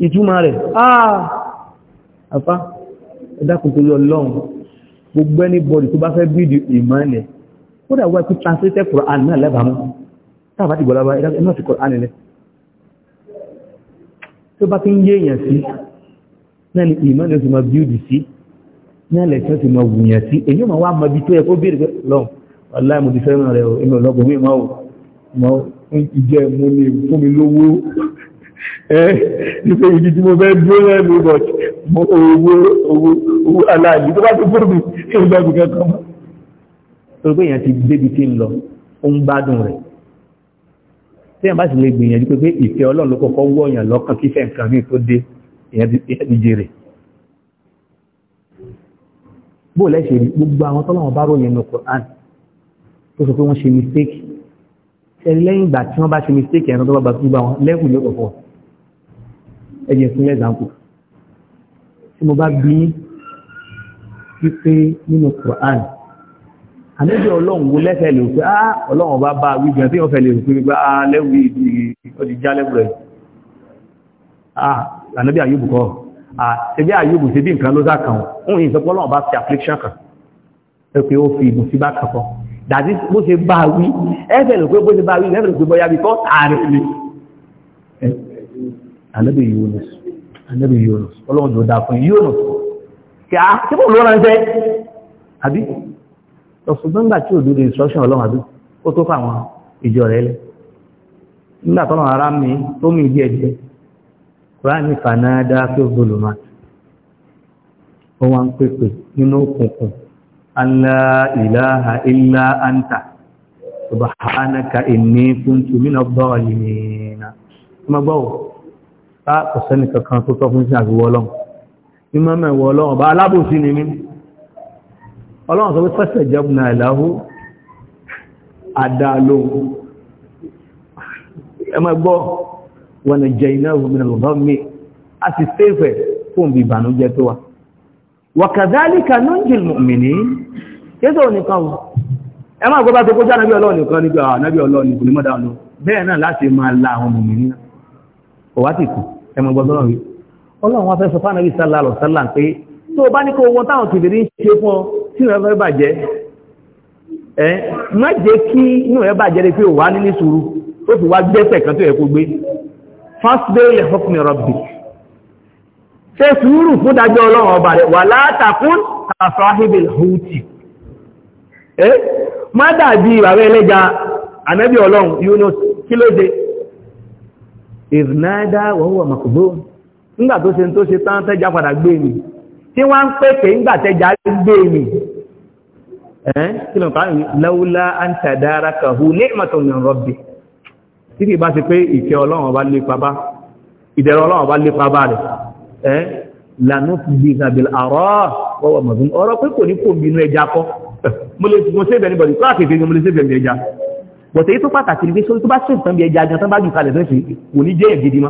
ìtumọ̀ rẹ̀ áà ah! àfá ẹ dákun torí ọlọ́run gbogbo ẹni bọ́ọ̀dì tó bá fẹ́ bídìí ìmọ̀ ẹ̀ kódà wọ́n ti translate Quran náà lẹ́bàámú táàbá ti gbọ́lábá iná ti Quran nílẹ̀ tó bá ti ń yé èèyàn sí náà ni ìmọ̀ ni ó ti máa build sí náà lẹ́sìn ó ti máa wùyàn sí èyí ó máa wá mọ ibi tó yẹ kó béèrè pé lọ́n ọ̀la mo ti fẹ́ràn rẹ̀ o èmi ọ̀lọ́gbọ̀n mi máa mọ ìjẹ́ mo lè fún mi lówó ẹ nípa ìdí tí mo fẹ́ dúró lẹ́nu bọ̀ owó aláàbí tó bá ti fún mi kí n bá mi kankan torí pé èèyàn ti débi tí ń lọ ó ń gbádùn rẹ̀ tí èèyàn bá sì lè gbìyànjú pé ìfẹ́ ọlọ́run ló kọ́kọ́ wọ́ èèyàn lọ́kàn kífẹ́ nǹkan míì tó dé èèyàn ti jèrè bó lẹ́ṣẹ̀ rí gbogbo àwọn tọ́lọ́wọ́n bá ròyìn nù Qur'an tó sọ pé wọ́n ṣe mistake ẹni lẹ́yìn ìgbà tí wọ́n bá ṣe mistake ẹ̀rọ tó bá gbàgbọ́ gbà wọn lẹ́kùn ní ọ̀pọ̀ ẹ̀jẹ̀ fún example tí mo bá bí wípé nínú Qur'an àlejò ọlọ́run wo lẹ́fẹ̀ lè pé á ah, ọlọ́run bá bá wígbẹ̀ tí wọ́n fẹ́ lè pé bá ah, á lẹ́wù ìdíjá lẹ́wù rẹ̀ ah, ànábí àyùbù kọ́ ṣebí àyùbù ṣebí nǹkan ló sá kàn òun yìí sọpọ́ ọlọ́run bá fi affliction kàn ẹ pé ó fi ìbùn sí bá kàn kọ́ dàbí bó ṣe bá wí ẹ̀fẹ̀ lè pé bó ṣe bá wí ẹ̀fẹ̀ lè pé bóyá bí kọ́ ààrẹ ni ànábí Yunus ànábí Yunus ọlọ́run ló dá fún Yunus kí á ṣe bó lọ́rọ̀ ń ṣùgbọ́n nígbà tí òdodo instruction ọlọ́run àbí ó tó fà wọn ìjọ rẹ̀ lẹ̀ nígbà tọ́lọ̀ ara mi tó mi díẹ̀ díẹ̀ kúránì fanáadá kí ó gbọ́lù máa ó wá ń pèpè nínú òkùnkùn alá ìlàhà ilá àǹtà subhanaka inni kuntu min ad-dalimin tí ma gbọ́ bá kò kankan tó tọ́ fún sí àgbéwọ́ ọlọ́run ní mọ́mọ́ ìwọ ọlọ́run bá alábòsí ni mímú ọlọ́run sọ pé pẹ́sẹ̀ jẹmùnà ìlàhú àdáàlò ẹmọ́gbọ́ wọn jẹ iná ìwòmìnà lọ́mí a ti sẹ́fẹ̀ fún bí ìbànújẹ́ tó wà wàkàdálíkà núnjì mọ̀mìnì kéèsọ̀ nìkan wọ ẹmọ́ àgbọ́bá tó kó jánábí ọlọ́run nìkan níbi ah, ànábí ọlọ́run nìkan nímọ́dá ọlọ́run bẹ́ẹ̀ náà láti máa la àwọn mọ̀mìnì náà ọwá ti kù ẹmọ́ gbọ́dọ́ tó bá ní kó wọn táwọn kìbìrì ń ṣe fún ọ tí ìrìn ọ̀fẹ́ bàjẹ́ ẹ má jẹ́ kí inú rẹ̀ bàjẹ́ rẹ pé wà nílé sùúrù ó fi wá gbẹ́sẹ̀ kan tó yẹ kó gbé fásitẹ́lì hukmi rabbi ṣe sùúrù fún dájọ́ ọlọ́run ọba rẹ̀ wà látàkún àfáhìbìl hútì Yunus tí wọ́n ń pèsè ńgbàtẹ́jà gbé mi ẹ́n kí lọ pàá lawla an tadarakahu ni'matun min rabbi tí kì bá ti pé ìkẹ́ ọlọ́run ọba lépa bá ìdẹ̀rẹ̀ ọlọ́run ọba lépa bá rẹ̀ ẹ́n lanufdiza bil ara wa huwa mazlum ọ̀rọ̀ pé kò ní kò bínú ẹja kọ́ mo lè ni mo lè save ẹ̀mí ẹja bọ̀tẹ̀ yìí tó pàtàkì ní pé tó bá save tán bí ẹja gan tán bá jù kalẹ̀ tó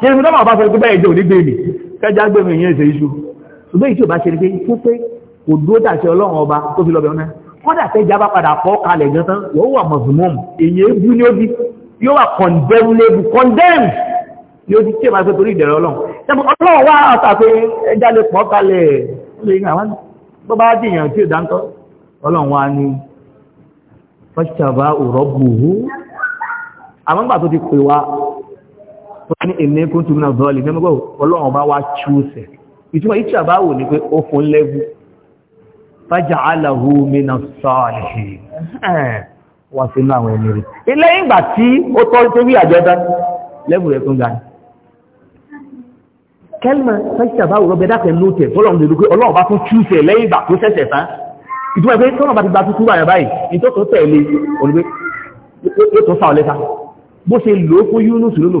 ṣe ní tọ́mà bá sọ pé bẹ́ẹ̀ jẹ́ onígbé mi kẹjá gbé mi yẹn ṣe iṣu ṣùgbọ́n ìṣù bá ṣe ni pé tó pé kò dúró dàṣẹ ọlọ́run ọba tó fi lọ́bẹ̀ ọ̀nà kọ́dà tẹ́jà bá padà fọ́ kalẹ̀ gan tán yóò wà mọ̀sùmọ́mù èyí ebú ní ó bí yóò wà condemnable condemned ní ó ti tí ìbáṣe torí ìdẹ̀rẹ̀ ọlọ́run ṣẹ́gun ọlọ́run wá ọ̀tà pé ẹja lè pọ̀ kalẹ̀ lè ń àwọn tó bá dìyàn tí ò dáńtọ́ ọlọ́run wá ní fọ́ṣàbá òrọ́bù tó ti pè wá wọ́n ní èmi kún tún náà zọ́ọ̀lì ní ọmọ ọlọ́run bá wá chúùsẹ̀ ìtumọ̀ ìtì àbáwò ni pé ó fún lẹ́bù fájà aláhu mina sọ́ọ̀lì wọ́n sí inú àwọn ẹni rẹ̀ ilé ìgbà tí ó tọ́ tó bí àjọdá lẹ́bù rẹ̀ tún ga ni kẹ́lìmọ̀ fẹ́sì àbáwò rọ́bẹ̀ dákẹ́ lóòtẹ̀ fọ́lọ́run lè lókè ọlọ́run bá tún chúùsẹ̀ lẹ́yìn ìgbà tó ṣẹ̀ṣẹ̀ tán ìtumọ̀ pé tọ́nà bá ti gba tuntun báyà báyìí ìtọ́tọ̀ tẹ̀lé òní pé yóò tó fà ọ́ lẹ́ta bó ṣe lò ó fún Yúnúsù ló lò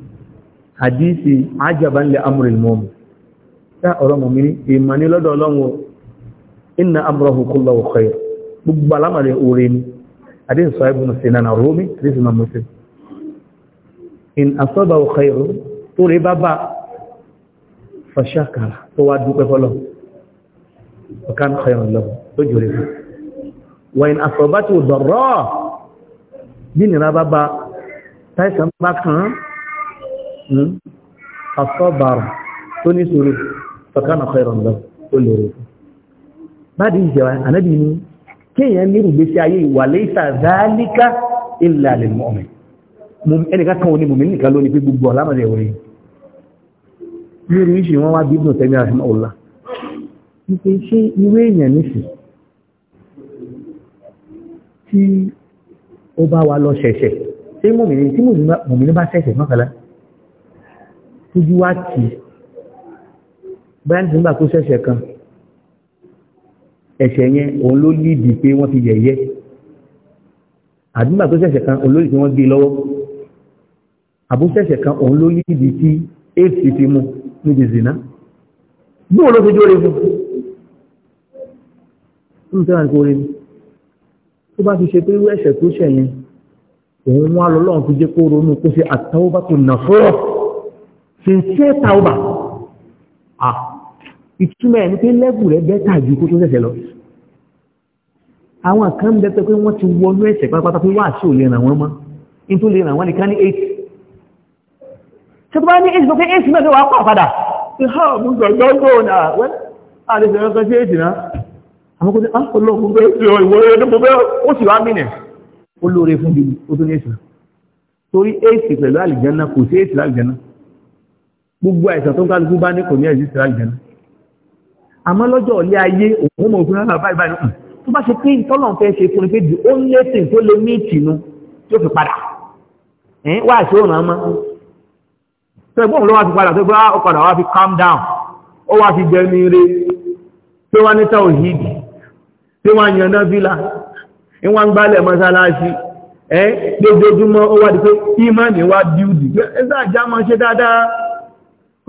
àdíìsì ajaban li amril mu'min tá ọ̀rọ̀ mọ̀mí ìmọ̀ ní lọ́dọ̀ ọlọ́run inna amrahu kullahu khair gbogbo alámàrin orí ni àdíìsì sọ ibùn sí náà rómi àdíìsì máa mọ̀sí in asabahu khairu tó rí bá bá fashakara tó wá dúpẹ́ fọ́lọ́ wa kana khairan lahu tó jòrè fún wa in asabatu darra bí nira bá bá táìsàn bá kàn án Hmm? asọ́bàrà tó ní sùúrù fọkànà fẹ́ràn lọ ó lòrò fún báàdì ìjẹwà ànábì ní kéèyàn nírù gbésí ayé ìwà lẹ́sà záálíkà illa lil mu'min ẹnìkan kan òní mùmí nìkan lónìí pé gbogbo ọ̀làmọ̀lẹ̀ òní nírú ìṣì wọn wá bí ibùdó tẹ́mi àfihàn ọ̀la nípe ṣé irú èèyàn nìsí tí ó bá wa lọ ṣẹ̀ṣẹ̀ ṣé mùmí ní tí mùmí bá ṣẹ̀ṣẹ̀ mọ́kànlá tójú wá tì báyìí nígbà tó ṣẹ̀ṣẹ̀ kan ẹ̀ṣẹ̀ yẹn òun ló lídìí pé wọ́n ti yẹ̀yẹ́ àdúgbà tó ṣẹ̀ṣẹ̀ kan òun ló lídìí pé wọ́n gbé e lọ́wọ́ àbúṣẹ̀ṣẹ̀ kan òun ló lídìí tí éèsì fi mu níbi zìnà bí wọn ló fi jóore fún un tó wà ní kó tó bá fi ṣe pé ẹ̀ṣẹ̀ tó ṣẹ̀ yẹn òun wá lọ́lọ́run fi jẹ́ kó ronú kó ṣe àtàwọn bá kò nà fọ́rọ̀ sincere tauba ah ìtumọ̀ ẹni pé lẹ́bù rẹ̀ bẹ́tà ju kó tó ṣẹ̀ṣẹ̀ lọ àwọn kan bẹ pé wọ́n ti wọnú ẹ̀ṣẹ̀ pátápátá pé wá sí ò lè ràn wọ́n mọ́ in tó lè ràn wọ́n nìkan ní 8 ṣètò bá ní 8 pé 8 mẹ́rin wà pàà padà ìhà mú gbọ̀gbọ̀gbọ̀ náà wọ́n àdéṣe rẹ̀ kan sí 8 náà àwọn kò ní ah, ọlọ́run bẹ́ẹ̀ ìwọ̀ ẹ̀dọ́ bẹ́ẹ̀ ó sì wá mí nẹ̀ ó lóore fún bí ó tó ní 8 torí 8 pẹ̀lú àlìjẹ́ná kò sí 8 láàlìjẹ́ná gbogbo àìsàn tó ń kálukú bá ní kò ní ẹ̀sí ìsìnrà ìjẹ̀nà àmọ́ lọ́jọ́ ọ̀lẹ́ ayé òun mọ̀ òfin rárá báyìí báyìí tó bá ṣe pé ìtọ́lọ̀n fẹ́ ṣe fún ní pé di ó ní ẹ̀sìn tó lè ní ìtìnú tó fi padà wá àṣẹ òun àmọ́ tó ẹgbọ́n ló wá fi padà tó bá ó padà wá fi calm down ó wá fi jẹni re tó wá ní táwọn hìdì wá yan náà fílà ìwọ̀n gbálẹ̀ mọ́sálásí ẹ́ lójoojúmọ́ ó wá di pé ìmọ̀ ni wá díùdì ẹ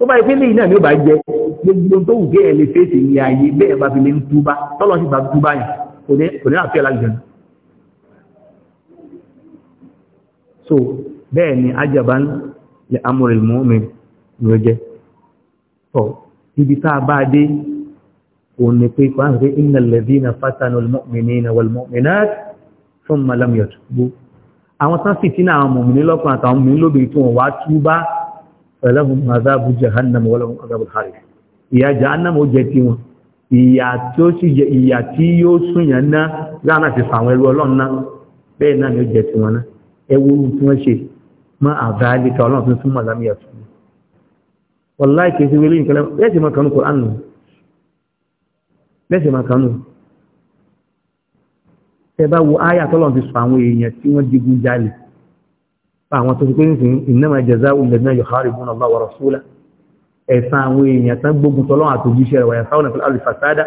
tó bá ìpínlẹ̀ yìí náà ni ó bá jẹ gbogbo tó wù gẹ́ ẹ̀lẹ́ fèsì ní ayé bẹ́ẹ̀ bá fi lè ń túbá tọ́lọ́ sí bá túbá yìí kò ní àfẹ́ alájọ́nà so bẹ́ẹ̀ ni ajaba ń lè amúrẹ̀ mọ́mí ló jẹ́ tọ́ ibi tá a bá dé òun ni pé kò á rí iná lẹ́bí na fátánù mọ́mìnì na wàlmọ́mìnà fún malam yàtúbú àwọn tán àwọn mọ̀mìnì falahum azabu jahannam walahum azabu al-harir ìyà jahannam ó jẹ tiwọn ìyà tí ó sì jẹ ìyà tí yóò súnyàn ná láàrín àti fàwọn ẹrú ọlọ́run náà bẹ́ẹ̀ náà ni ó jẹ tiwọn ná ẹwú tí wọ́n ṣe mọ́ àbáyálẹ́ta ọlọ́run tó súnmọ́ lámìyà fún mi ọ̀la ìkẹsí wẹ́lẹ́ nǹkan àwọn tó ti pé nísìnyí innama jaza'u alladhina yuharibuna Allah wa rasulahu ẹ̀sán àwọn èèyàn tán gbógun tọ́lọ́wọ́n àtòjíṣẹ́ rẹ̀ wọ̀nyà sáwọn fil ardi fasada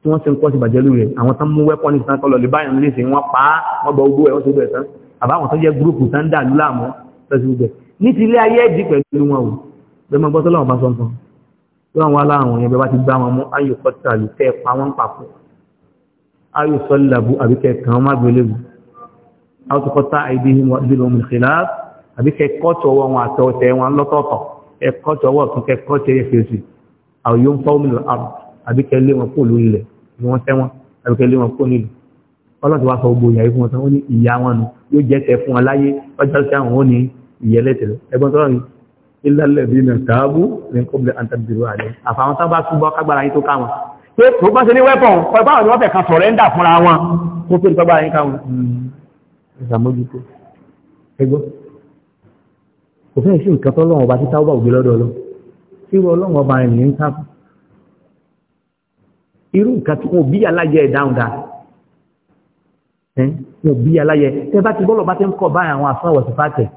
tí wọ́n ti ń kọ́ sí bàjẹ́lú rẹ̀ àwọn tán mú wẹ́pọ̀ nìkan kọlọ̀ lè báyìí nílé sí wọ́n pa á wọ́n bọ ogbó ẹ̀ wọ́n ti gbẹ̀ tán àbáwọn tó jẹ́ gúrúùpù tán dà lú láàmú lọ́sí gbẹ̀ ní ti ilé ayé ẹ̀dì àwọn tó kọta àìdíhìn wọn ìdílé omi ìṣẹ̀lá àbí kẹ́kọ́ tí ọwọ́ wọn àti ọ̀tẹ̀ wọn lọ́tọ̀ọ̀tọ̀ ẹ̀kọ́ tí ọwọ́ ọ̀tún kẹ́kọ́ tí ẹ̀yẹ fèsì àwọn yóò ń fọ́ omi lọ àbí kẹ́ lé wọn kó lórí ilẹ̀ ni wọ́n tẹ́ wọn àbí kẹ́ lé wọn kó nílùú ọlọ́run ti wá sọ gbogbo ìyá yìí fún wọn tán ó ní ìyá wọn nù yóò jẹ́ tẹ fún wọn láyé ọjọ́ sí àwọn ó ní ìyẹlẹ́tẹ̀lẹ̀ ẹgbọ́n tọ́rọ̀ yìí ilẹ̀ bí na tààbù ní kọ́bílẹ̀ àtàbìrò àlẹ́ fúnra wọn kó tó ní kágbára wọn ìsàmójútó ẹgbọ́ kò fẹ́ sí nǹkan tó lọ́wọ́ ọba títà ọba ògbé lọ́dọ̀ lọ irú ọlọ́wọ́ ọba ẹ̀mí ń sáfù irú nǹkan tí wọn ò bí aláyẹ ìdáhùn dáa wọn ò bí aláyẹ tẹ bá ti bọ́lọ̀ bá ti ń kọ̀ báyìí àwọn àfọ àwọ̀sí fàtẹ̀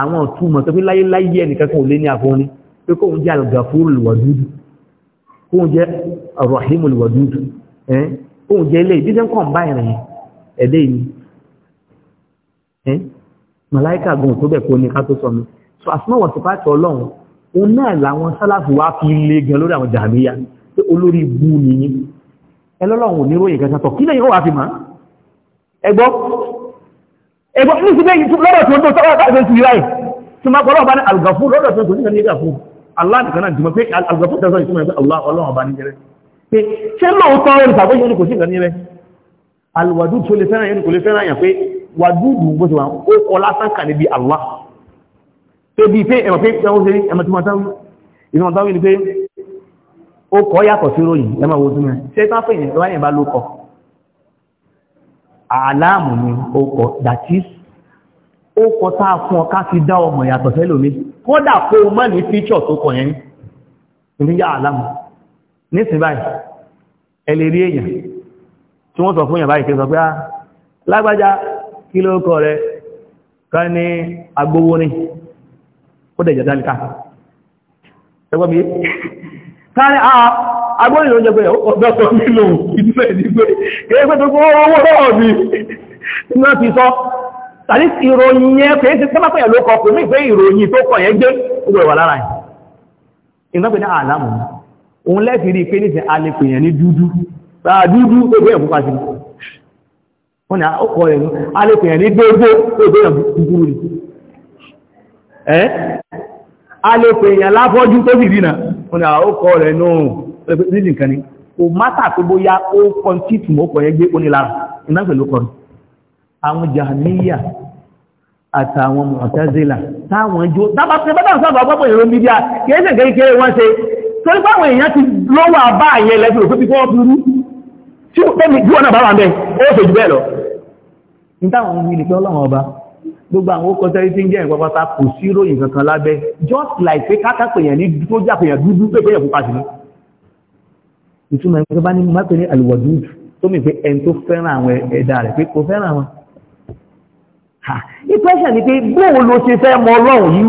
àwọn ọ̀túnmọ̀ tó fi láyé láyé ẹnìkan kan ò lé ní àfọ́ni pé kóun jẹ́ àlùgàfóró lùwàdúdú kóun jẹ́ ọ̀rọ̀ àhímù lùwàdúdú kóun jẹ́ ilé ìdíjẹ́ ń kọ̀ ń màláìkà gan tó bẹ̀ kó ní ká tó sọnù so àsùnmọ́ wọ̀ sípà tí ọlọ́run òun náà làwọn sálàfù wá fi lé gan lórí àwọn jàmíyà pé olórí bú nìyí ẹlọ́lọ́run ò ní ròyìn kankan tọ̀ kí lẹ́yìn ó wà fi mà ẹgbọ́ ẹgbọ́ ní síbẹ̀ yìí lọ́dọ̀ tó ń tó sọ́wọ́ káàkiri sí ìráyì tí máa pọ̀lọ́ ọba ní alùgàfún lọ́dọ̀ tó ń tó nígbà ní gàfún aláàdìkan náà jùmọ̀ pé alùgàfún tẹ̀sán ìtumọ̀ ẹ̀fẹ́ ọlọ́run ọba ní jẹrẹ pé ṣé lóòótọ́ olùsàgbéyìn kò sí ìgbà ní rẹ alùwàdù tó lè fẹ́ràn yẹn kò lè wà dúdú bó ti wà ó kọ lásán kà níbi Allah pé bí pé ẹmọ̀ pé ẹwọ́n ṣe rí ẹmọ̀ tí wọ́n táwọn ìrìn ọ̀dáwí ni pé ó kọ yàtọ̀ sí ròyìn ẹmọ̀ wo túnmọ̀ ṣe tán fẹ́ ìyẹn lọ́wọ́ ìyẹn bá ló kọ àláàmù ni ó kọ that is ó fún ọ ká dá ọmọ yàtọ̀ sẹ́lòmí kódà kó o mọ́ ní fíṣọ̀ tó kọ yẹn ìníyà àlámù nísìn báyìí ẹ lè rí èèyàn tí wọ́n sọ fún èèyàn báyìí kí sọ pé ah, lágbájá kí ló kọ rẹ̀ ká ní agbówó ní ó dẹ̀ jẹ́ ẹgbọ́n káàrí ah, agbóyìn ló jẹ́ pé ọ̀dọ́tọ̀ nílò ìdílé ìdílé kéèkéé tó kó owó rọ̀ mi iná ti sọ tàbí ìròyìn yẹn pé ti tẹ́mà pẹ̀lú ọkọ̀ pẹ̀lú ìfẹ́ ìròyìn tó kọ̀ yẹn gbé ìwà lára yìí iná pẹ̀lú àlámù òun wọ́n ni ọkọ̀ ẹ̀nu alẹ́kẹ̀ẹ́ ní gbogbo ògbéyàn gúgúrú ni ẹ́ alẹ́kẹ̀ẹ́yàn láfọ́jú tó sì dínà wọ́n ni ọkọ̀ ah, rẹ̀ náà rídì nǹkan ni o mátà tó bóyá ó kọ́n tí tùmọ́kọ̀ yẹn gbé onílára ìnáfẹ̀lú kọrù àwọn jahaniya àtàwọn mọ̀tẹ́zílà táwọn jó dábàtẹ́ bá tí ó pẹ́ mi jú ọ̀nà bàbá mẹ́ ó fèjì bẹ́ẹ̀ lọ nítàwọn ohun ìlú pé ọlọ́run ọba gbogbo àwọn ó kọsẹ́rí tí ń jẹ́ ìpapata kò sí ròyìn kankan lábẹ́ just like pé káká pèèyàn ní tó jà pèèyàn dúdú pé pèèyàn pupa sí ni ìtumọ̀ ẹni tó bá ní má pè ní àlùwọ̀dúdú tó mì pé ẹni tó fẹ́ràn àwọn ẹ̀dá rẹ̀ pé kò fẹ́ràn wọn ìpẹ́ṣẹ̀ ni pé bóò ló ṣe fẹ́ mọ ọlọ́run yìí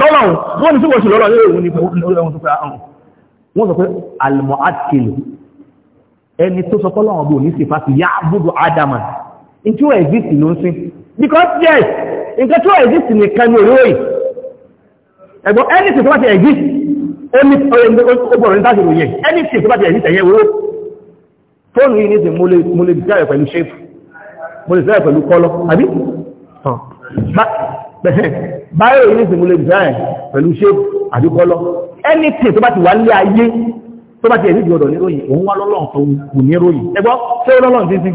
lọ́lọ́run wọ́n ni síwọ̀ṣù lọ́lọ́run lè wọ́n ni ọlọ́run tó fẹ́ àrùn wọ́n sọ pé almọ́ àtìlù ẹni ní adama tí ó exist ló ń sin because yes nǹkan tí ó exist nìkan ní olóyìn ẹ̀gbọ́n anything tó bá ti exist ogbọ̀n rẹ̀ dájú òye anything tó bá ti exist ẹ̀yẹ owó fóònù yìí ní ti mo lè bìtẹ́ pẹ̀lú shape mo lè bìtẹ́ pẹ̀lú kọ́lọ́ àbí báyọ̀ yìí ní ti mo lè bìtẹ́ pẹ̀lú shape àbí kọ́lọ́ anything tó bá ti wà ní ayé tó bá ti exist ọ̀dọ̀ níròyìn òun wá lọ́lọ́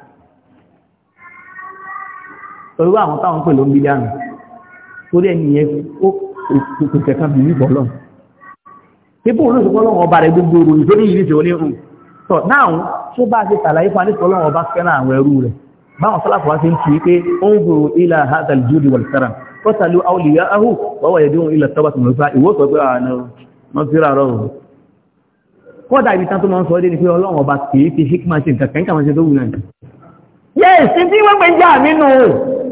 torí wá àwọn táwọn pè ló ń bí dànù torí ẹni yẹn ó kò kẹ̀kẹ́ bí ní bọ́lọ̀ pípọ̀ olóòsùn kọ́lọ́wọ́ ọba rẹ̀ gbogbo ìròyìn tó ní ìlú ìṣòro ní rùn tọ̀ náà tó bá ṣe tàlàyé fún àní kọ́lọ́wọ́ ọba fẹ́ràn àwọn ẹrú rẹ̀ báwọn sálàfù wá ṣe ń kìí pé ó ń gbòòrò ilà hadal judy walsara tọ́tàlú auliya ahu wọ́wọ́ yẹ̀dún ilẹ̀ tọ́bàtì mọ̀lúfà ìwọ́sọ̀ pé àánú ah, mọ́ sí rárọ̀ kọ́dà ibi tán tó máa ń sọ ọ́dẹ́ ni pé ọlọ́run ọba kìí fi hikma ṣe nǹkan kẹ́ńkà máa ṣe yes ibi wọ́n pẹ̀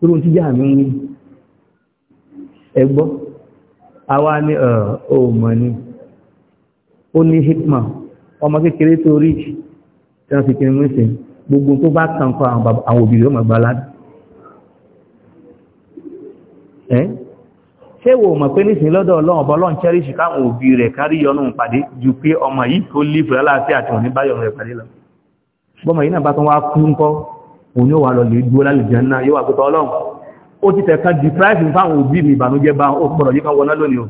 tó ló ti jà mí ẹgbọ́ àwa ni ọmọ ni ó ní hikma ọmọ kékeré tó rí tí wọ́n fi kiri mú sí gbogbo tó bá kàn kọ àwọn òbí rẹ̀ mọ̀gbà ládì ẹ́ ṣé wo mọ̀ pé nísìn lọ́dọ̀ ọlọ́run ọba ọlọ́run cherish káwọn òbí rẹ̀ kárí yọnu pàdé ju pé ọmọ yìí kó lè fẹ́ láti àtìwọ̀n ní báyọ̀ rẹ̀ pàdé lọ bọ́mọ yìí náà bá tán wá kú ńkọ́ òun yóò wà lọ lè dúó lálejẹ́ náà yóò wà pẹ́ta ọlọ́run ó ti tẹ̀kan deprive fáwọn òbí mi ìbànújẹ́ bá ó pọ̀rọ̀ yíká wọná lónìí o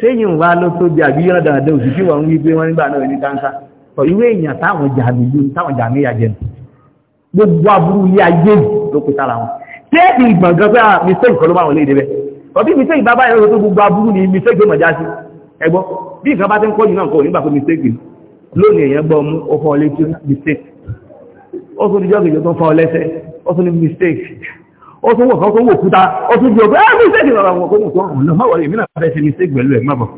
ṣẹ́yìn wá ló tó jẹ́ àbí yọ́nà dáadáa òsì tí wọ́n ń gbé wọ́n nígbà náà ní káńsá sọ irú èèyàn táwọn jàmí yóò táwọn jàmí yà jẹ gbogbo aburú ilé ayé ló pè sára wọn tẹ́ẹ̀kì ìgbọ̀ngàn pé ah, mistake kan ló máa wọn lé ni mistake ló mọ̀ já sí ẹgbọ́ bí ìkan bá ti ń kọ́ yìí náà kọ́ lónìí èèyàn gbọ́ mú ó fọ́ mistake ó tún níjọ́ kejì tó ń fa ọ lẹ́sẹ̀ ó tún ní mistake ó tún wọ̀ kan tó wò kúta ó tún jẹ́ ọgbẹ́ ah, mistake lọ́ra wọn kó mú tó ọ̀nà má wọlé ìmínà fẹ́ ṣe mistake pẹ̀lú ẹ̀ má bọ̀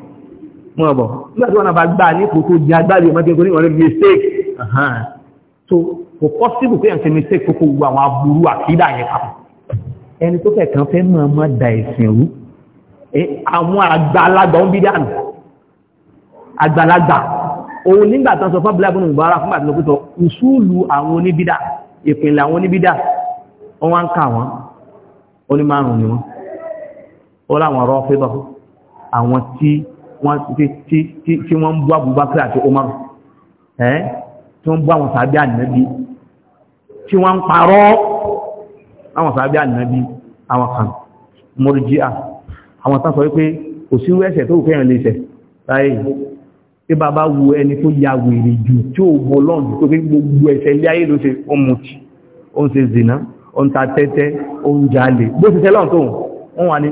mọ́ bọ̀ nígbà tí wọ́n bá gbà ní kò tó di agbárí ọmọdé kò ní wọ́n ní mistake so kò possible pé ẹ̀sìn mistake kókó gbogbo àwọn aburú àkídà yẹn papọ̀ ẹni tó fẹ́ kan fẹ́ mọ̀ ọmọ da ẹ̀sìn rú àwọn àgbàlagbà ń bí dànù àgbàlagbà òun nígbà tán sọ fún abúlágbọ́n ìbára fún àti lọ́pítọ̀ ìṣúlù àwọn oníbídà ìpínlẹ̀ àwọn oníbídà wọ́n wá ń kà wọ́n oní márùn ni wọ́n ó láwọn ọ̀rọ̀ fẹ́bọ̀ àwọn tí wọ́n tí wọ́n ń bú Abubakar àti Umar ẹ́ tí wọ́n ń bú àwọn sàbí ànìyàn tí wọ́n ń parọ́ àwọn tí bàbá wo ẹni tó ya wèrè jù tí ó bọ́ lọ́nà tó fi gbogbo ẹ̀ṣẹ̀ ilé ayé ló ṣe ọmọtí ó ṣe zìnà ó ń ta tẹ́tẹ́ ó ń jalè bó ti tẹ́lọ́n tó wọ́n wà ní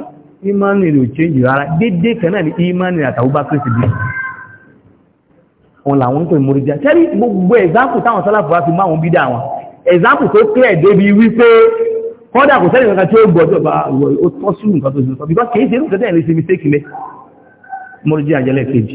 imani rẹ̀ change rárá dédé kan ní imani àtàwùbá kristi bí wọn làwọn ń pè mórí gbogbo ẹ̀záàpù táwọn sálàfù wá fi máa bí dá wọn ẹ̀záàpù tó clear débi wípé kọ́dà kò sẹ́yìn kankan tí ó gbọ́dọ̀ bá ó tọ́sùn nǹkan tó ṣe sọ because kìí ṣe irú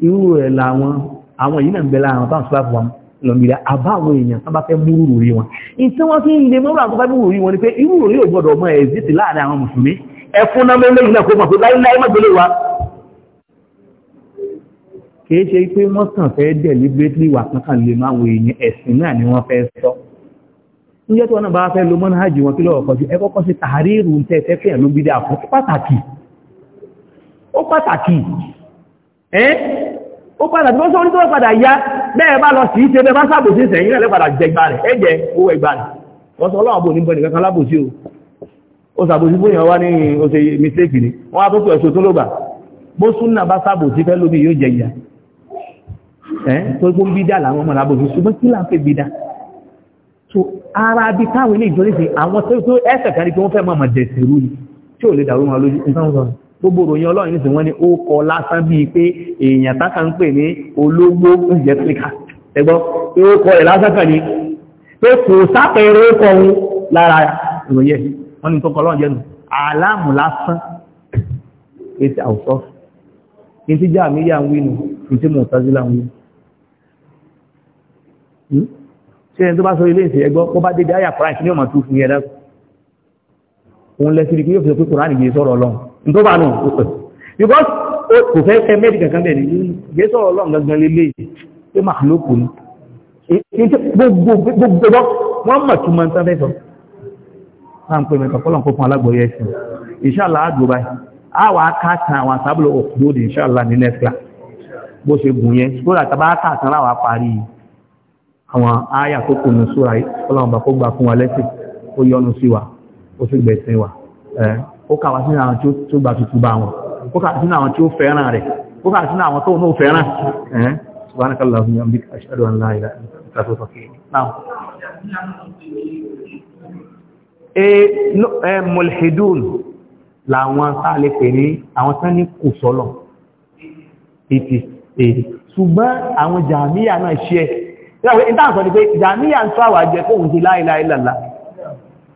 irú rẹ̀ làwọn àwọn èyí náà ń bẹ lára àwọn táwọn sọ́láfù wọn lọ́mìnira àbá àwọn èèyàn tó bá fẹ́ mú rúrù rí wọn ìtí wọ́n fi ń lè mọ́rù àkọ́kọ́ mú rúrù rí wọn ni pé irú rúrù yóò gbọ́dọ̀ mọ́ ẹ̀zítì láàrin àwọn mùsùlùmí ẹ̀fún náà mẹ́lẹ́ ìlànà kó mọ̀ pé láíláí mọ́gbẹ́lẹ́ wa kìí ṣe pé wọ́n kàn fẹ́ deliberately wà kankan lè máa wọ èèyàn ẹ̀sìn náà ni wọ́n fẹ́ sọ níjẹ́ tí wọ́n náà bá fẹ́ lo mọ́nájì wọn kí lọ́wọ́ kọjú ẹ kọ́kọ́ sí tàárírù tẹ́ẹ̀tẹ́ fẹ́ẹ̀ ló gbídà fún pàtàkì ó pàtàkì ẹ́ eh? ó padà tí wọ́n sọ onítọ́ padà yá bẹ́ẹ̀ bá lọ sí ṣe bẹ́ẹ̀ bá sábòsí sẹ́yìn rẹ̀ padà jẹgbà rẹ̀ ẹ̀jẹ̀ owó ẹgbà rẹ̀ wọ́n sọ ọlọ́wọ́ bò ní bẹ́ẹ̀ nìkan lábòsí o ó sàbòsí fún ìyàwó ní oṣe mistake ni wọ́n á tó tó ẹ̀ṣọ́ tó ló gbà bó súnà bá sábòsí fẹ́ lómi yóò jẹ ìyà ẹ́ eh? tó gbó ń bí dà láwọn ọmọ làbòsí ṣùgbọ́n kí là ń fẹ́ gbogbo òròyìn ọlọ́run ní sí ni ní ó kọ lásán bíi pé èèyàn tákà ń pè ní olówó ìjẹ́sílíkà ẹgbọ́ pé ó kọ rẹ̀ lásán kàn ní pé kò sápẹẹrẹ ó kọ ohun lára ìròyìn wọ́n ní tó kọ lọ́run jẹ́nu aláàmù lásán ètì àwùsọ́ ní tí jáàmì yà ń wínú ní tí hmm? bá sọ ilé ìsìn ẹgbọ́ kó bá dédé àyà kọ́ráìsì ní ọmọ tó fún yẹn òun lẹ́sìn rí yóò fi sọ pé kòránì gbé sọ̀rọ̀ ọlọ́run tó bá nù púpẹ̀. because kò fẹ́ fẹ́ mẹ́rin kankan bẹ̀rẹ̀ yìí sọ̀rọ̀ ọlọ́run gangan lélẹ̀ pé máa ló kù ní gbogbo wọ́n mọ̀ tún máa ń tán fẹ́sọ̀ máa ń pè mẹ́ta kọ́lọ̀ kó fún alágbòrí ẹ̀sìn inshallah àgbò báyìí àwọn akáàtàn àwọn àtàbùlọ̀ òkúdóòdì inshallah ní nẹ́fìlà bó ṣe gùn yẹn sóra tàbá káàtàn láwà parí àwọn ááyà tó kù ní sóra kọ́lọ̀ bá kó gbà fún wa lẹ́sìn ó yọ́nú sí wa ó sì gbẹ̀sìn wa ó kà wá sínú àwọn tó gbà tuntun bá wọn ó kà sínú àwọn tí ó fẹ́ràn rẹ̀ ó kà sínú àwọn tó ń fẹ́ràn ẹ̀hẹ́n subhanakallah fún yàmbí aṣáàdù aláìlá ìtàkùtà náà e mulhidun làwọn sáàlẹ̀ pè ní àwọn tán ní kò sọ́lọ̀ ìtì èdè ṣùgbọ́n àwọn jàmíyà náà ṣe ẹ̀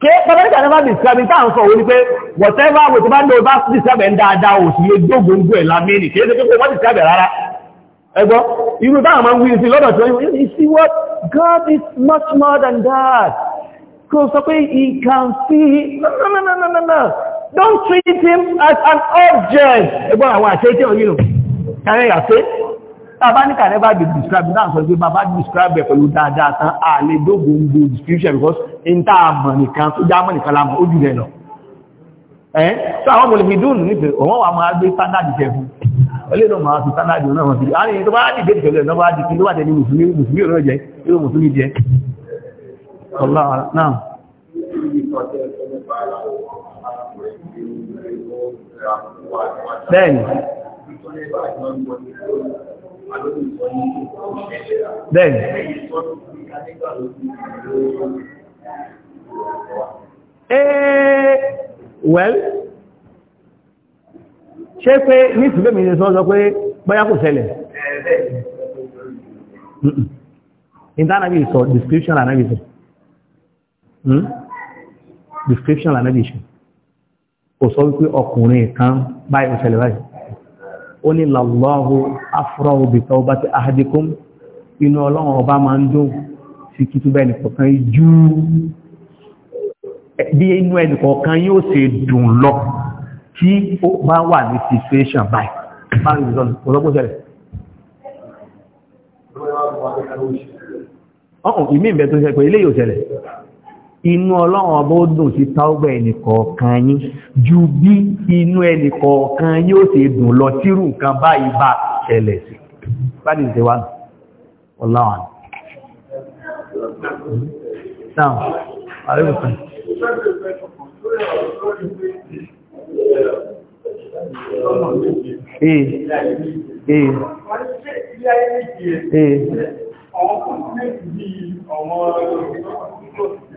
pẹ́pẹ́lẹ́gbà never describe it táà ń sọ wọ́n ni pé whatever mo ti bá ní ọba describe ẹ̀ ń dáadáa ò sí lè dógóngó ẹ̀ lámẹ́ni kìí ṣe pé wọ́n describe ẹ̀ rárá ẹgbọ́ irú táà máa ń wí sí lọ́dọ̀ tí wọ́n you see what God is much more than that kò sọ pé he can see no no no no no no don't treat him as an object ẹgbọ́n àwọn àṣẹ tí wọ́n yìí nù kárẹ́ yàtẹ́ tàbá ní kàrẹ́ bá di describe náà sọ pé bàbá describe ẹ̀ pẹ̀lú dáadáa tán ààlè dógóngó description because in tá a mọ̀ nìkan tó já mọ̀ nìkan la mọ̀ ó jù rẹ̀ lọ ẹ́ tó àwọn mọ̀lẹ́bí dùn nífẹ̀ẹ́ òun wà máa gbé standard jẹ fún ọlẹ́dọ̀ máa fi standard náà wọ́n ti àárín tó bá dìde ìjọlẹ̀ náà bá di kí ló wà tẹ́lẹ̀ mùsùlùmí mùsùlùmí òun jẹ yóò mùsùlùmí jẹ ọlọ́run náà bẹ́ẹ̀ni Bẹ́ẹ̀ni. Ee, well, ṣé pé ní ìsìnbẹ̀ mi sọ sọ pé báyá kò ṣẹlẹ̀? Ìdánàbí sọ, description ànábì sọ. Hmm? Description ànábì sọ. Kò sọ wípé ọkùnrin kan báyìí kò ṣẹlẹ̀ báyìí ó ní làlọ́hù afúrọ́hù bìtọ́ bá ti ahadikum inú ọlọ́run ọba máa ń dùn sí kìtúbẹ̀ ẹnìkọ̀ọ̀kan jú bí inú ẹnìkọ̀ọ̀kan yóò se dùn lọ tí ó bá wà ní situation báyìí báyìí o ọlọ́gbọ́n ṣẹlẹ̀ ọ̀hún o ìbẹ̀ tó ṣe pé ilé yóò ṣẹlẹ̀ inú ọlọ́run ọba ó dùn sí táúgbà ẹnìkọ̀ọ̀kan yín ju bí inú ẹnìkọ̀ọ̀kan yóò ṣe dùn lọ tírù nǹkan báyìí bá ṣẹlẹ̀ sí báyìí ṣe wá ee ee ee àwọn eh. mm-hmm. kò sí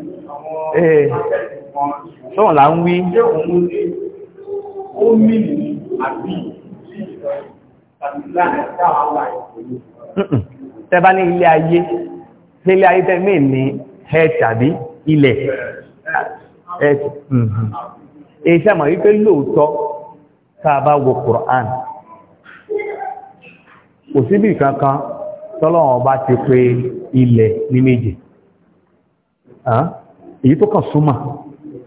bí àwọn sọ́wọ̀n là ní ilé ayé tí ilé ayé tẹ́mí ní ẹ̀ẹ̀tì àbí ilẹ̀ ẹ̀ẹ̀tì èyí sẹ́mọ̀ wípé lóòótọ́ tàbá wo Kùrán kò síbì kankan tọ́lọ́wọ́n bá ti pé ilẹ̀ ní méje èyí tó kàn súnmà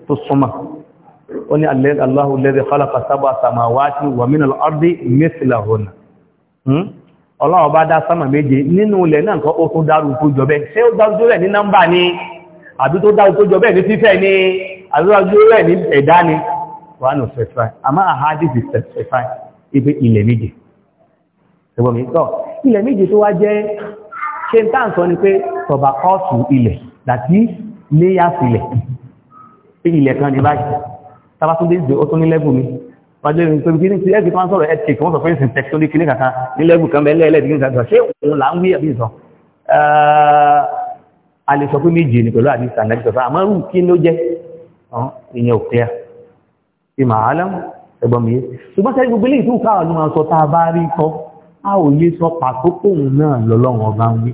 tó súnmà ó ní Allahu alladhi khalaqa sab'a samawati wa min al-ardi mithlahunna hmm? ọlọ́wọ́n bá dá sámà méje nínú ilẹ̀ náà kan ó tó dárú tó jọ bẹ́ẹ̀ ṣé ó dárú tó rẹ̀ ní nọ́mbà ni àbí tó dárú tó jọ ilẹ̀ méje tó wá jẹ́ ṣe ń tàn sọ ni pé tọ̀bà kọ́ọ̀tù ilẹ̀ láti léyàs ilẹ̀ pé ilẹ̀ kan ní báyìí tàbá tó dé ìgbé ó tó ní lẹ́bù mi wájú ní tóbi kíní ti ẹ́ẹ̀kì tó ń sọ̀rọ̀ ẹ̀ẹ́kì wọ́n sọ pé ìsìn tẹ̀kítọ́lì kíní kankan ní lẹ́bù kan bẹ́ẹ̀ lẹ́ẹ̀lẹ́ẹ̀dì kíní kankan ṣé òun là ń wí àbí ìsọ a lè sọ pé méje ni pẹ̀lú àdìsí ànájì sọ̀tọ̀ àmọ́ rú kí ló jẹ́ ìyẹn ò clear ìmọ̀ àálẹ́ ẹgbọ́n mi yé ṣùgbọ́n sẹ́yìn a ò lè sọ pàtó pòun náà lọ́lọ́run ọba ń wí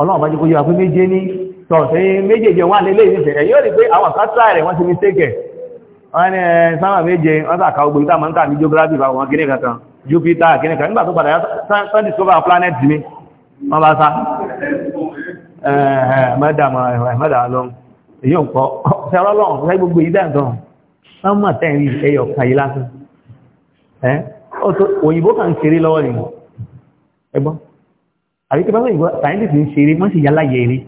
ọlọ́run bá jẹ́ kó yíra pé méje ní tọ̀sẹ̀ méjèèjì wà nílé ìfẹ̀rẹ̀ yóò rí pé àwọn kátà rẹ̀ wọ́n ti ní tẹ́kẹ̀ wọ́n ní eh, sáàmà méje wọ́n sàkà ogun ìta mọ́ta ní geography bá wọn kíní kankan Jupiter kíní kan nígbà tó padà sun discover planet ni wọ́n bá sá eh, mẹ́dàmọ́ eh, lọ́n èyí ò kọ́ sẹ́rọ́lọ́run fẹ́ gbogbo òyìnbó kà ń ṣeré lọ́wọ́ ni ẹgbọ́n àríkí bábá ìgbọ́ scientist ń ṣeré wọ́n sì yálàyé eré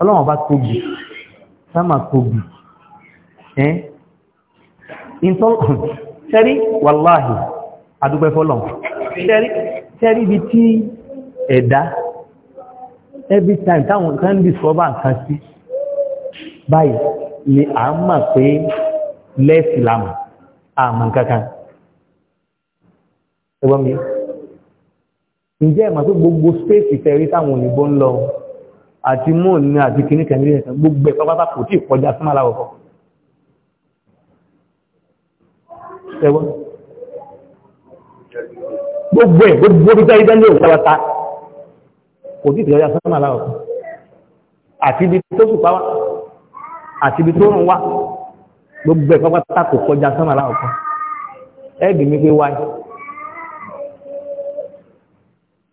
ọlọ́wọ́n bá tóbi sáàmà tóbi ẹ́ ṣẹ́rí wàláhì àdúgbẹ́ fọ́lọ̀ ṣẹ́rí ibi tí ẹ̀dá every time táwọn kan discover nǹkan sí ni à ń mọ̀ pé lẹ́ẹ̀sì àmà kankan ẹgbọ́n mi ǹjẹ́ ẹ̀mà tó gbogbo spéèsì fẹ́rí táwọn òyìnbó ń lọ àti moon ní àti kìíní kẹ̀mí ẹ̀kan gbogbo ẹ̀ pápátá kò tí ì kọjá sí màlá ọ̀kọ́ ẹgbọ́n gbogbo ẹ̀ gbogbo bí tẹ́rí tẹ́lẹ̀ òun pápátá kò tí ì kọjá sí màlá ọ̀kọ́ àti ibi tó sùn pa wá àti ibi tó rùn wá gbogbo ẹ̀ pápátá kò kọjá sí màlá ọ̀kọ́ ẹ̀ẹ́dì mi pé wáyé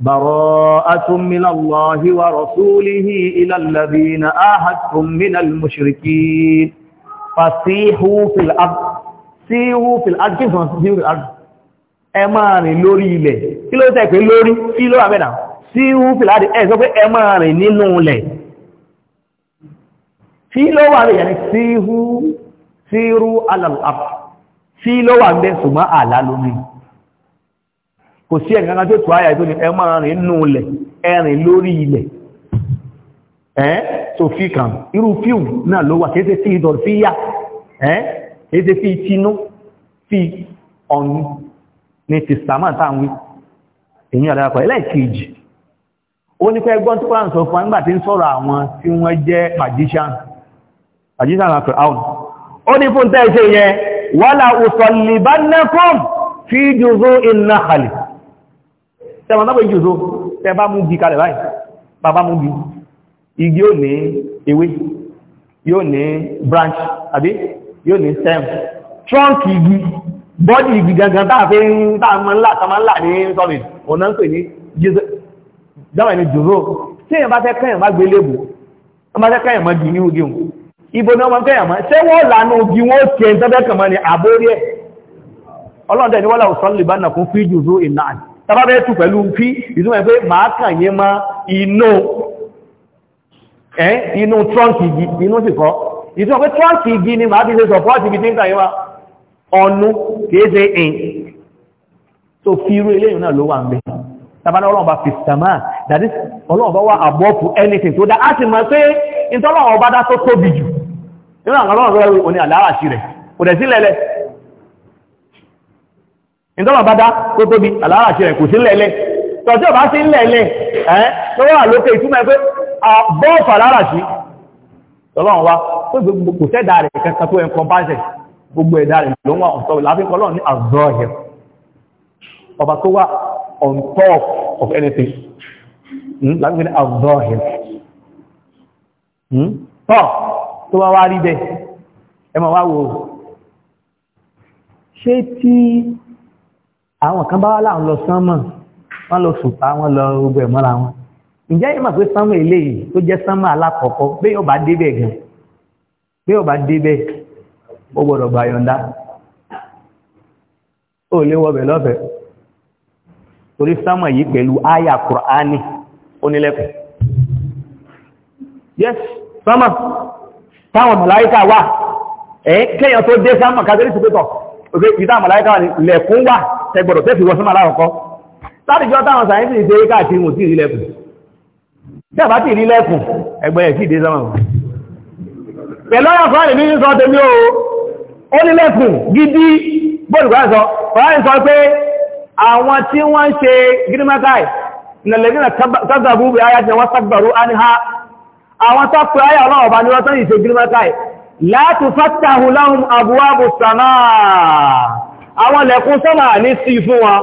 براءة من الله ورسوله إلى الذين آهدتم من المشركين فسيحوا في الأرض سيحوا في الأرض كيف سيحوا في الأرض ẹ máa rìn lórí ilẹ̀ kí ló tẹ́ pé lórí kí ló àbẹ́dà síhú fìlàdì ẹ̀ sọ pé ẹ máa rìn nínú ilẹ̀ tí ló wà rẹ̀ yẹni síhú sírú alàlùfà tí ló wà ń bẹ́ ṣùgbọ́n àlá lómi kò sí ẹ̀gbẹ̀rẹ̀ tó tó àyà tó ní ẹ máa rìn nù ilẹ̀ ẹ̀rìn lórí ilẹ̀ ẹ́ tó fi kàn irú fíù náà ló wà kéèsè sí ìdọ̀ sí yá ẹ́ kéèsè sí ìtinú sí ọ̀nù ní ti sàmà táwọn èyí àdáyàpọ̀ ẹlẹ́ẹ̀kejì ó ní pé ẹgbọ́n fún wa nígbà tí wọ́n jẹ́ magician magician àfẹ́ àwọn ó ní fún tẹ́wọ̀n náà ìjì òṣò tẹ́ bá mú bí kalẹ̀ báyìí bàbá mú bí igi yóò ní ewé yóò ní branch àbí yóò ní stem trunk igi body igi gangan táàfẹ́ ń táàmà ńlá tàmà ńlá ní solid ọ̀nà ń pè ní jẹ́wà ní jùzó tí èyàn bá fẹ́ kẹ́yàn bá gbé lébù wọ́n bá fẹ́ kẹ́yàn mọ́ di ní ogi hùn ibo ni wọ́n kẹ́yàn mọ́ ṣé wọ́n lànà ogi wọ́n ọlọ́dẹ̀ ni wọ́n làwùsọ́lì bá nà fún fíjù zó ìnáà tàbá bẹ́ẹ̀ tù pẹ̀lú pí ìtumọ̀ pé màá kàn yín mọ́ inú eh, inú trọ́ǹkì igi inú sì kọ́ ìtumọ̀ pé trọ́ǹkì igi ni màá fi ṣe sọ̀pọ́ọ̀tì ibi tí ń kàn yín wá ọnú kìí ṣe in tó fi irú eléyìn náà ló wà ń bẹ tàbá ọlọ́run bá fi anything tó dá á sì mọ̀ pé ìtọ́lọ́run ọba dá tó tóbi jù nínú àwọn ọlọ́run rẹ̀ òní àlàáṣì rẹ̀ kò ìtọ́lọ̀ bá dá kó tóbi àlàáṣẹ́ rẹ̀ kò sí lẹ́lẹ́ tọ́jú ọba sí lẹ́lẹ́ ẹ́ tó wà lókè ìtumọ̀ pé àbọ́ọ̀fà láràṣí tọ́lọ́run wá tó gbogbo kò tẹ́dà rẹ̀ kẹta tó ẹnkọ bá jẹ̀ gbogbo ẹ̀dà rẹ̀ ló wà ọ̀tọ̀ láfíkọlọ́run ní àzọ́ọ̀hẹ̀ ọba tó wà on top of anything hmm? láfíkọ́ ní àzọ́ọ̀hẹ̀ hmm? tọ́ tó wá wá rí bẹ́ ẹ ma tí àwọn kan bá wá láwọn lọ sánmọ̀ wọ́n lọ sùpá wọ́n lọ gbogbo ẹ̀ mọ́ra wọn ǹjẹ́ yìí mà pé sánmọ̀ eléyìí tó jẹ́ sánmọ̀ alákọ̀ọ́kọ́ bí yóò bá débẹ̀ gan bí yóò débẹ̀ ó gbọ́dọ̀ gbà yọ̀ǹda ó lé wọ́bẹ̀ lọ́fẹ̀ẹ́ torí sánmọ̀ yìí pẹ̀lú àyà kùránì onílẹ̀kùn yes sánmọ̀ táwọn màláíkà wà ẹ̀ kéèyàn tó dé sánmọ̀ kájọ́rí sí pé tọ̀ òkè ìdá màláíkà wà ní lẹ̀kún wà tẹgbọ̀dọ̀ tẹ́fì wọ sánmà láwọ̀kọ́ látìjọ́ táwọn sàyẹ́sì ìṣe káàkiri mò sí ìrìlẹ́kùn tẹ́bà tí ìrìlẹ́kùn ẹgbẹ́ ẹ̀ sí ìdé sánmà pẹ̀lú ọ̀rọ̀ fọ́nà ní sọ tẹ́mí o ó nílẹ̀kùn gidi bọ́ọ̀lùgbà sọ fọ́nà sọ pé àwọn tí wọ́n ń ṣe gírímákàì nàlẹ́gbìnà kágbàbú bí ayá jẹ wọ́n sàgbàrú a ní ha àwọn tọ́pù ayá ọlọ́ọ̀bá ni wọ́n tán ìṣe gírímákàì látù fátàhù láhùn abúwábù sàmáà àwọn lẹ̀kún sọ́mà ní sí fún wa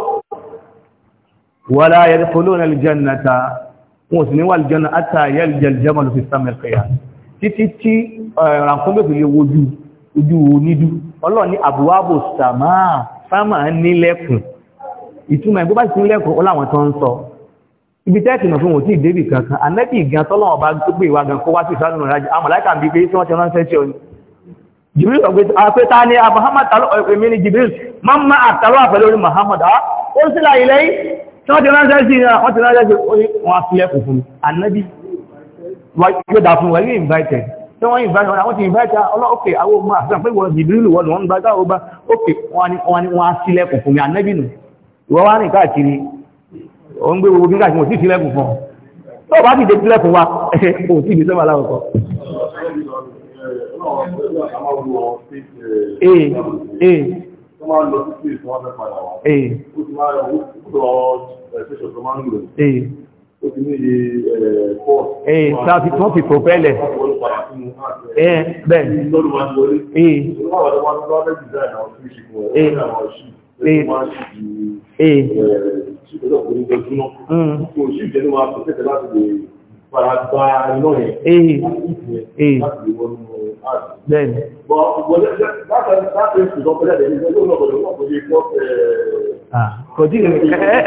wala yadkhuluna al-jannata wọn sì ní wà al-janna hatta yalja al-jamalu fi sammi al-khiyat títí tí ràǹkún bèbè lè wojú ojú onídú ọlọ́run ní àbúwábò sàmà sámà nílẹ̀kùn ìtumọ̀ ẹgbẹ́ bá ti nílẹ̀kùn ọláwọn tó ń sọ ibi tẹ́ẹ̀tì mọ̀ fún wọn tí ìdébì kankan anẹ́bì gan tọ́lọ́wọ́n bá gbé ìwà gan kó wá sí ìsánú rẹ̀ àmọ̀láìkà ń bí pé tí wọ́n ti ránṣẹ́ sí ọ jibril afẹ́ta ni a muhammad al'ọ̀fẹ́mí ni jibril Mama, àtàrà pẹ̀lú orí muhammad a ah, ó sí láì lẹ́yìn tí wọ́n ti ránṣẹ́ sí wọ́n ti ránṣẹ́ sí wọ́n fílẹ̀ kò fún annabi yóò dá fún wọ́n invited tí wọ́n invite wọ́n ti invite ọlọ́ọ̀kẹ́ àwọn ọmọ àfihàn pé wọ́n jibril wọ́n wọ́n gbá ọba ókè wọ́n sílẹ̀ kò fún annabi nù ìwọ́ wá ní káàkiri ó ń gbé gbogbo kí káàkiri wọ́n sì sílẹ̀ kò fún ọ Ee, eh, ee. Eh. Ee. Eh. Ee. Ee, traffic wọ́n fi kò pẹ́lẹ̀. Ee, bẹ́ẹ̀. Ee. Ee. Ee. Ee. Mm. Ee. Ee. Bẹ́ẹ̀ni. Kò tí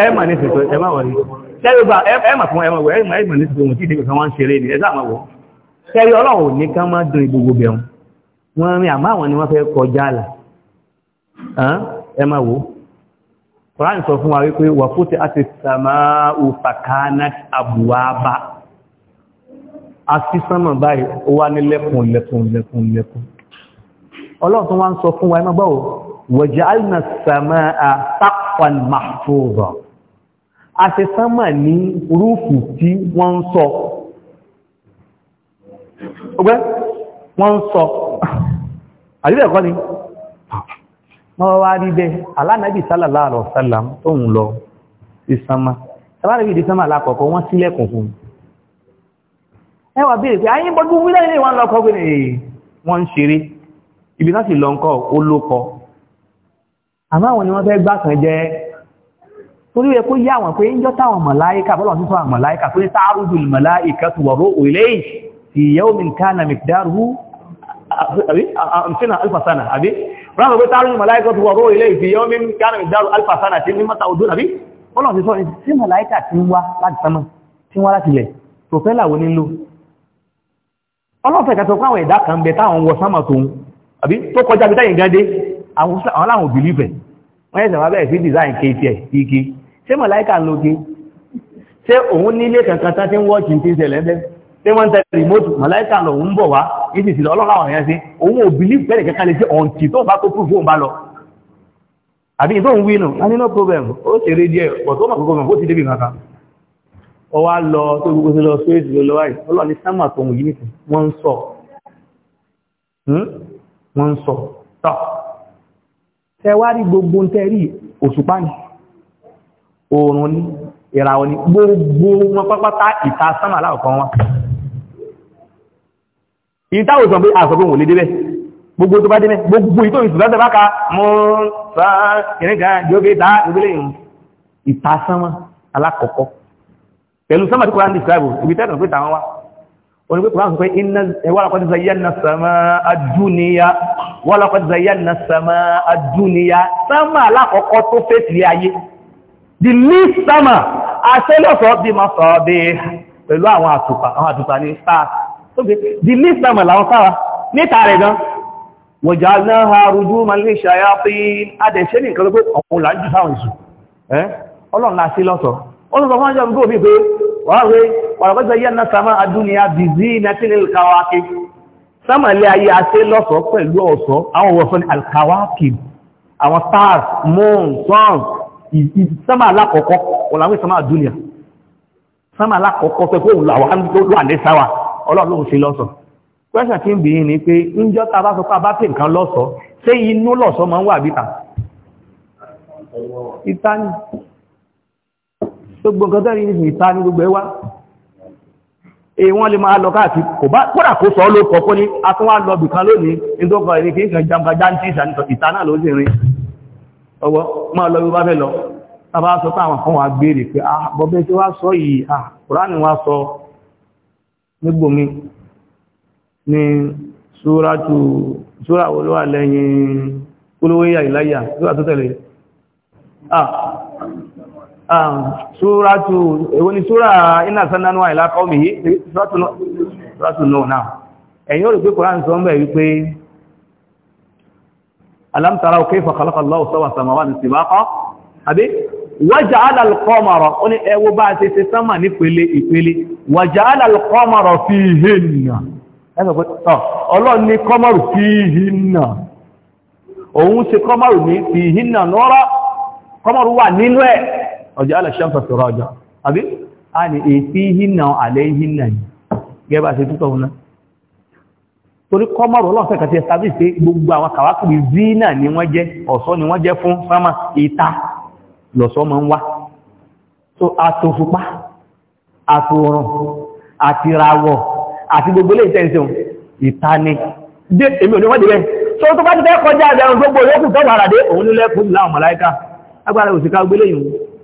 ẹ mà ní ṣètò ẹ má wọlé. Tẹ́lú bá ẹ mà fún ẹmà wọ ẹ mà ẹ mà ní ṣètò wọn tí ìdíkọ̀ kan wá ń ṣeré ni ẹ sáà má wọ. Tẹ́lú ọlọ́run ní ká má dùn ìgbogbo bẹ̀rùn. Wọ́n rin àmọ́ àwọn ni wọ́n fẹ́ kọjá àlà. Ẹ má wọ. Kọ̀rán sọ fún wa wípé wà fún ti àti sàmáà òfàkánà àbúwá bá àti sánmà báyìí ó wá ní lẹ́kùn lẹ́kùn lẹ́kùn lẹ́kùn ọlọ́run tó wá ń sọ fún wa ẹmọ́ gbáwò waja'alna as-samaa'a saqfan mahfuza a ṣe sánmà ní rúfù tí wọ́n ń sọ ọgbẹ́ wọ́n ń sọ àríbẹ̀ kọ́ ni wọ́n wá rí alánàbì sallallahu alaihi wasallam tóun lọ ìsánmà sábà rí ìdí sánmà lákọ̀ọ́kọ́ wọ́n sílẹ̀kùn fún un ẹwà bí èsì ayé bọ́dú wílẹ̀ ilé wọn lọ́kọ́ pé wọ́n ń ṣeré ibi láti lọ ńkọ́ ó lókọ àmọ́ àwọn ni wọ́n fẹ́ gbà kan jẹ́ torí ẹ kó yá àwọn pé ń jọ táwọn màláíkà bọ́lọ̀ títọ́ àwọn màláíkà pé táàrùjù màláíkà tó wọ̀rọ̀ òlé ti yẹ́wò mi ká na mìkdáru àmìsínà alfasana àbí ránà pé táàrùjù màláíkà tó wọ̀rọ̀ òlé ti yẹ́wò mi ká na mìkdáru alfasana ti ní mọ́ta ojú àbí bọ́lọ̀ títọ́ sí màláíkà ti wá láti sánmà ti wá láti lẹ̀ tó fẹ́ làwọn nílò ọlọ́fẹ́ ìkàtọ̀ pé àwọn ẹ̀dá kan ń bẹ táwọn wọ sánmà tó ń àbí tó kọjá bí táyìn gandé àwọn aláwọ̀ bìlífẹ̀ wọ́n yẹ́sẹ̀ wọ́n bẹ̀rẹ̀ sí design kéèkéè ike ṣé mọ̀láíkà ń lóge ṣé òun nílé kankan tán tí ń wọ́ọ̀kì tí ń ṣẹlẹ̀ ẹ́ ṣé wọ́n ń tẹ remote mọ̀láíkà lọ ń bọ̀ wá ìsì sílẹ̀ ọlọ́run àwọn yẹn a ní no problem ó ṣeré díẹ̀ pọ̀ tó mọ̀ kókó mọ̀ ó ti ọwá lọ tó gbogbo sí lọ sóyèsì lọ lọ́wọ́ yìí ọlọ́ni sámà tó wù yìí nìkan wọ́n ń sọ hmm? wọ́n ń sọ tọ́ ẹ wá rí gbogbo tẹ́rí òṣùpá ni oòrùn ni ìràwọ̀ ni gbogbo wọn pápátá ìta sámà láàkọ́ wọn ìta òsàn pé àsọ pé òun lè débẹ̀ gbogbo tó bá débẹ̀ gbogbo ìtò ìsùn láti báka mọ́ sáà kìnnìkan jókè tá ìgbélé ìta sánmà alákọ̀ọ́kọ́ pẹ̀lú sọ́mà tí kòrán describe ibi tẹ́kàn pé tàwọn wá orí pé kòrán sọ pé wọ́lọ́kọ́ ti zayyana sàmà àdúnìyà wọ́lọ́kọ́ ti zayyana sàmà àdúnìyà sàmà alákọ̀ọ́kọ́ tó fèsì ayé the least sàmà àṣẹ́lọ́sọ̀ bí ma sọ bí pẹ̀lú àwọn àtùpà àwọn àtùpà ní stars the least sàmà làwọn sára níta rẹ̀ gan wọ̀já náà ha olùsọ fún àjọ ìgbò bíi pé wọ́n rí pàrọ̀kọ́sọ yẹ́ na sama adúnìyà bìzí na tí ní alkawaki sama ilé ayé àti lọ́sọ̀ pẹ̀lú ọ̀sọ̀ àwọn wọ̀sọ̀ ní àwọn stars moon sun sama alákọ̀ọ́kọ́ wọ́n láwé sama adúnìyà sama alákọ̀ọ́kọ́ pé kó wà ní sáwà ọlọ́run sí lọ́sọ̀ pẹ́sà tí ń bìí ni pé ń jọ́ ta bá sọ pé a bá pè nǹkan lọ́sọ̀ ṣé inú lọ́sọ̀ máa tó gbogbo tẹ́rin ní ìta ní gbogbo ẹwà èwọ́n lè máa lọ káàkiri kò bá kódà kó sọ ló kọ̀ọ́kọ́ ní atúnwà lọ bìkan lónìí ìdókọ̀ èrè kìí kan jàmbá jáǹtì ìta náà ló sì rin ọwọ́ máa lọ bá fẹ́ lọ tàbá sọ táwọn kan wà gbèrè pé ah, bọ́bẹ́ tí wá sọ yìí àkùránì ah, wá sọ nígbòmí ní súra olówà lẹ́yìn kúlówéyà ìláyà suratu èwo ni sura inna sananwa ila qaumihi suratu no suratu no na ẹ̀yin o rí pé quran sọ nbe wí pé alam tara kayfa khalaqa allah sawa samawati sibaqa abi waja'ala al-qamara oni ẹ wò bá ṣe ṣe sama ní pele ìpele waja'ala al-qamara fihinna ẹ sọ pé ọjọ́ aláṣẹ́mfà sọ̀rọ̀ ọjọ́ àbí a ní èsí hínà àlẹ́hínà yìí gẹ́bà sí tútọ̀ wọn torí kọ́mọ̀rọ̀ lọ́sẹ̀ kàtí ẹ̀sàbí pé gbogbo àwọn kàwákùnrí zina ni wọ́n jẹ́ ọ̀ṣọ́ ni wọ́n jẹ́ fún sámà ìta lọ́sọ́ mọ́ ń wá so àtòfúpá àtòrùn àtìràwọ̀ àti gbogbo ilé ìtẹ́ǹsẹ̀ ìta ni dé èmi ò ní wọ́n dé so tó bá ti fẹ́ kọjá àbẹ̀rún gbogbo yókù tọ́wọ́ àràdé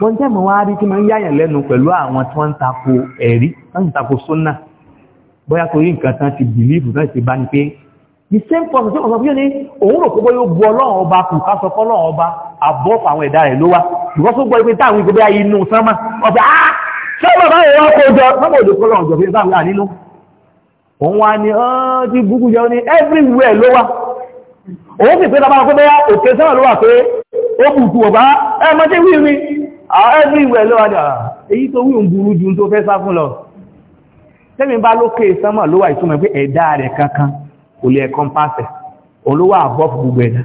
wọ́n jẹ́ mọ̀ wá rí tí máa ń yáyàn lẹ́nu pẹ̀lú àwọn tí wọ́n ń tako ẹ̀rí wọ́n ń tako súnà bóyá torí nǹkan tán ti bìlíìfù náà ti bá ní pé the same person tí wọ́n sọ fún yóò ní òun rò pé bóyá ó bu ọlọ́run ọba kù ká sọ fọ́ ọlọ́run ọba àbọ̀ fún àwọn ẹ̀dá rẹ̀ ló wá ṣùgbọ́n tó gbọ́ pé táwọn ìgbé bóyá inú sánmà ọ̀sẹ̀ á ah! ṣé bàbá yẹn wá kó jọ sọ́mọ̀ òde kó lọ́run jọ fi báwọn yà nínú òun wá ní ọ́ ah, ti búkú jọ ní everywhere ló wá òun sì pé tábà kó bóyá òkè sánmà ló wà pé ó bùkù ọ̀bá ẹ̀ mọ́tẹ́ wíwí Ah, everywhere ló wà ah, èyí tó wí ju tó fẹ́ sá fún lọ tẹ́mi bá lókè sánmà ló wà ìtumọ̀ pé ẹ̀dá rẹ̀ kankan kò lè ẹ̀kan pàṣẹ olówó àbọ̀ gbogbo ẹ̀dá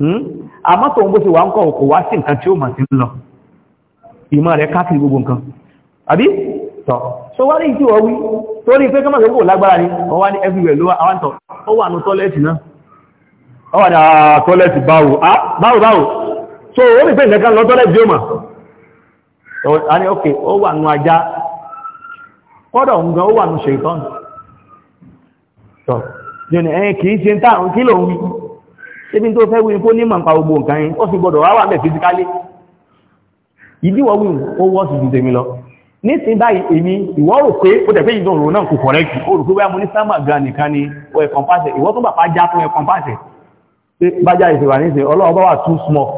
hmm? àmọ́ tó ń bó ṣe wà ń kọ̀ kò wá sí nǹkan tí ó mà sí lọ ìmọ̀ rẹ̀ káàkiri gbogbo nǹkan àbí so wá rí ìtí wí tó rí pé kọ́mọ̀ ni a ní ókè ó wà nù ajá kọ́dọ̀ ǹgan ó wà nù ṣètọ́n tọ́ jùlọ ẹ̀yìn kìí ṣe táàrùn kí lò ń wí ṣébí tó fẹ́ wí kó nímọ̀ nípa gbogbo nǹkan yìí ó sì gbọdọ̀ wá wà bẹ̀ fisikálé ìdíwọ̀ wí ó wọ́ sí ju tèmi lọ nísìn báyìí èmi ìwọ rò pé ó tẹ̀ pé ìdán òrò náà kò kọ̀rẹ́kì ó rò pé wáyé mo ní sáàmà gan nìkan ni ó ẹ̀kàn pàṣẹ ìwọ tó bàbá já fún ẹ̀kàn pàṣẹ bájá ìṣèwà níṣẹ́ ọlọ́wọ́ bá wà too small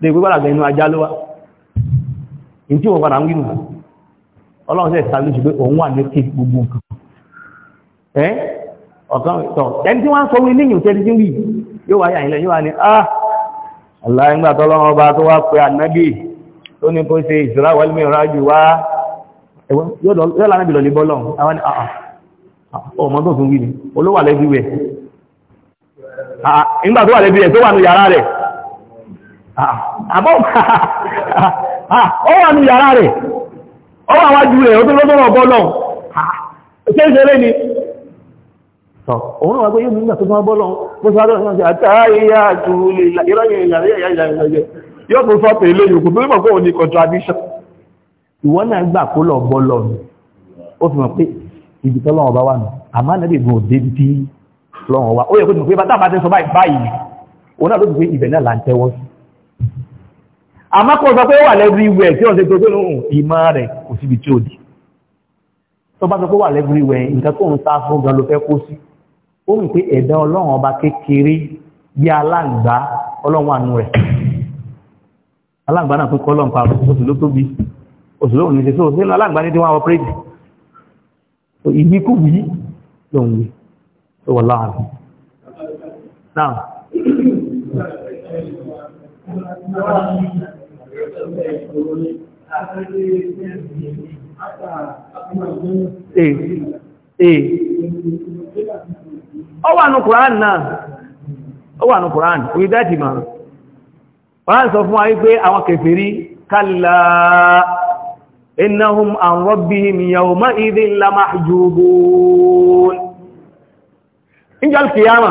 lè gbégbàdàgbà inú ajá ló wà èyí tí wọ́n padà ń wínú ọlọ́run sẹ́ ìsàlẹ̀ ṣùgbọ́n òun wà ní kéèkì gbogbo nǹkan ẹ́ ọ̀kan tọ̀ ẹni tí wọ́n sọ wí níyìn tẹ́lí tí ń wì yóò wáyà ilẹ̀ yóò wá ní ah aláìgbà tọ́lọ́run ọba tó wá pé ànábì tó ní kó ṣe ìṣúra wọlé mi rájú wá yóò lánàá bìlọ̀ ní bọ́lọ̀ àwọn ah, ah, ah, ọmọ tó tún wí ni olówà lẹ́bí rẹ̀ nígbà tó wà lẹ́bí rẹ̀ tó wà ní yàrá rẹ̀ àbọ̀ ọ wà ní yàrá rẹ̀ ọ wà wájú rẹ̀ ó tó lọ́tọ́rọ̀ bọ́lọ̀ ṣe ìṣẹ́lẹ̀ ni òun náà wà pé yóò nígbà tó máa bọ́lọ̀ bó sáré ọ̀sán àti àtàríyà tó lè ìrọ́yìn ìlàrí ẹ̀yà ìlàrí ẹ̀yẹ yóò tó sọ́pẹ̀ ilé yòókù tó mọ̀ pé òun ni contradiction ìwọ náà gbà kó lọ bọ́lọ̀ ni ó fi mọ̀ pé ibi tọ́lọ́wọ́ bá wà nù àmọ́ náà gbogbo débi tí lọ́wọ́ wa ó yẹ kó tó mọ̀ pé bá tábà ti sọ báyìí báyìí òun náà ló ti pé ibẹ̀ náà là ń tẹ́wọ́ sí àmọ́ kò sọ pé wà everywhere tí wọ́n ṣe tó pé òun ìmọ̀ rẹ̀ kò síbi tí ó di tó bá sọ pé wà everywhere nǹkan tó ń sá fún gan ló fẹ́ kó sí ó rìn pé ẹ̀dá ọlọ́run ọba kékeré bí aláǹgbá ọlọ́run àánú rẹ̀ aláǹgbá náà pé kọ́ ọlọ́run parọ́ oṣù ló tóbi oṣù lóhùn ní ṣe tó nínú Thank you. Ó wà ní Kùránì náà, ó wà ní Kùránì, orí dẹ́tì máa. Kùránì sọ fún wa wípé àwọn kèfèrí kalla innahum an rabbihim yawma idhin lamahjubun. Injọ́ kìyàmà,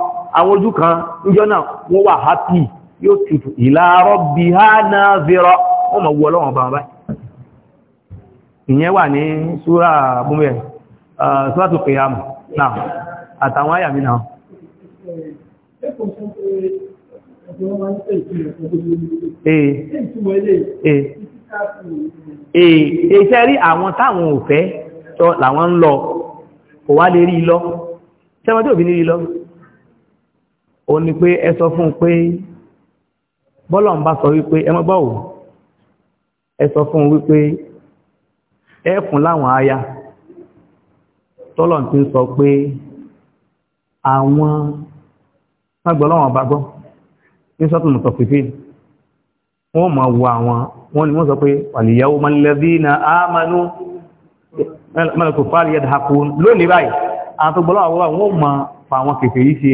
àwọn ojú kan níjọ́ náà wọ́n wà happy yóò tutù ila rabbiha nazira wọ́n mọ̀ wọ́ ọlọ́run bàbá ìyẹn wà ní súrà búmẹ̀ súràtù Qiyam náà àtàwọn àyàmì náà Èṣẹ́ rí àwọn táwọn òfẹ́ làwọn ń lọ, kò wá lè rí lọ, ṣẹ́wọ́n tí òbí ní rí lọ ó ní pé ẹ sọ fún un pé bọ́lọ̀ ń bá sọ wípé ẹ mọ́ báwò ẹ sọ fún un wípé ẹ fún láwọn aya tọ́lọ̀ ti ń sọ pé àwọn magbọ́lọ́wọ̀n bá gbọ́ ní sọ́tún mọ̀tọ̀fífín wọ́n mọ̀ wo àwọn wọ́n ni wọ́n sọ pé wàlìyàwó malladhina amanu mẹ́lẹ̀kùn fàálì yadhakun lónìí báyìí àtọ́gbọ́lọ́wọ́ wọ́n mọ̀ fà àwọn kèfèrí ṣe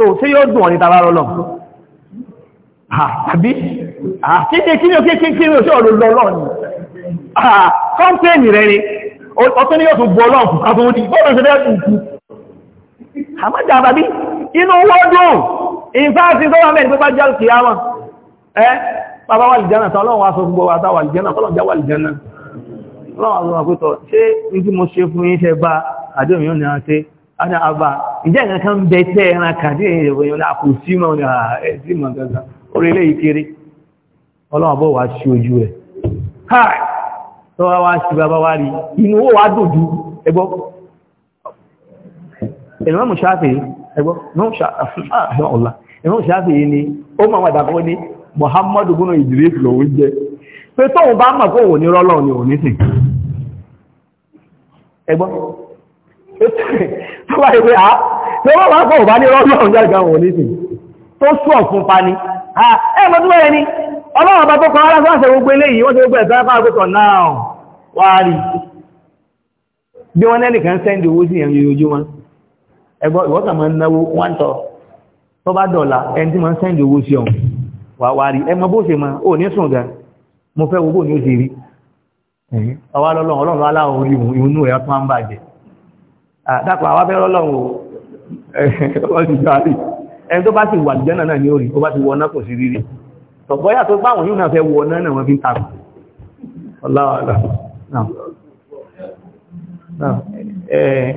so ṣé yóò dùn ọ̀ní tàbá rọ́lọ́ àbí kíni kíni ó kíni kíni ó ṣe ọ̀rọ̀ lọ́lọ́ ni kọ́mpẹ́nì rẹ̀ ni ọ̀tọ́ ni yóò tún bọ́ lọ́ọ̀kù kàtó ní bọ́ọ̀rọ̀ ṣe bẹ́ẹ̀ kù àmájà àbábí inú wọ́dùn ìfáàsì tó wà mẹ́rin pípa jẹ́ kìyàmọ̀ ẹ́ bàbá wà lìjánà tán ọlọ́run wá sọ gbogbo wa táwà lìjánà kọ́lọ̀ já wà lìjánà ọlọ́run àwọn àpótọ̀ ṣé ní tí mo ṣe fún yíṣẹ́ bá àdéhùn yóò ní a ṣe ọ̀nà àbá ìjẹ́ ìkankan bẹ tẹ́ ẹran kàdí èyí ìròyìn ọ̀nà àkù símọ̀ ọ̀nà ẹ̀sìmọ̀ gangan orílẹ̀ ìkéré ọlọ́wọ́ wá sí ojú ẹ̀ káì tó wá wá sí bàbá wá rí inú ó wá dòdú ẹgbọ́ ah, ah, ni ó máa wà dàbọ́ ní gúnnà tó bá yẹ a ah, tó bá wọ́n fún ọ̀bá ní ọlọ́run ọ̀hún jáde gan òní sí tó sùn ọ̀fun pa ni ah, ẹ mọ̀ tó bá yẹ ni ọlọ́run ọba tó kọ ara fún àṣẹ gbogbo eléyìí wọ́n ti gbogbo ẹ̀sán fún àgbẹ̀tọ̀ náà wá rí bí wọ́n lẹ́nìkan sẹ́ndì owó sí ẹ̀yìn ojú wọn ẹgbọ́ ìwọ́kà máa ń náwó wọ́n tọ́ tó bá dọ̀là ẹni tí máa ń sẹ́ndì owó sí ọ̀hún wà wá rí ẹmọ bó aláwọ̀ orí ìhun inú ẹ̀ tó ń bàjẹ́ dákọ̀ àwọn afẹ́rọ́ lọ́wọ́ ẹni tó bá sì wà jẹ́nà náà ní orí tó bá ti wọ náà kò sí rírí tọ̀bọ́yà tó báwọn yóò náà fẹ́ wọ náà wọ́n fi ń tàbí